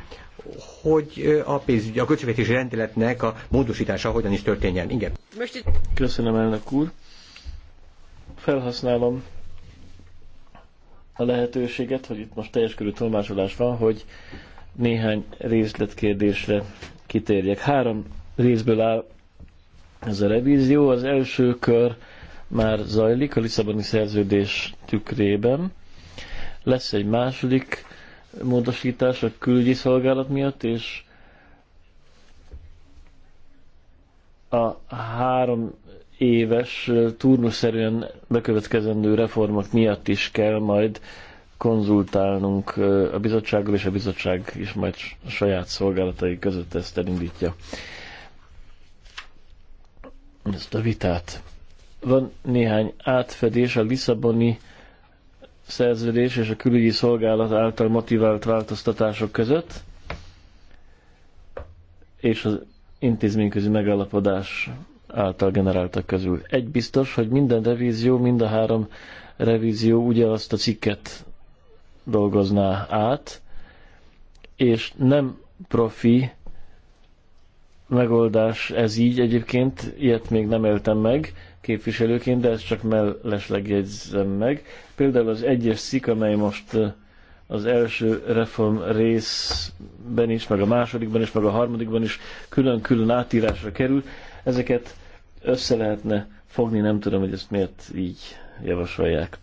hogy a pénzügyi, a költségvetési rendeletnek a módosítása hogyan is
történjen. Igen. Köszönöm, elnök úr. Felhasználom a lehetőséget, hogy itt most teljes körű tolmácsolás van, hogy néhány részletkérdésre kitérjek. Három részből áll ez a revízió. Az első kör már zajlik a Lisszaboni szerződés tükrében. Lesz egy második módosítás a külügyi szolgálat miatt, és a három éves turnusszerűen bekövetkezendő reformok miatt is kell majd konzultálnunk a bizottsággal, és a bizottság is majd a saját szolgálatai között ezt elindítja. Ezt a vitát. Van néhány átfedés a Lisszaboni szerződés és a külügyi szolgálat által motivált változtatások között, és az intézményközi megállapodás által generáltak közül. Egy biztos, hogy minden revízió, mind a három revízió ugyanazt a cikket dolgozná át, és nem profi megoldás ez így egyébként, ilyet még nem éltem meg képviselőként, de ezt csak mellesleg jegyzem meg. Például az egyes szik, amely most az első reform részben is, meg a másodikban is, meg a harmadikban is külön-külön átírásra kerül, ezeket össze lehetne fogni, nem tudom, hogy ezt miért így javasolják.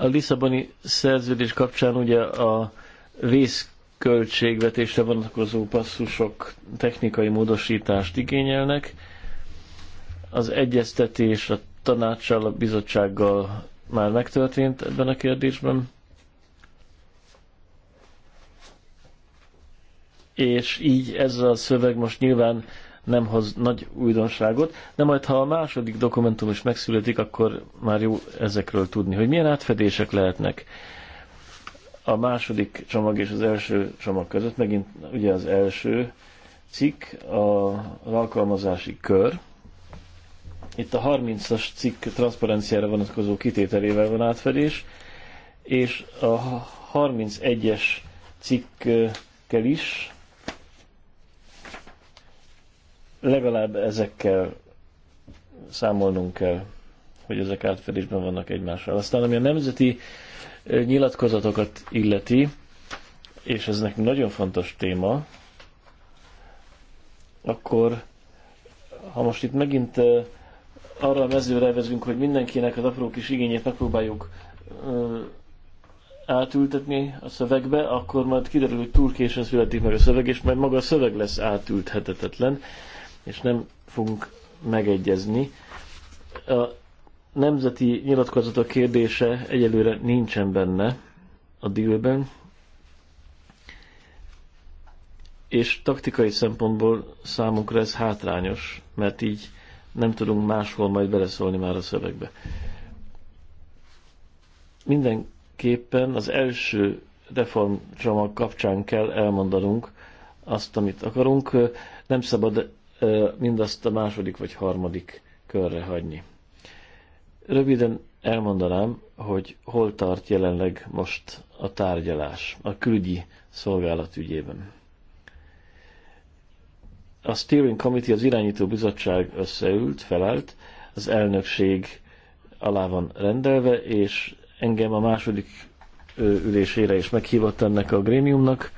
A Lisszaboni szerződés kapcsán ugye a vészköltségvetésre vonatkozó passzusok technikai módosítást igényelnek. Az egyeztetés a tanácssal, a bizottsággal már megtörtént ebben a kérdésben. És így ez a szöveg most nyilván nem hoz nagy újdonságot, de majd ha a második dokumentum is megszületik, akkor már jó ezekről tudni, hogy milyen átfedések lehetnek a második csomag és az első csomag között. Megint ugye az első cikk, a, az alkalmazási kör. Itt a 30-as cikk transzparenciára vonatkozó kitételével van átfedés, és a 31-es cikkkel is legalább ezekkel számolnunk kell, hogy ezek átfedésben vannak egymással. Aztán ami a nemzeti nyilatkozatokat illeti, és ez nekünk nagyon fontos téma, akkor ha most itt megint arra a mezőre vezünk, hogy mindenkinek az apró kis igényét megpróbáljuk átültetni a szövegbe, akkor majd kiderül, hogy túl későn születik meg a szöveg, és majd maga a szöveg lesz átülthetetlen és nem fogunk megegyezni. A nemzeti nyilatkozatok kérdése egyelőre nincsen benne a dílben, és taktikai szempontból számunkra ez hátrányos, mert így nem tudunk máshol majd beleszólni már a szövegbe. Mindenképpen az első reformcsomag kapcsán kell elmondanunk azt, amit akarunk. Nem szabad mindazt a második vagy harmadik körre hagyni. Röviden elmondanám, hogy hol tart jelenleg most a tárgyalás a külügyi szolgálat ügyében. A Steering Committee, az irányító bizottság összeült, felállt, az elnökség alá van rendelve, és engem a második ülésére is meghívott ennek a grémiumnak.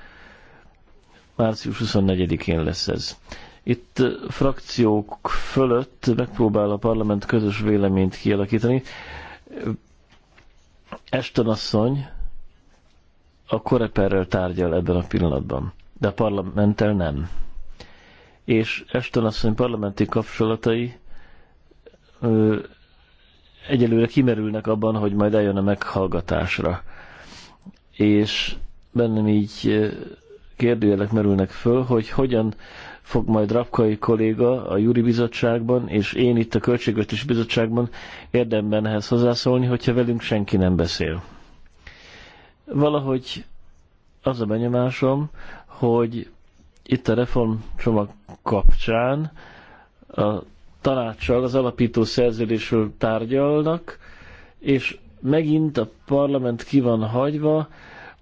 Március 24-én lesz ez. Itt frakciók fölött megpróbál a parlament közös véleményt kialakítani. Eston asszony a koreperrel tárgyal ebben a pillanatban, de a parlamenttel nem. És Eston asszony parlamenti kapcsolatai ö, egyelőre kimerülnek abban, hogy majd eljön a meghallgatásra. És bennem így kérdőjelek merülnek föl, hogy hogyan fog majd Rapkai kolléga a Júri Bizottságban, és én itt a Költségvetési Bizottságban érdemben ehhez hozzászólni, hogyha velünk senki nem beszél. Valahogy az a benyomásom, hogy itt a reformcsomag kapcsán a tanácssal az alapító szerződésről tárgyalnak, és megint a parlament ki van hagyva,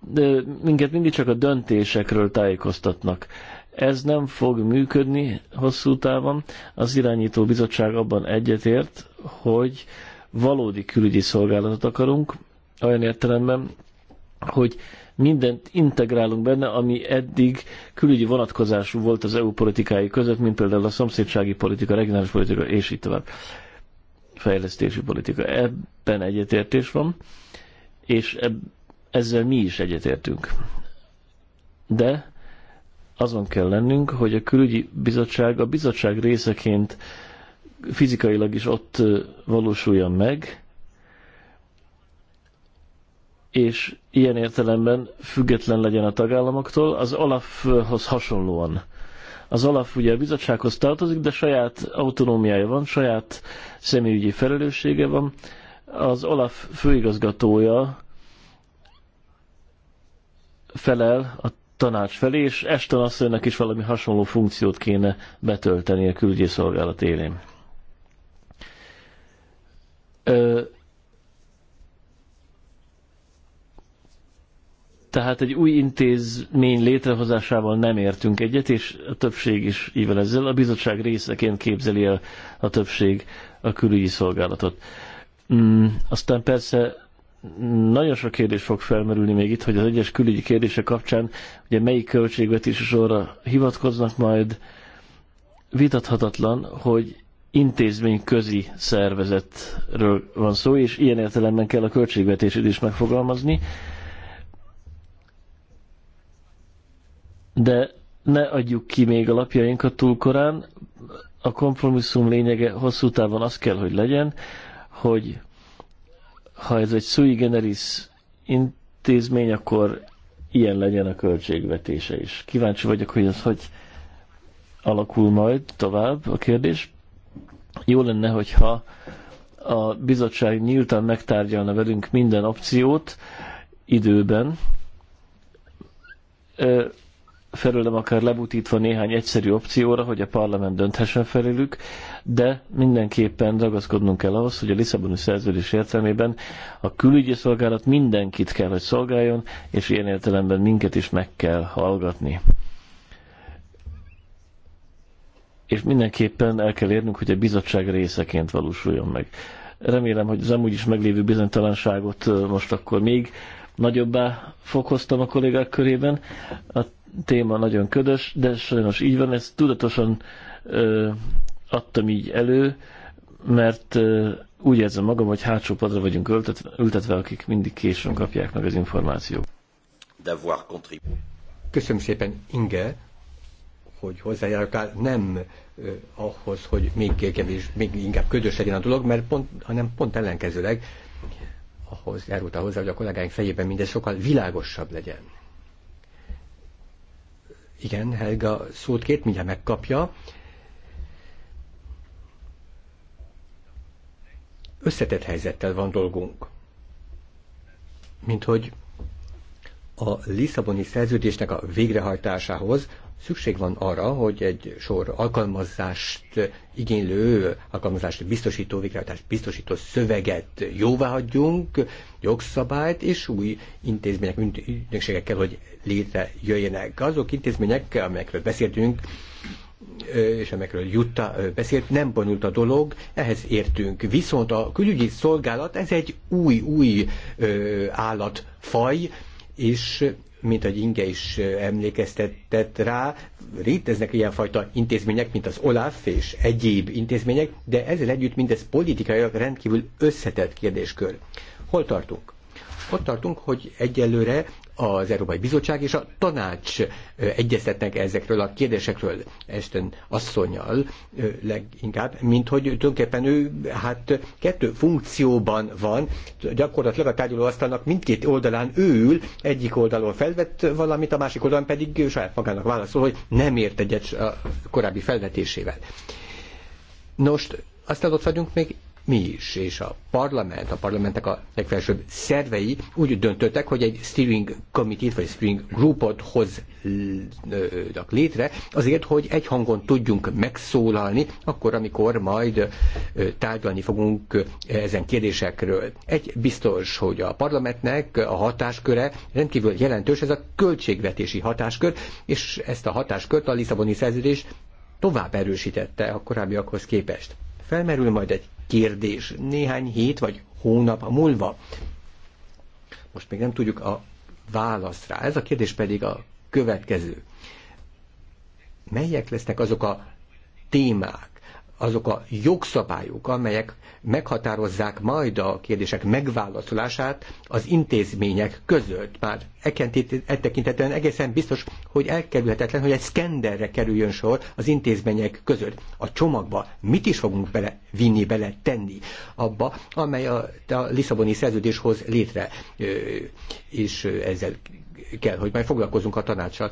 de minket mindig csak a döntésekről tájékoztatnak. Ez nem fog működni hosszú távon. Az irányító bizottság abban egyetért, hogy valódi külügyi szolgálatot akarunk, olyan értelemben, hogy mindent integrálunk benne, ami eddig külügyi vonatkozású volt az EU politikái között, mint például a szomszédsági politika, regionális politika, és így tovább. Fejlesztési politika. Ebben egyetértés van, és ezzel mi is egyetértünk. De azon kell lennünk, hogy a külügyi bizottság a bizottság részeként fizikailag is ott valósuljon meg, és ilyen értelemben független legyen a tagállamoktól, az alaphoz hasonlóan. Az alap ugye a bizottsághoz tartozik, de saját autonómiája van, saját személyügyi felelőssége van. Az alap főigazgatója felel a tanács felé, és Eston asszonynak is valami hasonló funkciót kéne betölteni a külügyészolgálat élén. Ö, tehát egy új intézmény létrehozásával nem értünk egyet, és a többség is ível ezzel. A bizottság részeként képzeli el a többség a külügyi szolgálatot. Mm, aztán persze nagyon sok kérdés fog felmerülni még itt, hogy az egyes külügyi kérdése kapcsán, ugye melyik költségvetési sorra hivatkoznak majd, vitathatatlan, hogy intézményközi szervezetről van szó, és ilyen értelemben kell a költségvetését is megfogalmazni. De ne adjuk ki még a lapjainkat túl korán. A kompromisszum lényege hosszú távon az kell, hogy legyen, hogy ha ez egy sui generis intézmény, akkor ilyen legyen a költségvetése is. Kíváncsi vagyok, hogy ez hogy alakul majd tovább a kérdés. Jó lenne, hogyha a bizottság nyíltan megtárgyalna velünk minden opciót időben felőlem akár lebutítva néhány egyszerű opcióra, hogy a parlament dönthessen felülük, de mindenképpen ragaszkodnunk kell ahhoz, hogy a Lisszaboni szerződés értelmében a külügyi szolgálat mindenkit kell, hogy szolgáljon, és ilyen értelemben minket is meg kell hallgatni. És mindenképpen el kell érnünk, hogy a bizottság részeként valósuljon meg. Remélem, hogy az amúgy is meglévő bizonytalanságot most akkor még nagyobbá fokoztam a kollégák körében. A téma nagyon ködös, de sajnos így van, ezt tudatosan ö, adtam így elő, mert ö, úgy érzem magam, hogy hátsó padra vagyunk ültetve, ültetve akik mindig későn kapják meg az információt.
Köszönöm szépen, Inge, hogy hozzájárultál nem ö, ahhoz, hogy még, kevés, még inkább ködös legyen a dolog, mert pont, hanem pont ellenkezőleg ahhoz járultál hozzá, hogy a kollégáink fejében minden sokkal világosabb legyen. Igen, Helga szót két, mindjárt megkapja. Összetett helyzettel van dolgunk. Mint hogy a Lisszaboni szerződésnek a végrehajtásához szükség van arra, hogy egy sor alkalmazást igénylő, alkalmazást biztosító, végrehajtást biztosító szöveget jóváhagyjunk, jogszabályt, és új intézmények, ügynökségek kell, hogy létrejöjjenek. Azok intézmények, amelyekről beszéltünk, és amelyekről Jutta beszélt, nem bonyult a dolog, ehhez értünk. Viszont a külügyi szolgálat, ez egy új-új állatfaj, és mint a Inge is emlékeztetett rá, léteznek ilyenfajta intézmények, mint az OLAF és egyéb intézmények, de ezzel együtt mindez politikailag rendkívül összetett kérdéskör. Hol tartunk? Ott tartunk, hogy egyelőre az Európai Bizottság és a tanács egyeztetnek ezekről a kérdésekről Esten asszonyal leginkább, mint hogy tulajdonképpen ő hát kettő funkcióban van, gyakorlatilag a tárgyalóasztalnak mindkét oldalán ő ül, egyik oldalon felvett valamit, a másik oldalon pedig saját magának válaszol, hogy nem ért egyet a korábbi felvetésével. Nos, aztán ott vagyunk még mi is, és a parlament, a parlamentnek a legfelsőbb szervei úgy döntöttek, hogy egy steering committee-t, vagy steering groupot hoznak létre, azért, hogy egy hangon tudjunk megszólalni, akkor, amikor majd tárgyalni fogunk ezen kérdésekről. Egy biztos, hogy a parlamentnek a hatásköre rendkívül jelentős, ez a költségvetési hatáskör, és ezt a hatáskört a Lisszaboni szerződés tovább erősítette a korábbiakhoz képest. Felmerül majd egy kérdés. Néhány hét vagy hónap múlva. Most még nem tudjuk a választ rá. Ez a kérdés pedig a következő. Melyek lesznek azok a témák, azok a jogszabályok, amelyek meghatározzák majd a kérdések megválaszolását az intézmények között. Már e, e tekintetben egészen biztos, hogy elkerülhetetlen, hogy egy szkenderre kerüljön sor az intézmények között. A csomagba mit is fogunk bele vinni bele, tenni abba, amely a, a Lisszaboni szerződéshoz létre, és ezzel kell, hogy majd foglalkozunk a tanácssal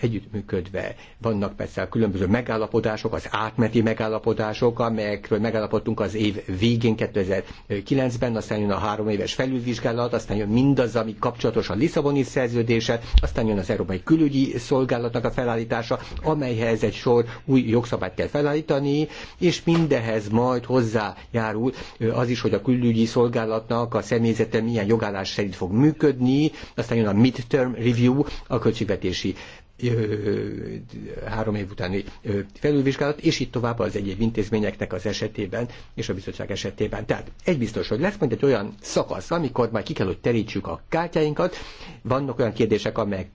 együttműködve. Vannak persze a különböző megállapodások, az átmeti megállapodások, amelyekről megállapodtunk az év végén 2009-ben, aztán jön a három éves felülvizsgálat, aztán jön mindaz, ami kapcsolatos a Lisszaboni szerződése, aztán jön az Európai Külügyi Szolgálatnak a felállítása, amelyhez egy sor új jogszabályt kell felállítani, és mindehez majd majd hozzájárul az is, hogy a külügyi szolgálatnak a személyzete milyen jogállás szerint fog működni, aztán jön a midterm review, a költségvetési három év utáni felülvizsgálat, és itt tovább az egyéb intézményeknek az esetében, és a bizottság esetében. Tehát egy biztos, hogy lesz majd egy olyan szakasz, amikor már ki kell, hogy terítsük a kártyáinkat. Vannak olyan kérdések, amelyek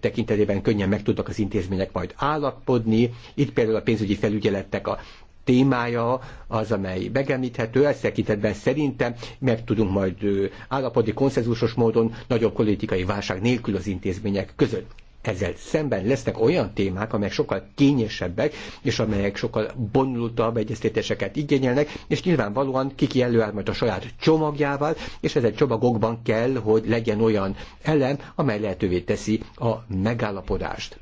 tekintetében könnyen meg tudnak az intézmények majd állapodni. Itt például a pénzügyi felügyeletnek a témája az, amely megemlíthető, ezt tekintetben szerintem meg tudunk majd állapodni konszenzusos módon nagyobb politikai válság nélkül az intézmények között ezzel szemben lesznek olyan témák, amelyek sokkal kényesebbek, és amelyek sokkal bonyolultabb egyeztetéseket igényelnek, és nyilvánvalóan kiki előáll majd a saját csomagjával, és ezek csomagokban kell, hogy legyen olyan elem, amely lehetővé teszi a megállapodást.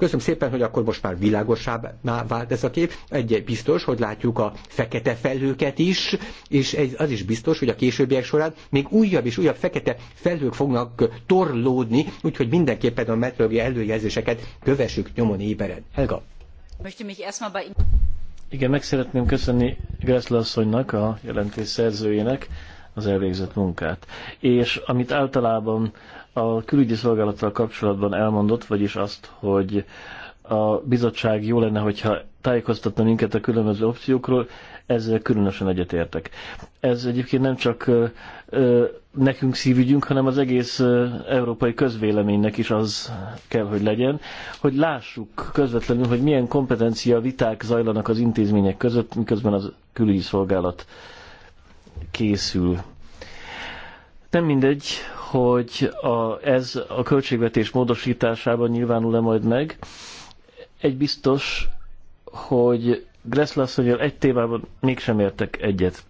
Köszönöm szépen, hogy akkor most már világosabbá vált ez a kép. Egy biztos, hogy látjuk a fekete felhőket is, és az is biztos, hogy a későbbiek során még újabb és újabb fekete felhők fognak torlódni, úgyhogy mindenképpen a meteorológiai
előjelzéseket kövessük nyomon éberen. Helga. Igen, meg szeretném köszönni Gressler asszonynak, a jelentés szerzőjének az elvégzett munkát. És amit általában a külügyi szolgálattal kapcsolatban elmondott, vagyis azt, hogy a bizottság jó lenne, hogyha tájékoztatna minket a különböző opciókról, ezzel különösen egyetértek. Ez egyébként nem csak ö, ö, nekünk szívügyünk, hanem az egész ö, európai közvéleménynek is az kell, hogy legyen, hogy lássuk közvetlenül, hogy milyen kompetencia viták zajlanak az intézmények között, miközben az külügyi szolgálat készül nem mindegy, hogy a, ez a költségvetés módosításában nyilvánul-e majd meg. Egy biztos, hogy Gresslasson egy témában mégsem értek egyet.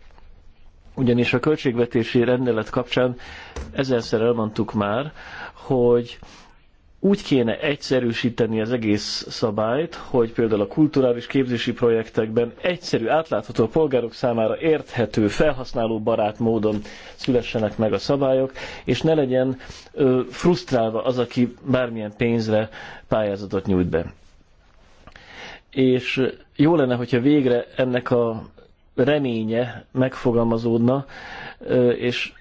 Ugyanis a költségvetési rendelet kapcsán ezerszer elmondtuk már, hogy úgy kéne egyszerűsíteni az egész szabályt, hogy például a kulturális képzési projektekben egyszerű, átlátható, a polgárok számára érthető, felhasználóbarát módon szülessenek meg a szabályok, és ne legyen ö, frusztrálva az, aki bármilyen pénzre pályázatot nyújt be. És jó lenne, hogyha végre ennek a reménye megfogalmazódna, és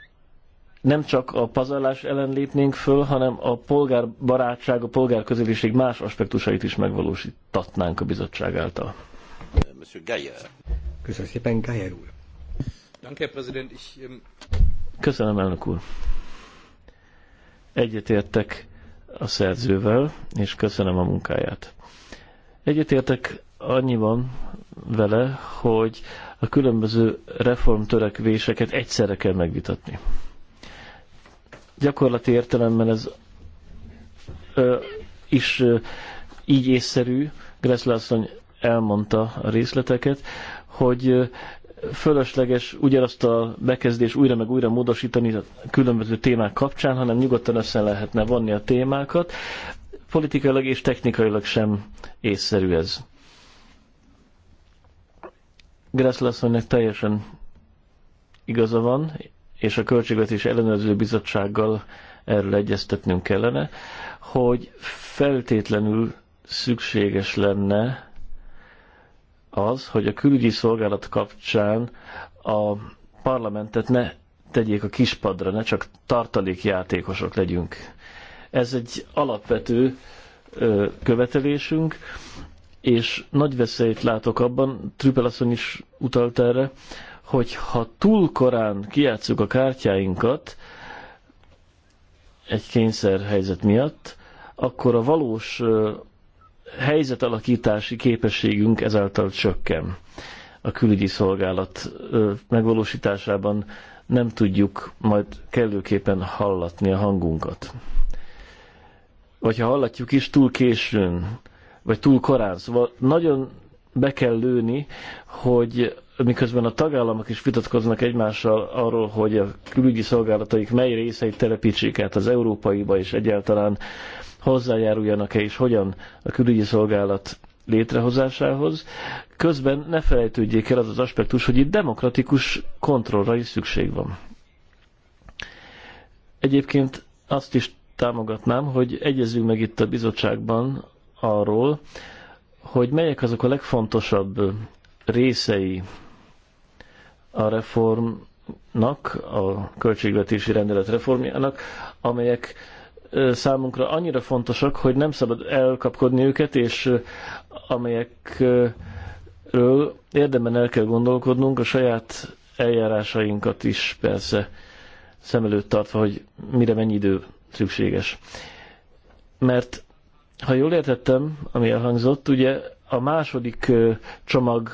nem csak a pazarlás ellen lépnénk föl, hanem a polgárbarátság, a polgárközeliség más aspektusait is megvalósítatnánk a bizottság által. Monsieur Geyer. Köszönöm szépen, Geyer úr.
Danke, President. Ich, ähm,
Köszönöm, elnök úr. Egyetértek a szerzővel, és köszönöm a munkáját. Egyetértek annyiban vele, hogy a különböző reformtörekvéseket egyszerre kell megvitatni gyakorlati értelemben ez ö, is ö, így észszerű, asszony elmondta a részleteket, hogy fölösleges ugyanazt a bekezdés újra meg újra módosítani a különböző témák kapcsán, hanem nyugodtan össze lehetne vonni a témákat. Politikailag és technikailag sem észszerű ez. Gressel asszonynak teljesen igaza van, és a Költségvetés Ellenőrző Bizottsággal erről egyeztetnünk kellene, hogy feltétlenül szükséges lenne az, hogy a külügyi szolgálat kapcsán a parlamentet ne tegyék a kispadra, ne csak tartalékjátékosok legyünk. Ez egy alapvető követelésünk, és nagy veszélyt látok abban, Trüppel asszony is utalt erre, hogy ha túl korán kiátszuk a kártyáinkat egy kényszer helyzet miatt, akkor a valós helyzetalakítási képességünk ezáltal csökken. A külügyi szolgálat megvalósításában nem tudjuk majd kellőképpen hallatni a hangunkat. Vagy ha hallatjuk is, túl későn, vagy túl korán. Szóval nagyon be kell lőni, hogy miközben a tagállamok is vitatkoznak egymással arról, hogy a külügyi szolgálataik mely részeit telepítsék át az európaiba, és egyáltalán hozzájáruljanak-e és hogyan a külügyi szolgálat létrehozásához. Közben ne felejtődjék el az az aspektus, hogy itt demokratikus kontrollra is szükség van. Egyébként azt is támogatnám, hogy egyezünk meg itt a bizottságban arról, hogy melyek azok a legfontosabb részei a reformnak, a költségvetési rendelet reformjának, amelyek számunkra annyira fontosak, hogy nem szabad elkapkodni őket, és amelyekről érdemben el kell gondolkodnunk, a saját eljárásainkat is persze szem előtt tartva, hogy mire mennyi idő szükséges. Mert ha jól értettem, ami elhangzott, ugye a második csomag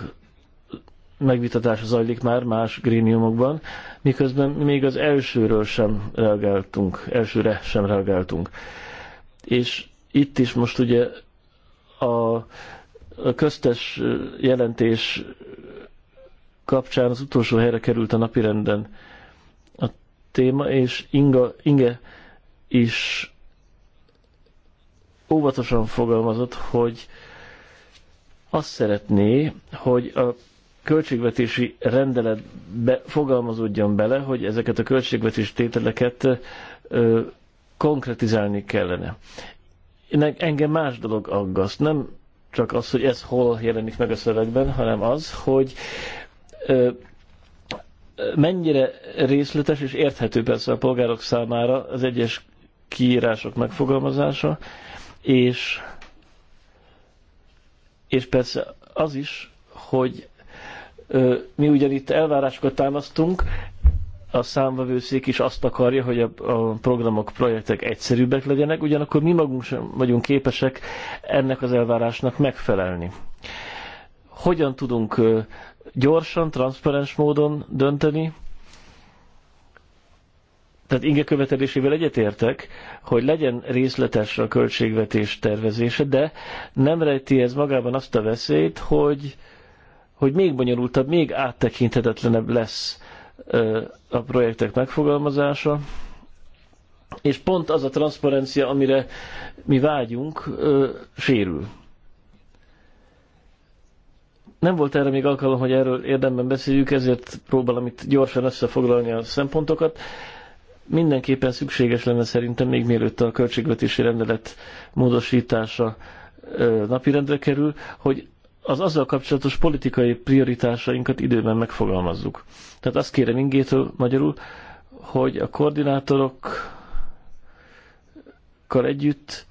megvitatása zajlik már más gréniumokban, miközben még az elsőről sem reagáltunk, elsőre sem reagáltunk. És itt is most ugye a, a köztes jelentés kapcsán az utolsó helyre került a napirenden a téma, és Inga, Inge is óvatosan fogalmazott, hogy azt szeretné, hogy a költségvetési rendeletbe fogalmazódjon bele, hogy ezeket a költségvetési tételeket ö, konkretizálni kellene. Engem más dolog aggaszt. Nem csak az, hogy ez hol jelenik meg a szövegben, hanem az, hogy ö, mennyire részletes és érthető persze a polgárok számára az egyes kiírások megfogalmazása, és, és persze az is, hogy mi ugyan itt elvárásokat támasztunk, a számvevőszék is azt akarja, hogy a, a programok, projektek egyszerűbbek legyenek, ugyanakkor mi magunk sem vagyunk képesek ennek az elvárásnak megfelelni. Hogyan tudunk gyorsan, transzparens módon dönteni? Tehát inge követelésével egyetértek, hogy legyen részletes a költségvetés tervezése, de nem rejti ez magában azt a veszélyt, hogy hogy még bonyolultabb, még áttekinthetetlenebb lesz a projektek megfogalmazása, és pont az a transzparencia, amire mi vágyunk, sérül. Nem volt erre még alkalom, hogy erről érdemben beszéljük, ezért próbálom itt gyorsan összefoglalni a szempontokat. Mindenképpen szükséges lenne szerintem, még mielőtt a költségvetési rendelet módosítása napirendre kerül, hogy az azzal kapcsolatos politikai prioritásainkat időben megfogalmazzuk. Tehát azt kérem ingétől magyarul, hogy a koordinátorokkal együtt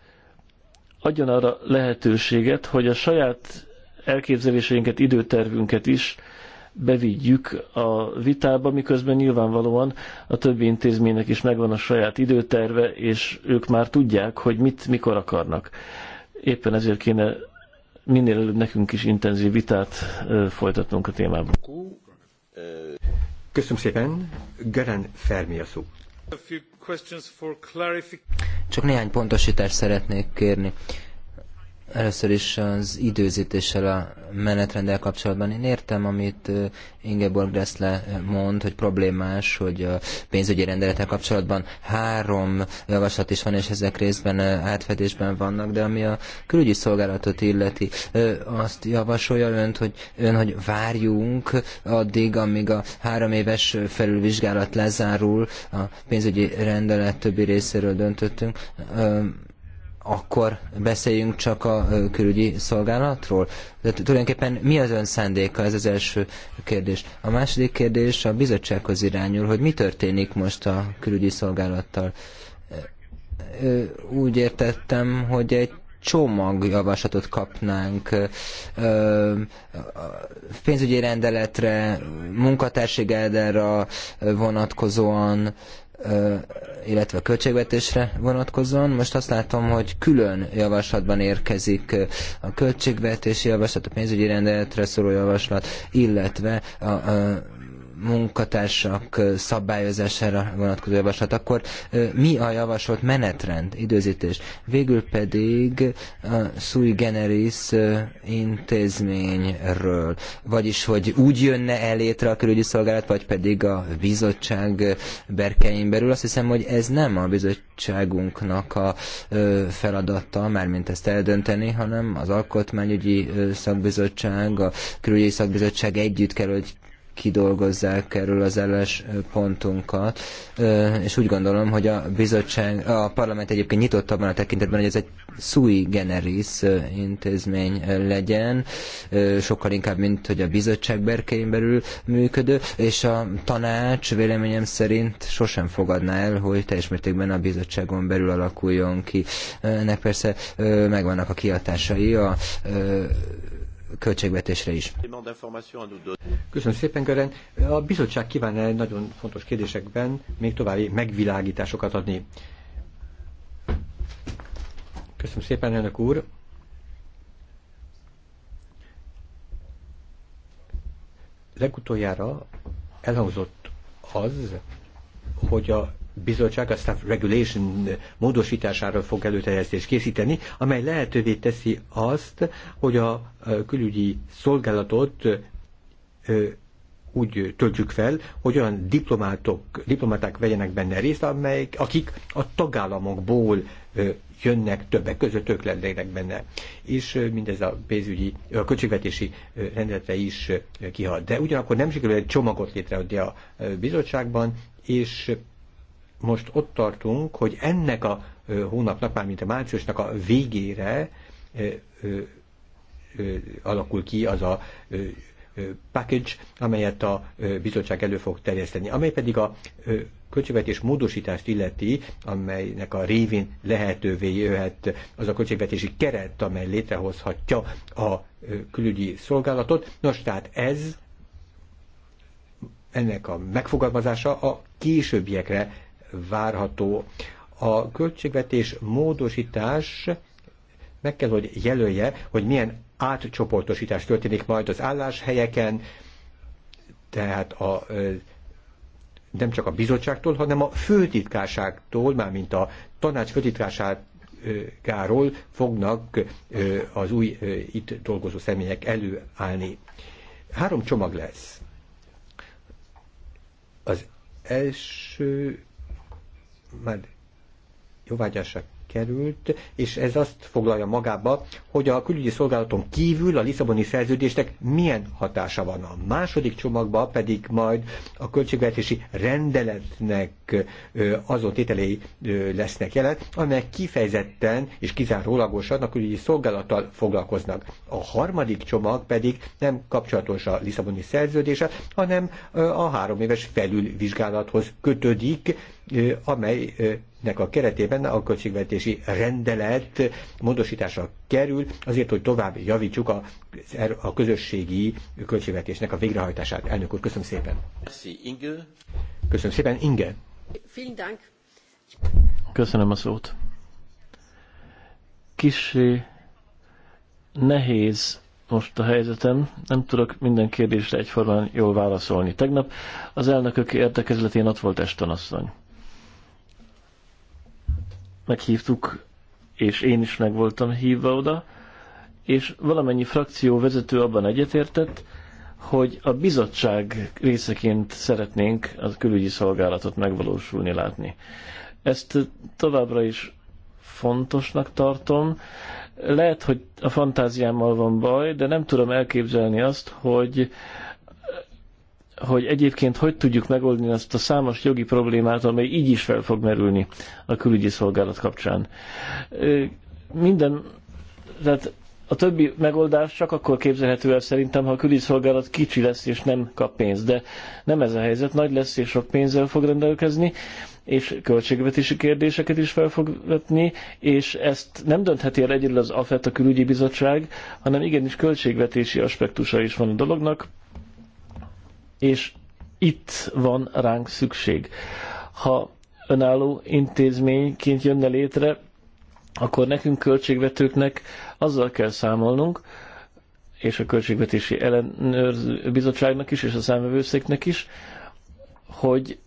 adjon arra lehetőséget, hogy a saját elképzeléseinket, időtervünket is bevigyük a vitába, miközben nyilvánvalóan a többi intézménynek is megvan a saját időterve, és ők már tudják, hogy mit, mikor akarnak. Éppen ezért kéne minél előbb nekünk is intenzív vitát folytatnunk a témában. Köszönöm szépen. Gören Fermi a szó.
Csak néhány pontosítást szeretnék kérni. Először is az időzítéssel a menetrenddel kapcsolatban. Én értem, amit Ingeborg Dressle mond, hogy problémás, hogy a pénzügyi rendelettel kapcsolatban három javaslat is van, és ezek részben átfedésben vannak, de ami a külügyi szolgálatot illeti, azt javasolja önt, hogy, ön, hogy várjunk addig, amíg a három éves felülvizsgálat lezárul, a pénzügyi rendelet többi részéről döntöttünk akkor beszéljünk csak a külügyi szolgálatról? De tulajdonképpen mi az ön szándéka? Ez az első kérdés. A második kérdés a bizottsághoz irányul, hogy mi történik most a külügyi szolgálattal. Úgy értettem, hogy egy csomagjavaslatot kapnánk pénzügyi rendeletre, munkatársi eldenra vonatkozóan, illetve a költségvetésre vonatkozóan. Most azt látom, hogy külön javaslatban érkezik a költségvetési javaslat, a pénzügyi rendeletre szóló javaslat, illetve a, a munkatársak szabályozására vonatkozó javaslat, akkor mi a javasolt menetrend, időzítés? Végül pedig a sui generis intézményről, vagyis hogy úgy jönne el létre a külügyi szolgálat, vagy pedig a bizottság berkein belül. Azt hiszem, hogy ez nem a bizottságunknak a feladata, mármint ezt eldönteni, hanem az alkotmányügyi szakbizottság, a külügyi szakbizottság együtt kell, hogy kidolgozzák erről az pontunkat. és úgy gondolom, hogy a bizottság, a parlament egyébként nyitott abban a tekintetben, hogy ez egy sui generis intézmény legyen, sokkal inkább, mint hogy a bizottság berkein belül működő, és a tanács véleményem szerint sosem fogadná el, hogy teljes mértékben a bizottságon belül alakuljon ki. Ennek persze megvannak a kiadásai a költségvetésre is.
Köszönöm szépen, Gören. A bizottság kíván egy nagyon fontos kérdésekben még további megvilágításokat adni. Köszönöm szépen, elnök úr. Legutoljára elhangzott az, hogy a bizottság a staff regulation módosítására fog előterjesztést készíteni, amely lehetővé teszi azt, hogy a külügyi szolgálatot úgy töltjük fel, hogy olyan diplomátok, diplomaták vegyenek benne részt, amelyek, akik a tagállamokból jönnek, többek között ők lennének benne. És mindez a pénzügyi, a költségvetési rendeletre is kihalt. De ugyanakkor nem sikerül egy csomagot létrehozni a bizottságban, és most ott tartunk, hogy ennek a hónapnak, mint a márciusnak a végére alakul ki az a package, amelyet a bizottság elő fog terjeszteni, amely pedig a költségvetés módosítást illeti, amelynek a révén lehetővé jöhet az a költségvetési keret, amely létrehozhatja a külügyi szolgálatot. Nos, tehát ez ennek a megfogalmazása a későbbiekre várható. A költségvetés módosítás meg kell, hogy jelölje, hogy milyen átcsoportosítás történik majd az álláshelyeken, tehát a, nem csak a bizottságtól, hanem a főtitkárságtól, mármint a tanács főtitkárságáról fognak az új itt dolgozó személyek előállni. Három csomag lesz. Az első már jóvágyásra került, és ez azt foglalja magába, hogy a külügyi szolgálaton kívül a Lisszaboni szerződésnek milyen hatása van. A második csomagban pedig majd a költségvetési rendeletnek azon tételei lesznek jelen, amelyek kifejezetten és kizárólagosan a külügyi szolgálattal foglalkoznak. A harmadik csomag pedig nem kapcsolatos a Lisszaboni szerződése, hanem a három éves felülvizsgálathoz kötődik, amely nek a keretében a költségvetési rendelet módosítása kerül, azért, hogy tovább javítsuk a, a közösségi költségvetésnek a végrehajtását. Elnök úr, köszönöm szépen. Köszönöm szépen, Inge.
Köszönöm a szót. Kissé nehéz most a helyzetem, nem tudok minden kérdésre egyformán jól válaszolni. Tegnap az elnökök értekezletén ott volt Estonasszony. asszony meghívtuk, és én is meg voltam hívva oda, és valamennyi frakció vezető abban egyetértett, hogy a bizottság részeként szeretnénk a külügyi szolgálatot megvalósulni, látni. Ezt továbbra is fontosnak tartom. Lehet, hogy a fantáziámmal van baj, de nem tudom elképzelni azt, hogy hogy egyébként hogy tudjuk megoldni azt a számos jogi problémát, amely így is fel fog merülni a külügyi szolgálat kapcsán. Minden, tehát a többi megoldás csak akkor képzelhető el szerintem, ha a külügyi szolgálat kicsi lesz és nem kap pénzt, de nem ez a helyzet, nagy lesz és sok pénzzel fog rendelkezni, és költségvetési kérdéseket is fel fog vetni, és ezt nem döntheti el egyedül az AFET, a külügyi bizottság, hanem igenis költségvetési aspektusa is van a dolognak, és itt van ránk szükség. Ha önálló intézményként jönne létre, akkor nekünk költségvetőknek azzal kell számolnunk, és a Költségvetési Ellenőrző Bizottságnak is, és a számvevőszéknek is, hogy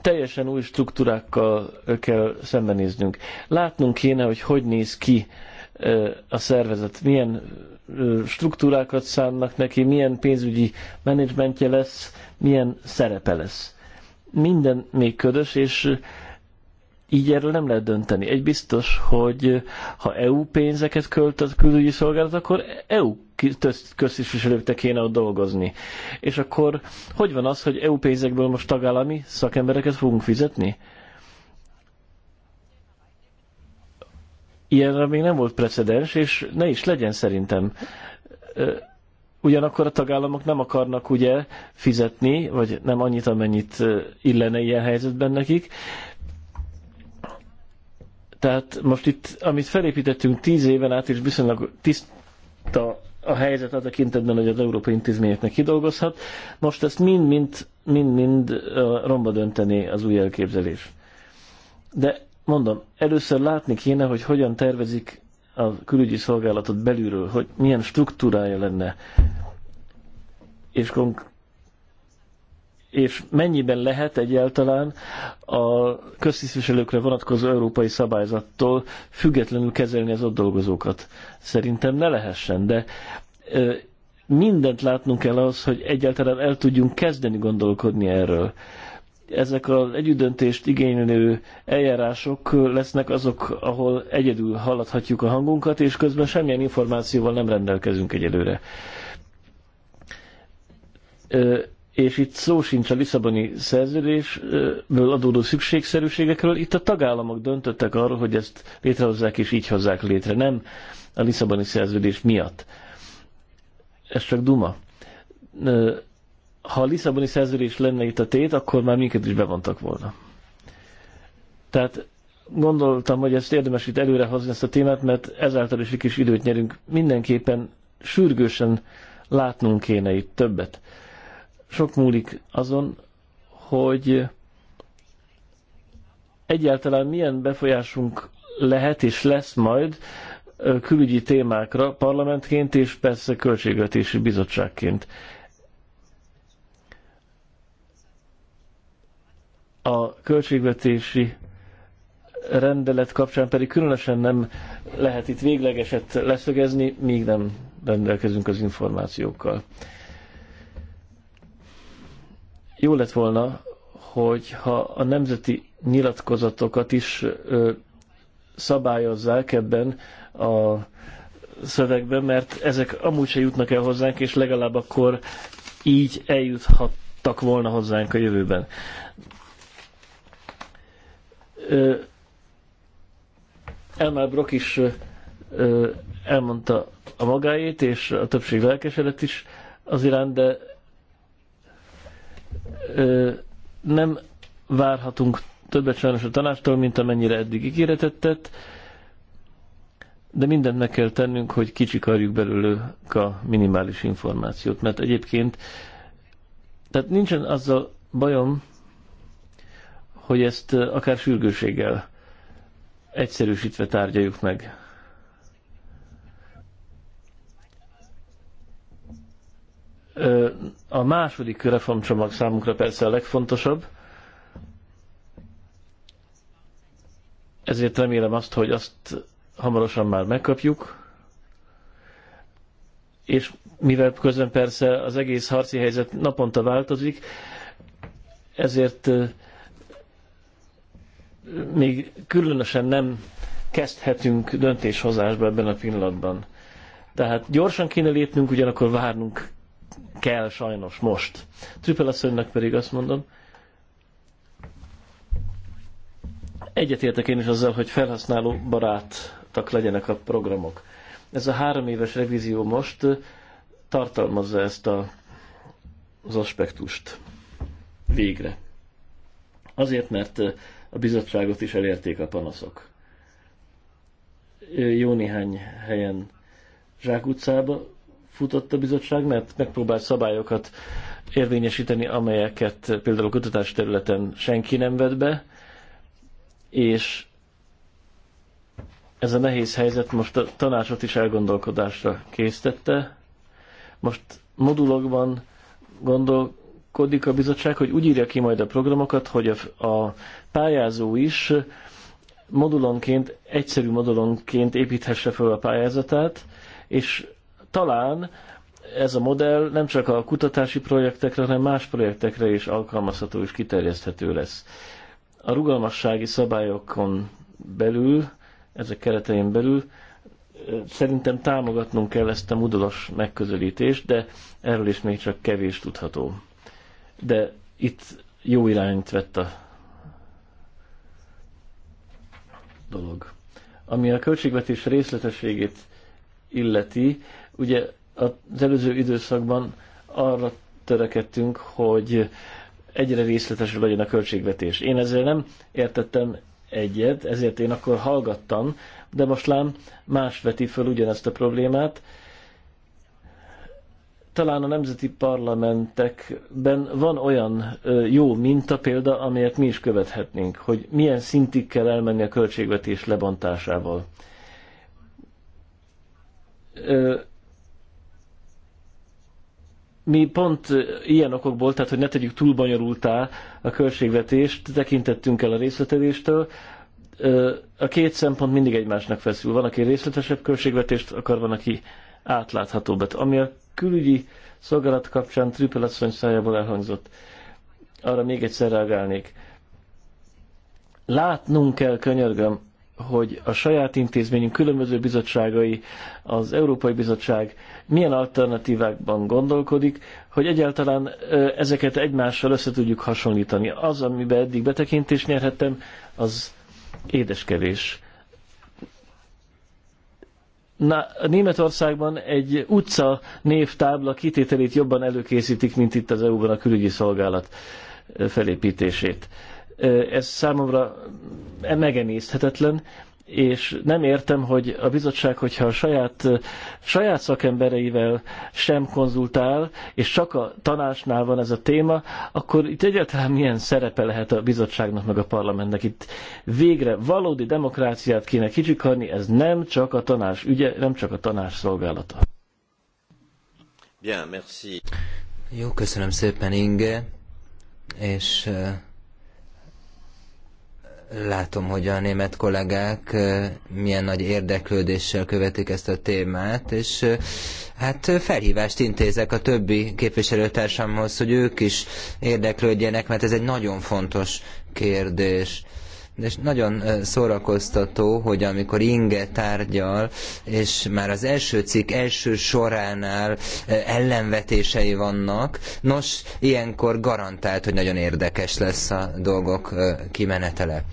teljesen új struktúrákkal kell szembenéznünk. Látnunk kéne, hogy hogy néz ki a szervezet, milyen struktúrákat szánnak neki, milyen pénzügyi menedzsmentje lesz, milyen szerepe lesz. Minden még ködös, és így erről nem lehet dönteni. Egy biztos, hogy ha EU pénzeket költ a külügyi szolgálat, akkor EU köztisztviselőknek kéne ott dolgozni. És akkor hogy van az, hogy EU pénzekből most tagállami szakembereket fogunk fizetni? Ilyenre még nem volt precedens, és ne is legyen szerintem. Ugyanakkor a tagállamok nem akarnak ugye fizetni, vagy nem annyit, amennyit illene ilyen helyzetben nekik. Tehát most itt, amit felépítettünk tíz éven át, és viszonylag tiszta a helyzet a tekintetben, hogy az európai intézményeknek kidolgozhat. Most ezt mind-mind mind-mind romba dönteni az új elképzelés. De mondom, először látni kéne, hogy hogyan tervezik a külügyi szolgálatot belülről, hogy milyen struktúrája lenne, és, és mennyiben lehet egyáltalán a köztisztviselőkre vonatkozó európai szabályzattól függetlenül kezelni az ott dolgozókat. Szerintem ne lehessen, de ö, mindent látnunk kell az, hogy egyáltalán el tudjunk kezdeni gondolkodni erről. Ö, ezek az együttdöntést igénylő eljárások lesznek azok, ahol egyedül hallathatjuk a hangunkat, és közben semmilyen információval nem rendelkezünk egyelőre. És itt szó sincs a Lisszaboni szerződésből adódó szükségszerűségekről, itt a tagállamok döntöttek arról, hogy ezt létrehozzák és így hozzák létre, nem a Lisszaboni szerződés miatt. Ez csak duma ha a Lisszaboni szerződés lenne itt a tét, akkor már minket is bevontak volna. Tehát gondoltam, hogy ezt érdemes itt előrehozni ezt a témát, mert ezáltal is egy kis időt nyerünk. Mindenképpen sürgősen látnunk kéne itt többet. Sok múlik azon, hogy egyáltalán milyen befolyásunk lehet és lesz majd külügyi témákra parlamentként és persze költségvetési bizottságként. a költségvetési rendelet kapcsán pedig különösen nem lehet itt véglegeset leszögezni, míg nem rendelkezünk az információkkal. Jó lett volna, hogyha a nemzeti nyilatkozatokat is ö, szabályozzák ebben a szövegben, mert ezek amúgy se jutnak el hozzánk, és legalább akkor így eljuthattak volna hozzánk a jövőben. Elmar Brock is elmondta a magáét, és a többség lelkesedett is az iránt, de nem várhatunk többet sajnos a tanástól, mint amennyire eddig ígéretet tett, de mindent meg kell tennünk, hogy kicsikarjuk belőlük a minimális információt, mert egyébként tehát nincsen azzal bajom, hogy ezt akár sürgőséggel egyszerűsítve tárgyaljuk meg. A második reformcsomag számunkra persze a legfontosabb, ezért remélem azt, hogy azt hamarosan már megkapjuk, és mivel közben persze az egész harci helyzet naponta változik, ezért még különösen nem kezdhetünk döntéshozásba ebben a pillanatban. Tehát gyorsan kéne lépnünk, ugyanakkor várnunk kell sajnos most. Trüppel asszonynak pedig azt mondom, egyetértek én is azzal, hogy felhasználó barátak legyenek a programok. Ez a három éves revízió most tartalmazza ezt a, az aspektust végre. Azért, mert a bizottságot is elérték a panaszok. Jó néhány helyen Zsák utcába futott a bizottság, mert megpróbált szabályokat érvényesíteni, amelyeket például a kutatás területen senki nem vett be, és ez a nehéz helyzet most a tanácsot is elgondolkodásra késztette. Most modulokban gondolkodik a bizottság, hogy úgy írja ki majd a programokat, hogy a, a pályázó is modulonként, egyszerű modulonként építhesse fel a pályázatát, és talán ez a modell nem csak a kutatási projektekre, hanem más projektekre is alkalmazható és kiterjeszthető lesz. A rugalmassági szabályokon belül, ezek keretein belül szerintem támogatnunk kell ezt a modulos megközelítést, de erről is még csak kevés tudható. De itt jó irányt vett a dolog. Ami a költségvetés részletességét illeti, ugye az előző időszakban arra törekedtünk, hogy egyre részletesebb legyen a költségvetés. Én ezzel nem értettem egyet, ezért én akkor hallgattam, de most lám más veti föl ugyanezt a problémát, talán a nemzeti parlamentekben van olyan jó minta példa, amelyet mi is követhetnénk, hogy milyen szintig kell elmenni a költségvetés lebontásával. Mi pont ilyen okokból, tehát hogy ne tegyük túl bonyolultá a költségvetést, tekintettünk el a részletedéstől, a két szempont mindig egymásnak feszül. Van, aki részletesebb költségvetést akar, van, aki átláthatóbbat. Ami a külügyi szolgálat kapcsán Trüppel asszony szájából elhangzott. Arra még egyszer reagálnék. Látnunk kell, könyörgöm, hogy a saját intézményünk különböző bizottságai, az Európai Bizottság milyen alternatívákban gondolkodik, hogy egyáltalán ezeket egymással össze tudjuk hasonlítani. Az, amiben eddig betekintést nyerhettem, az édeskevés. Németországban egy utca névtábla kitételét jobban előkészítik, mint itt az EU-ban a külügyi szolgálat felépítését. Ez számomra megemészthetetlen és nem értem, hogy a bizottság, hogyha a saját, saját szakembereivel sem konzultál, és csak a tanácsnál van ez a téma, akkor itt egyáltalán milyen szerepe lehet a bizottságnak meg a parlamentnek. Itt végre valódi demokráciát kéne kicsikarni, ez nem csak a tanács ügye, nem csak a tanács szolgálata.
Bien, merci.
Jó, köszönöm
szépen, Inge, és Látom, hogy a német kollégák milyen nagy érdeklődéssel követik ezt a témát, és hát felhívást intézek a többi képviselőtársamhoz, hogy ők is érdeklődjenek, mert ez egy nagyon fontos kérdés és nagyon szórakoztató, hogy amikor Inge tárgyal, és már az első cikk első soránál ellenvetései vannak, nos, ilyenkor garantált, hogy nagyon érdekes lesz a dolgok kimenetele.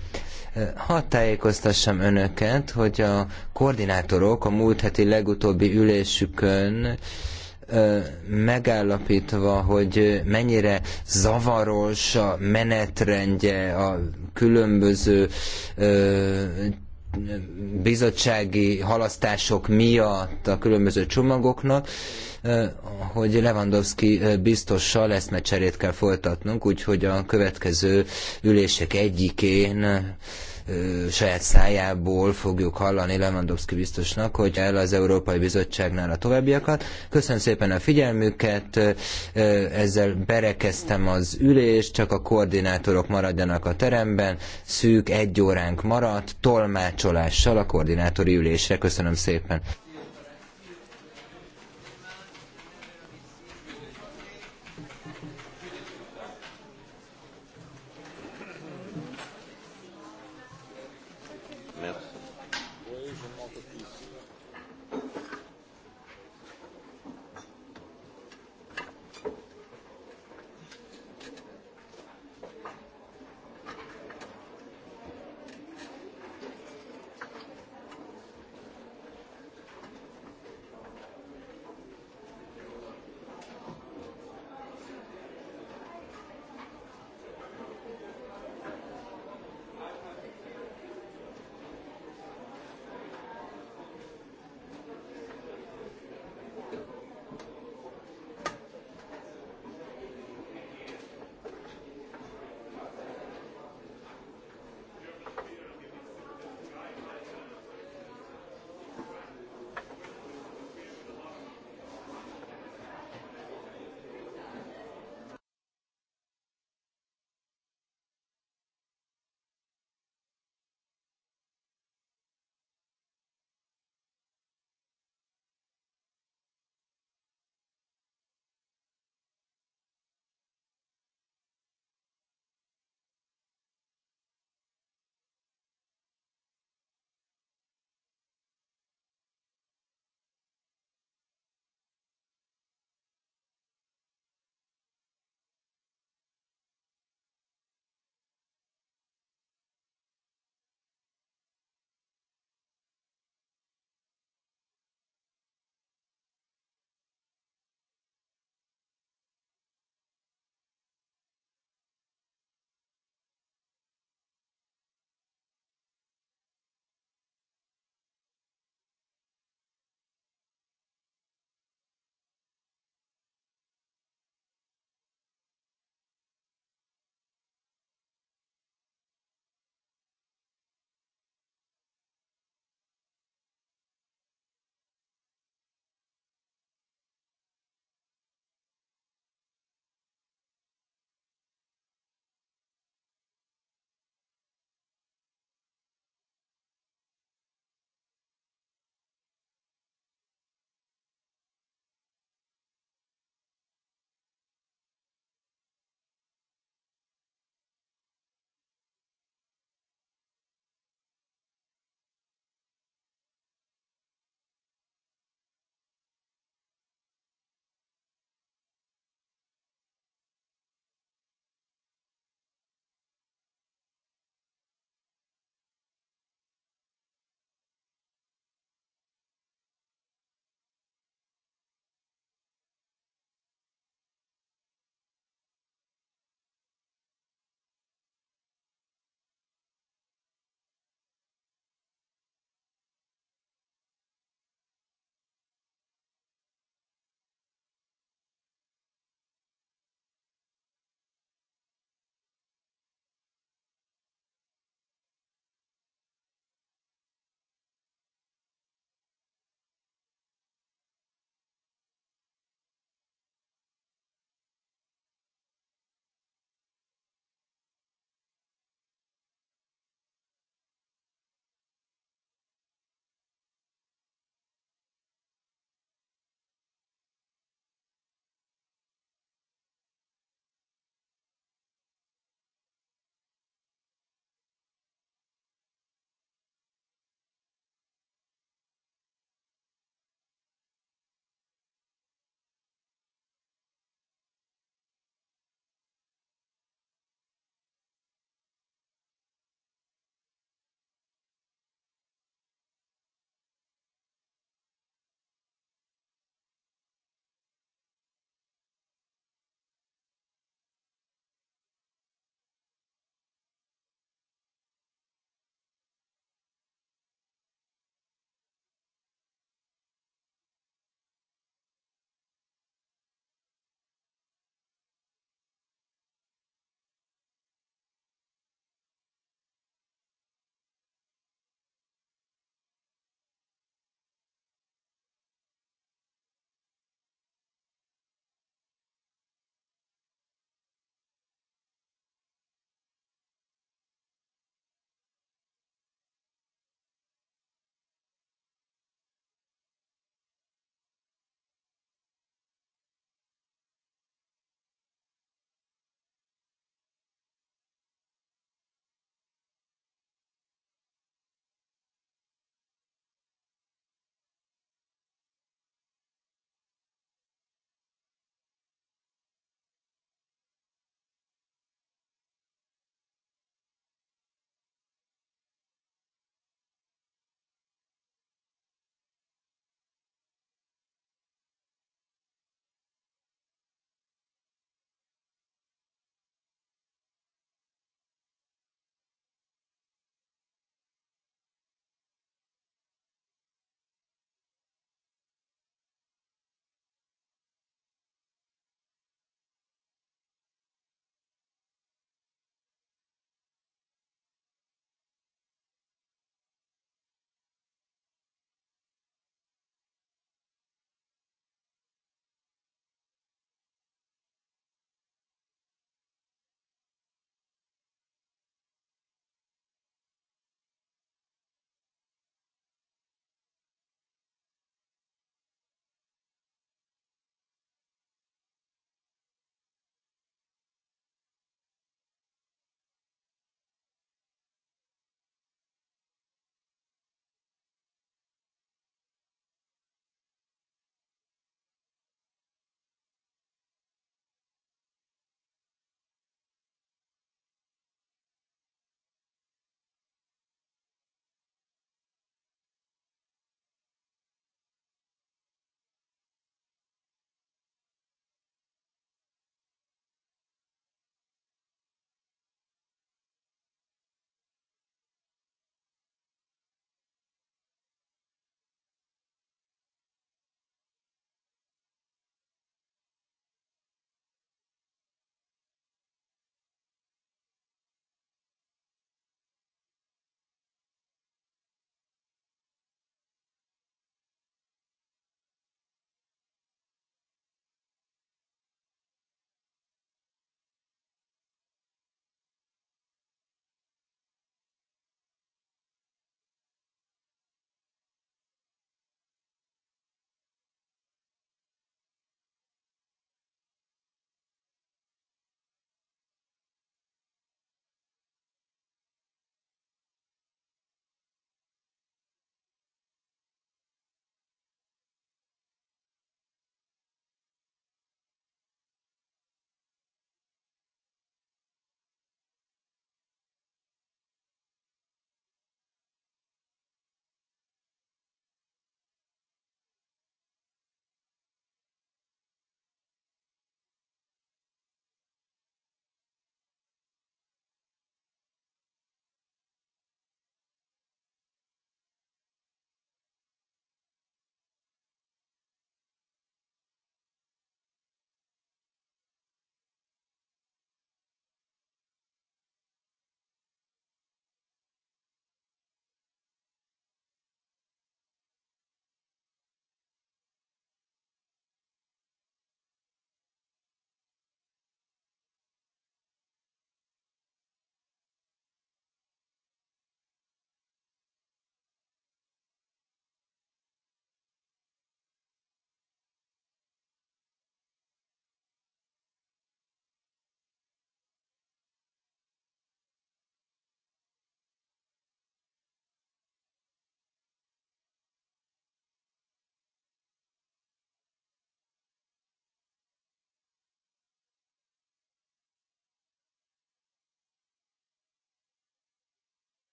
Hadd tájékoztassam önöket, hogy a koordinátorok a múlt heti legutóbbi ülésükön megállapítva, hogy mennyire zavaros a menetrendje a különböző bizottsági halasztások miatt a különböző csomagoknak, hogy Lewandowski biztossal eszmecserét kell folytatnunk, úgyhogy a következő ülések egyikén saját szájából fogjuk hallani Lewandowski biztosnak, hogy el az Európai Bizottságnál a továbbiakat. Köszönöm szépen a figyelmüket, ezzel berekeztem az ülést, csak a koordinátorok maradjanak a teremben, szűk egy óránk maradt, tolmácsolással a koordinátori ülésre. Köszönöm szépen.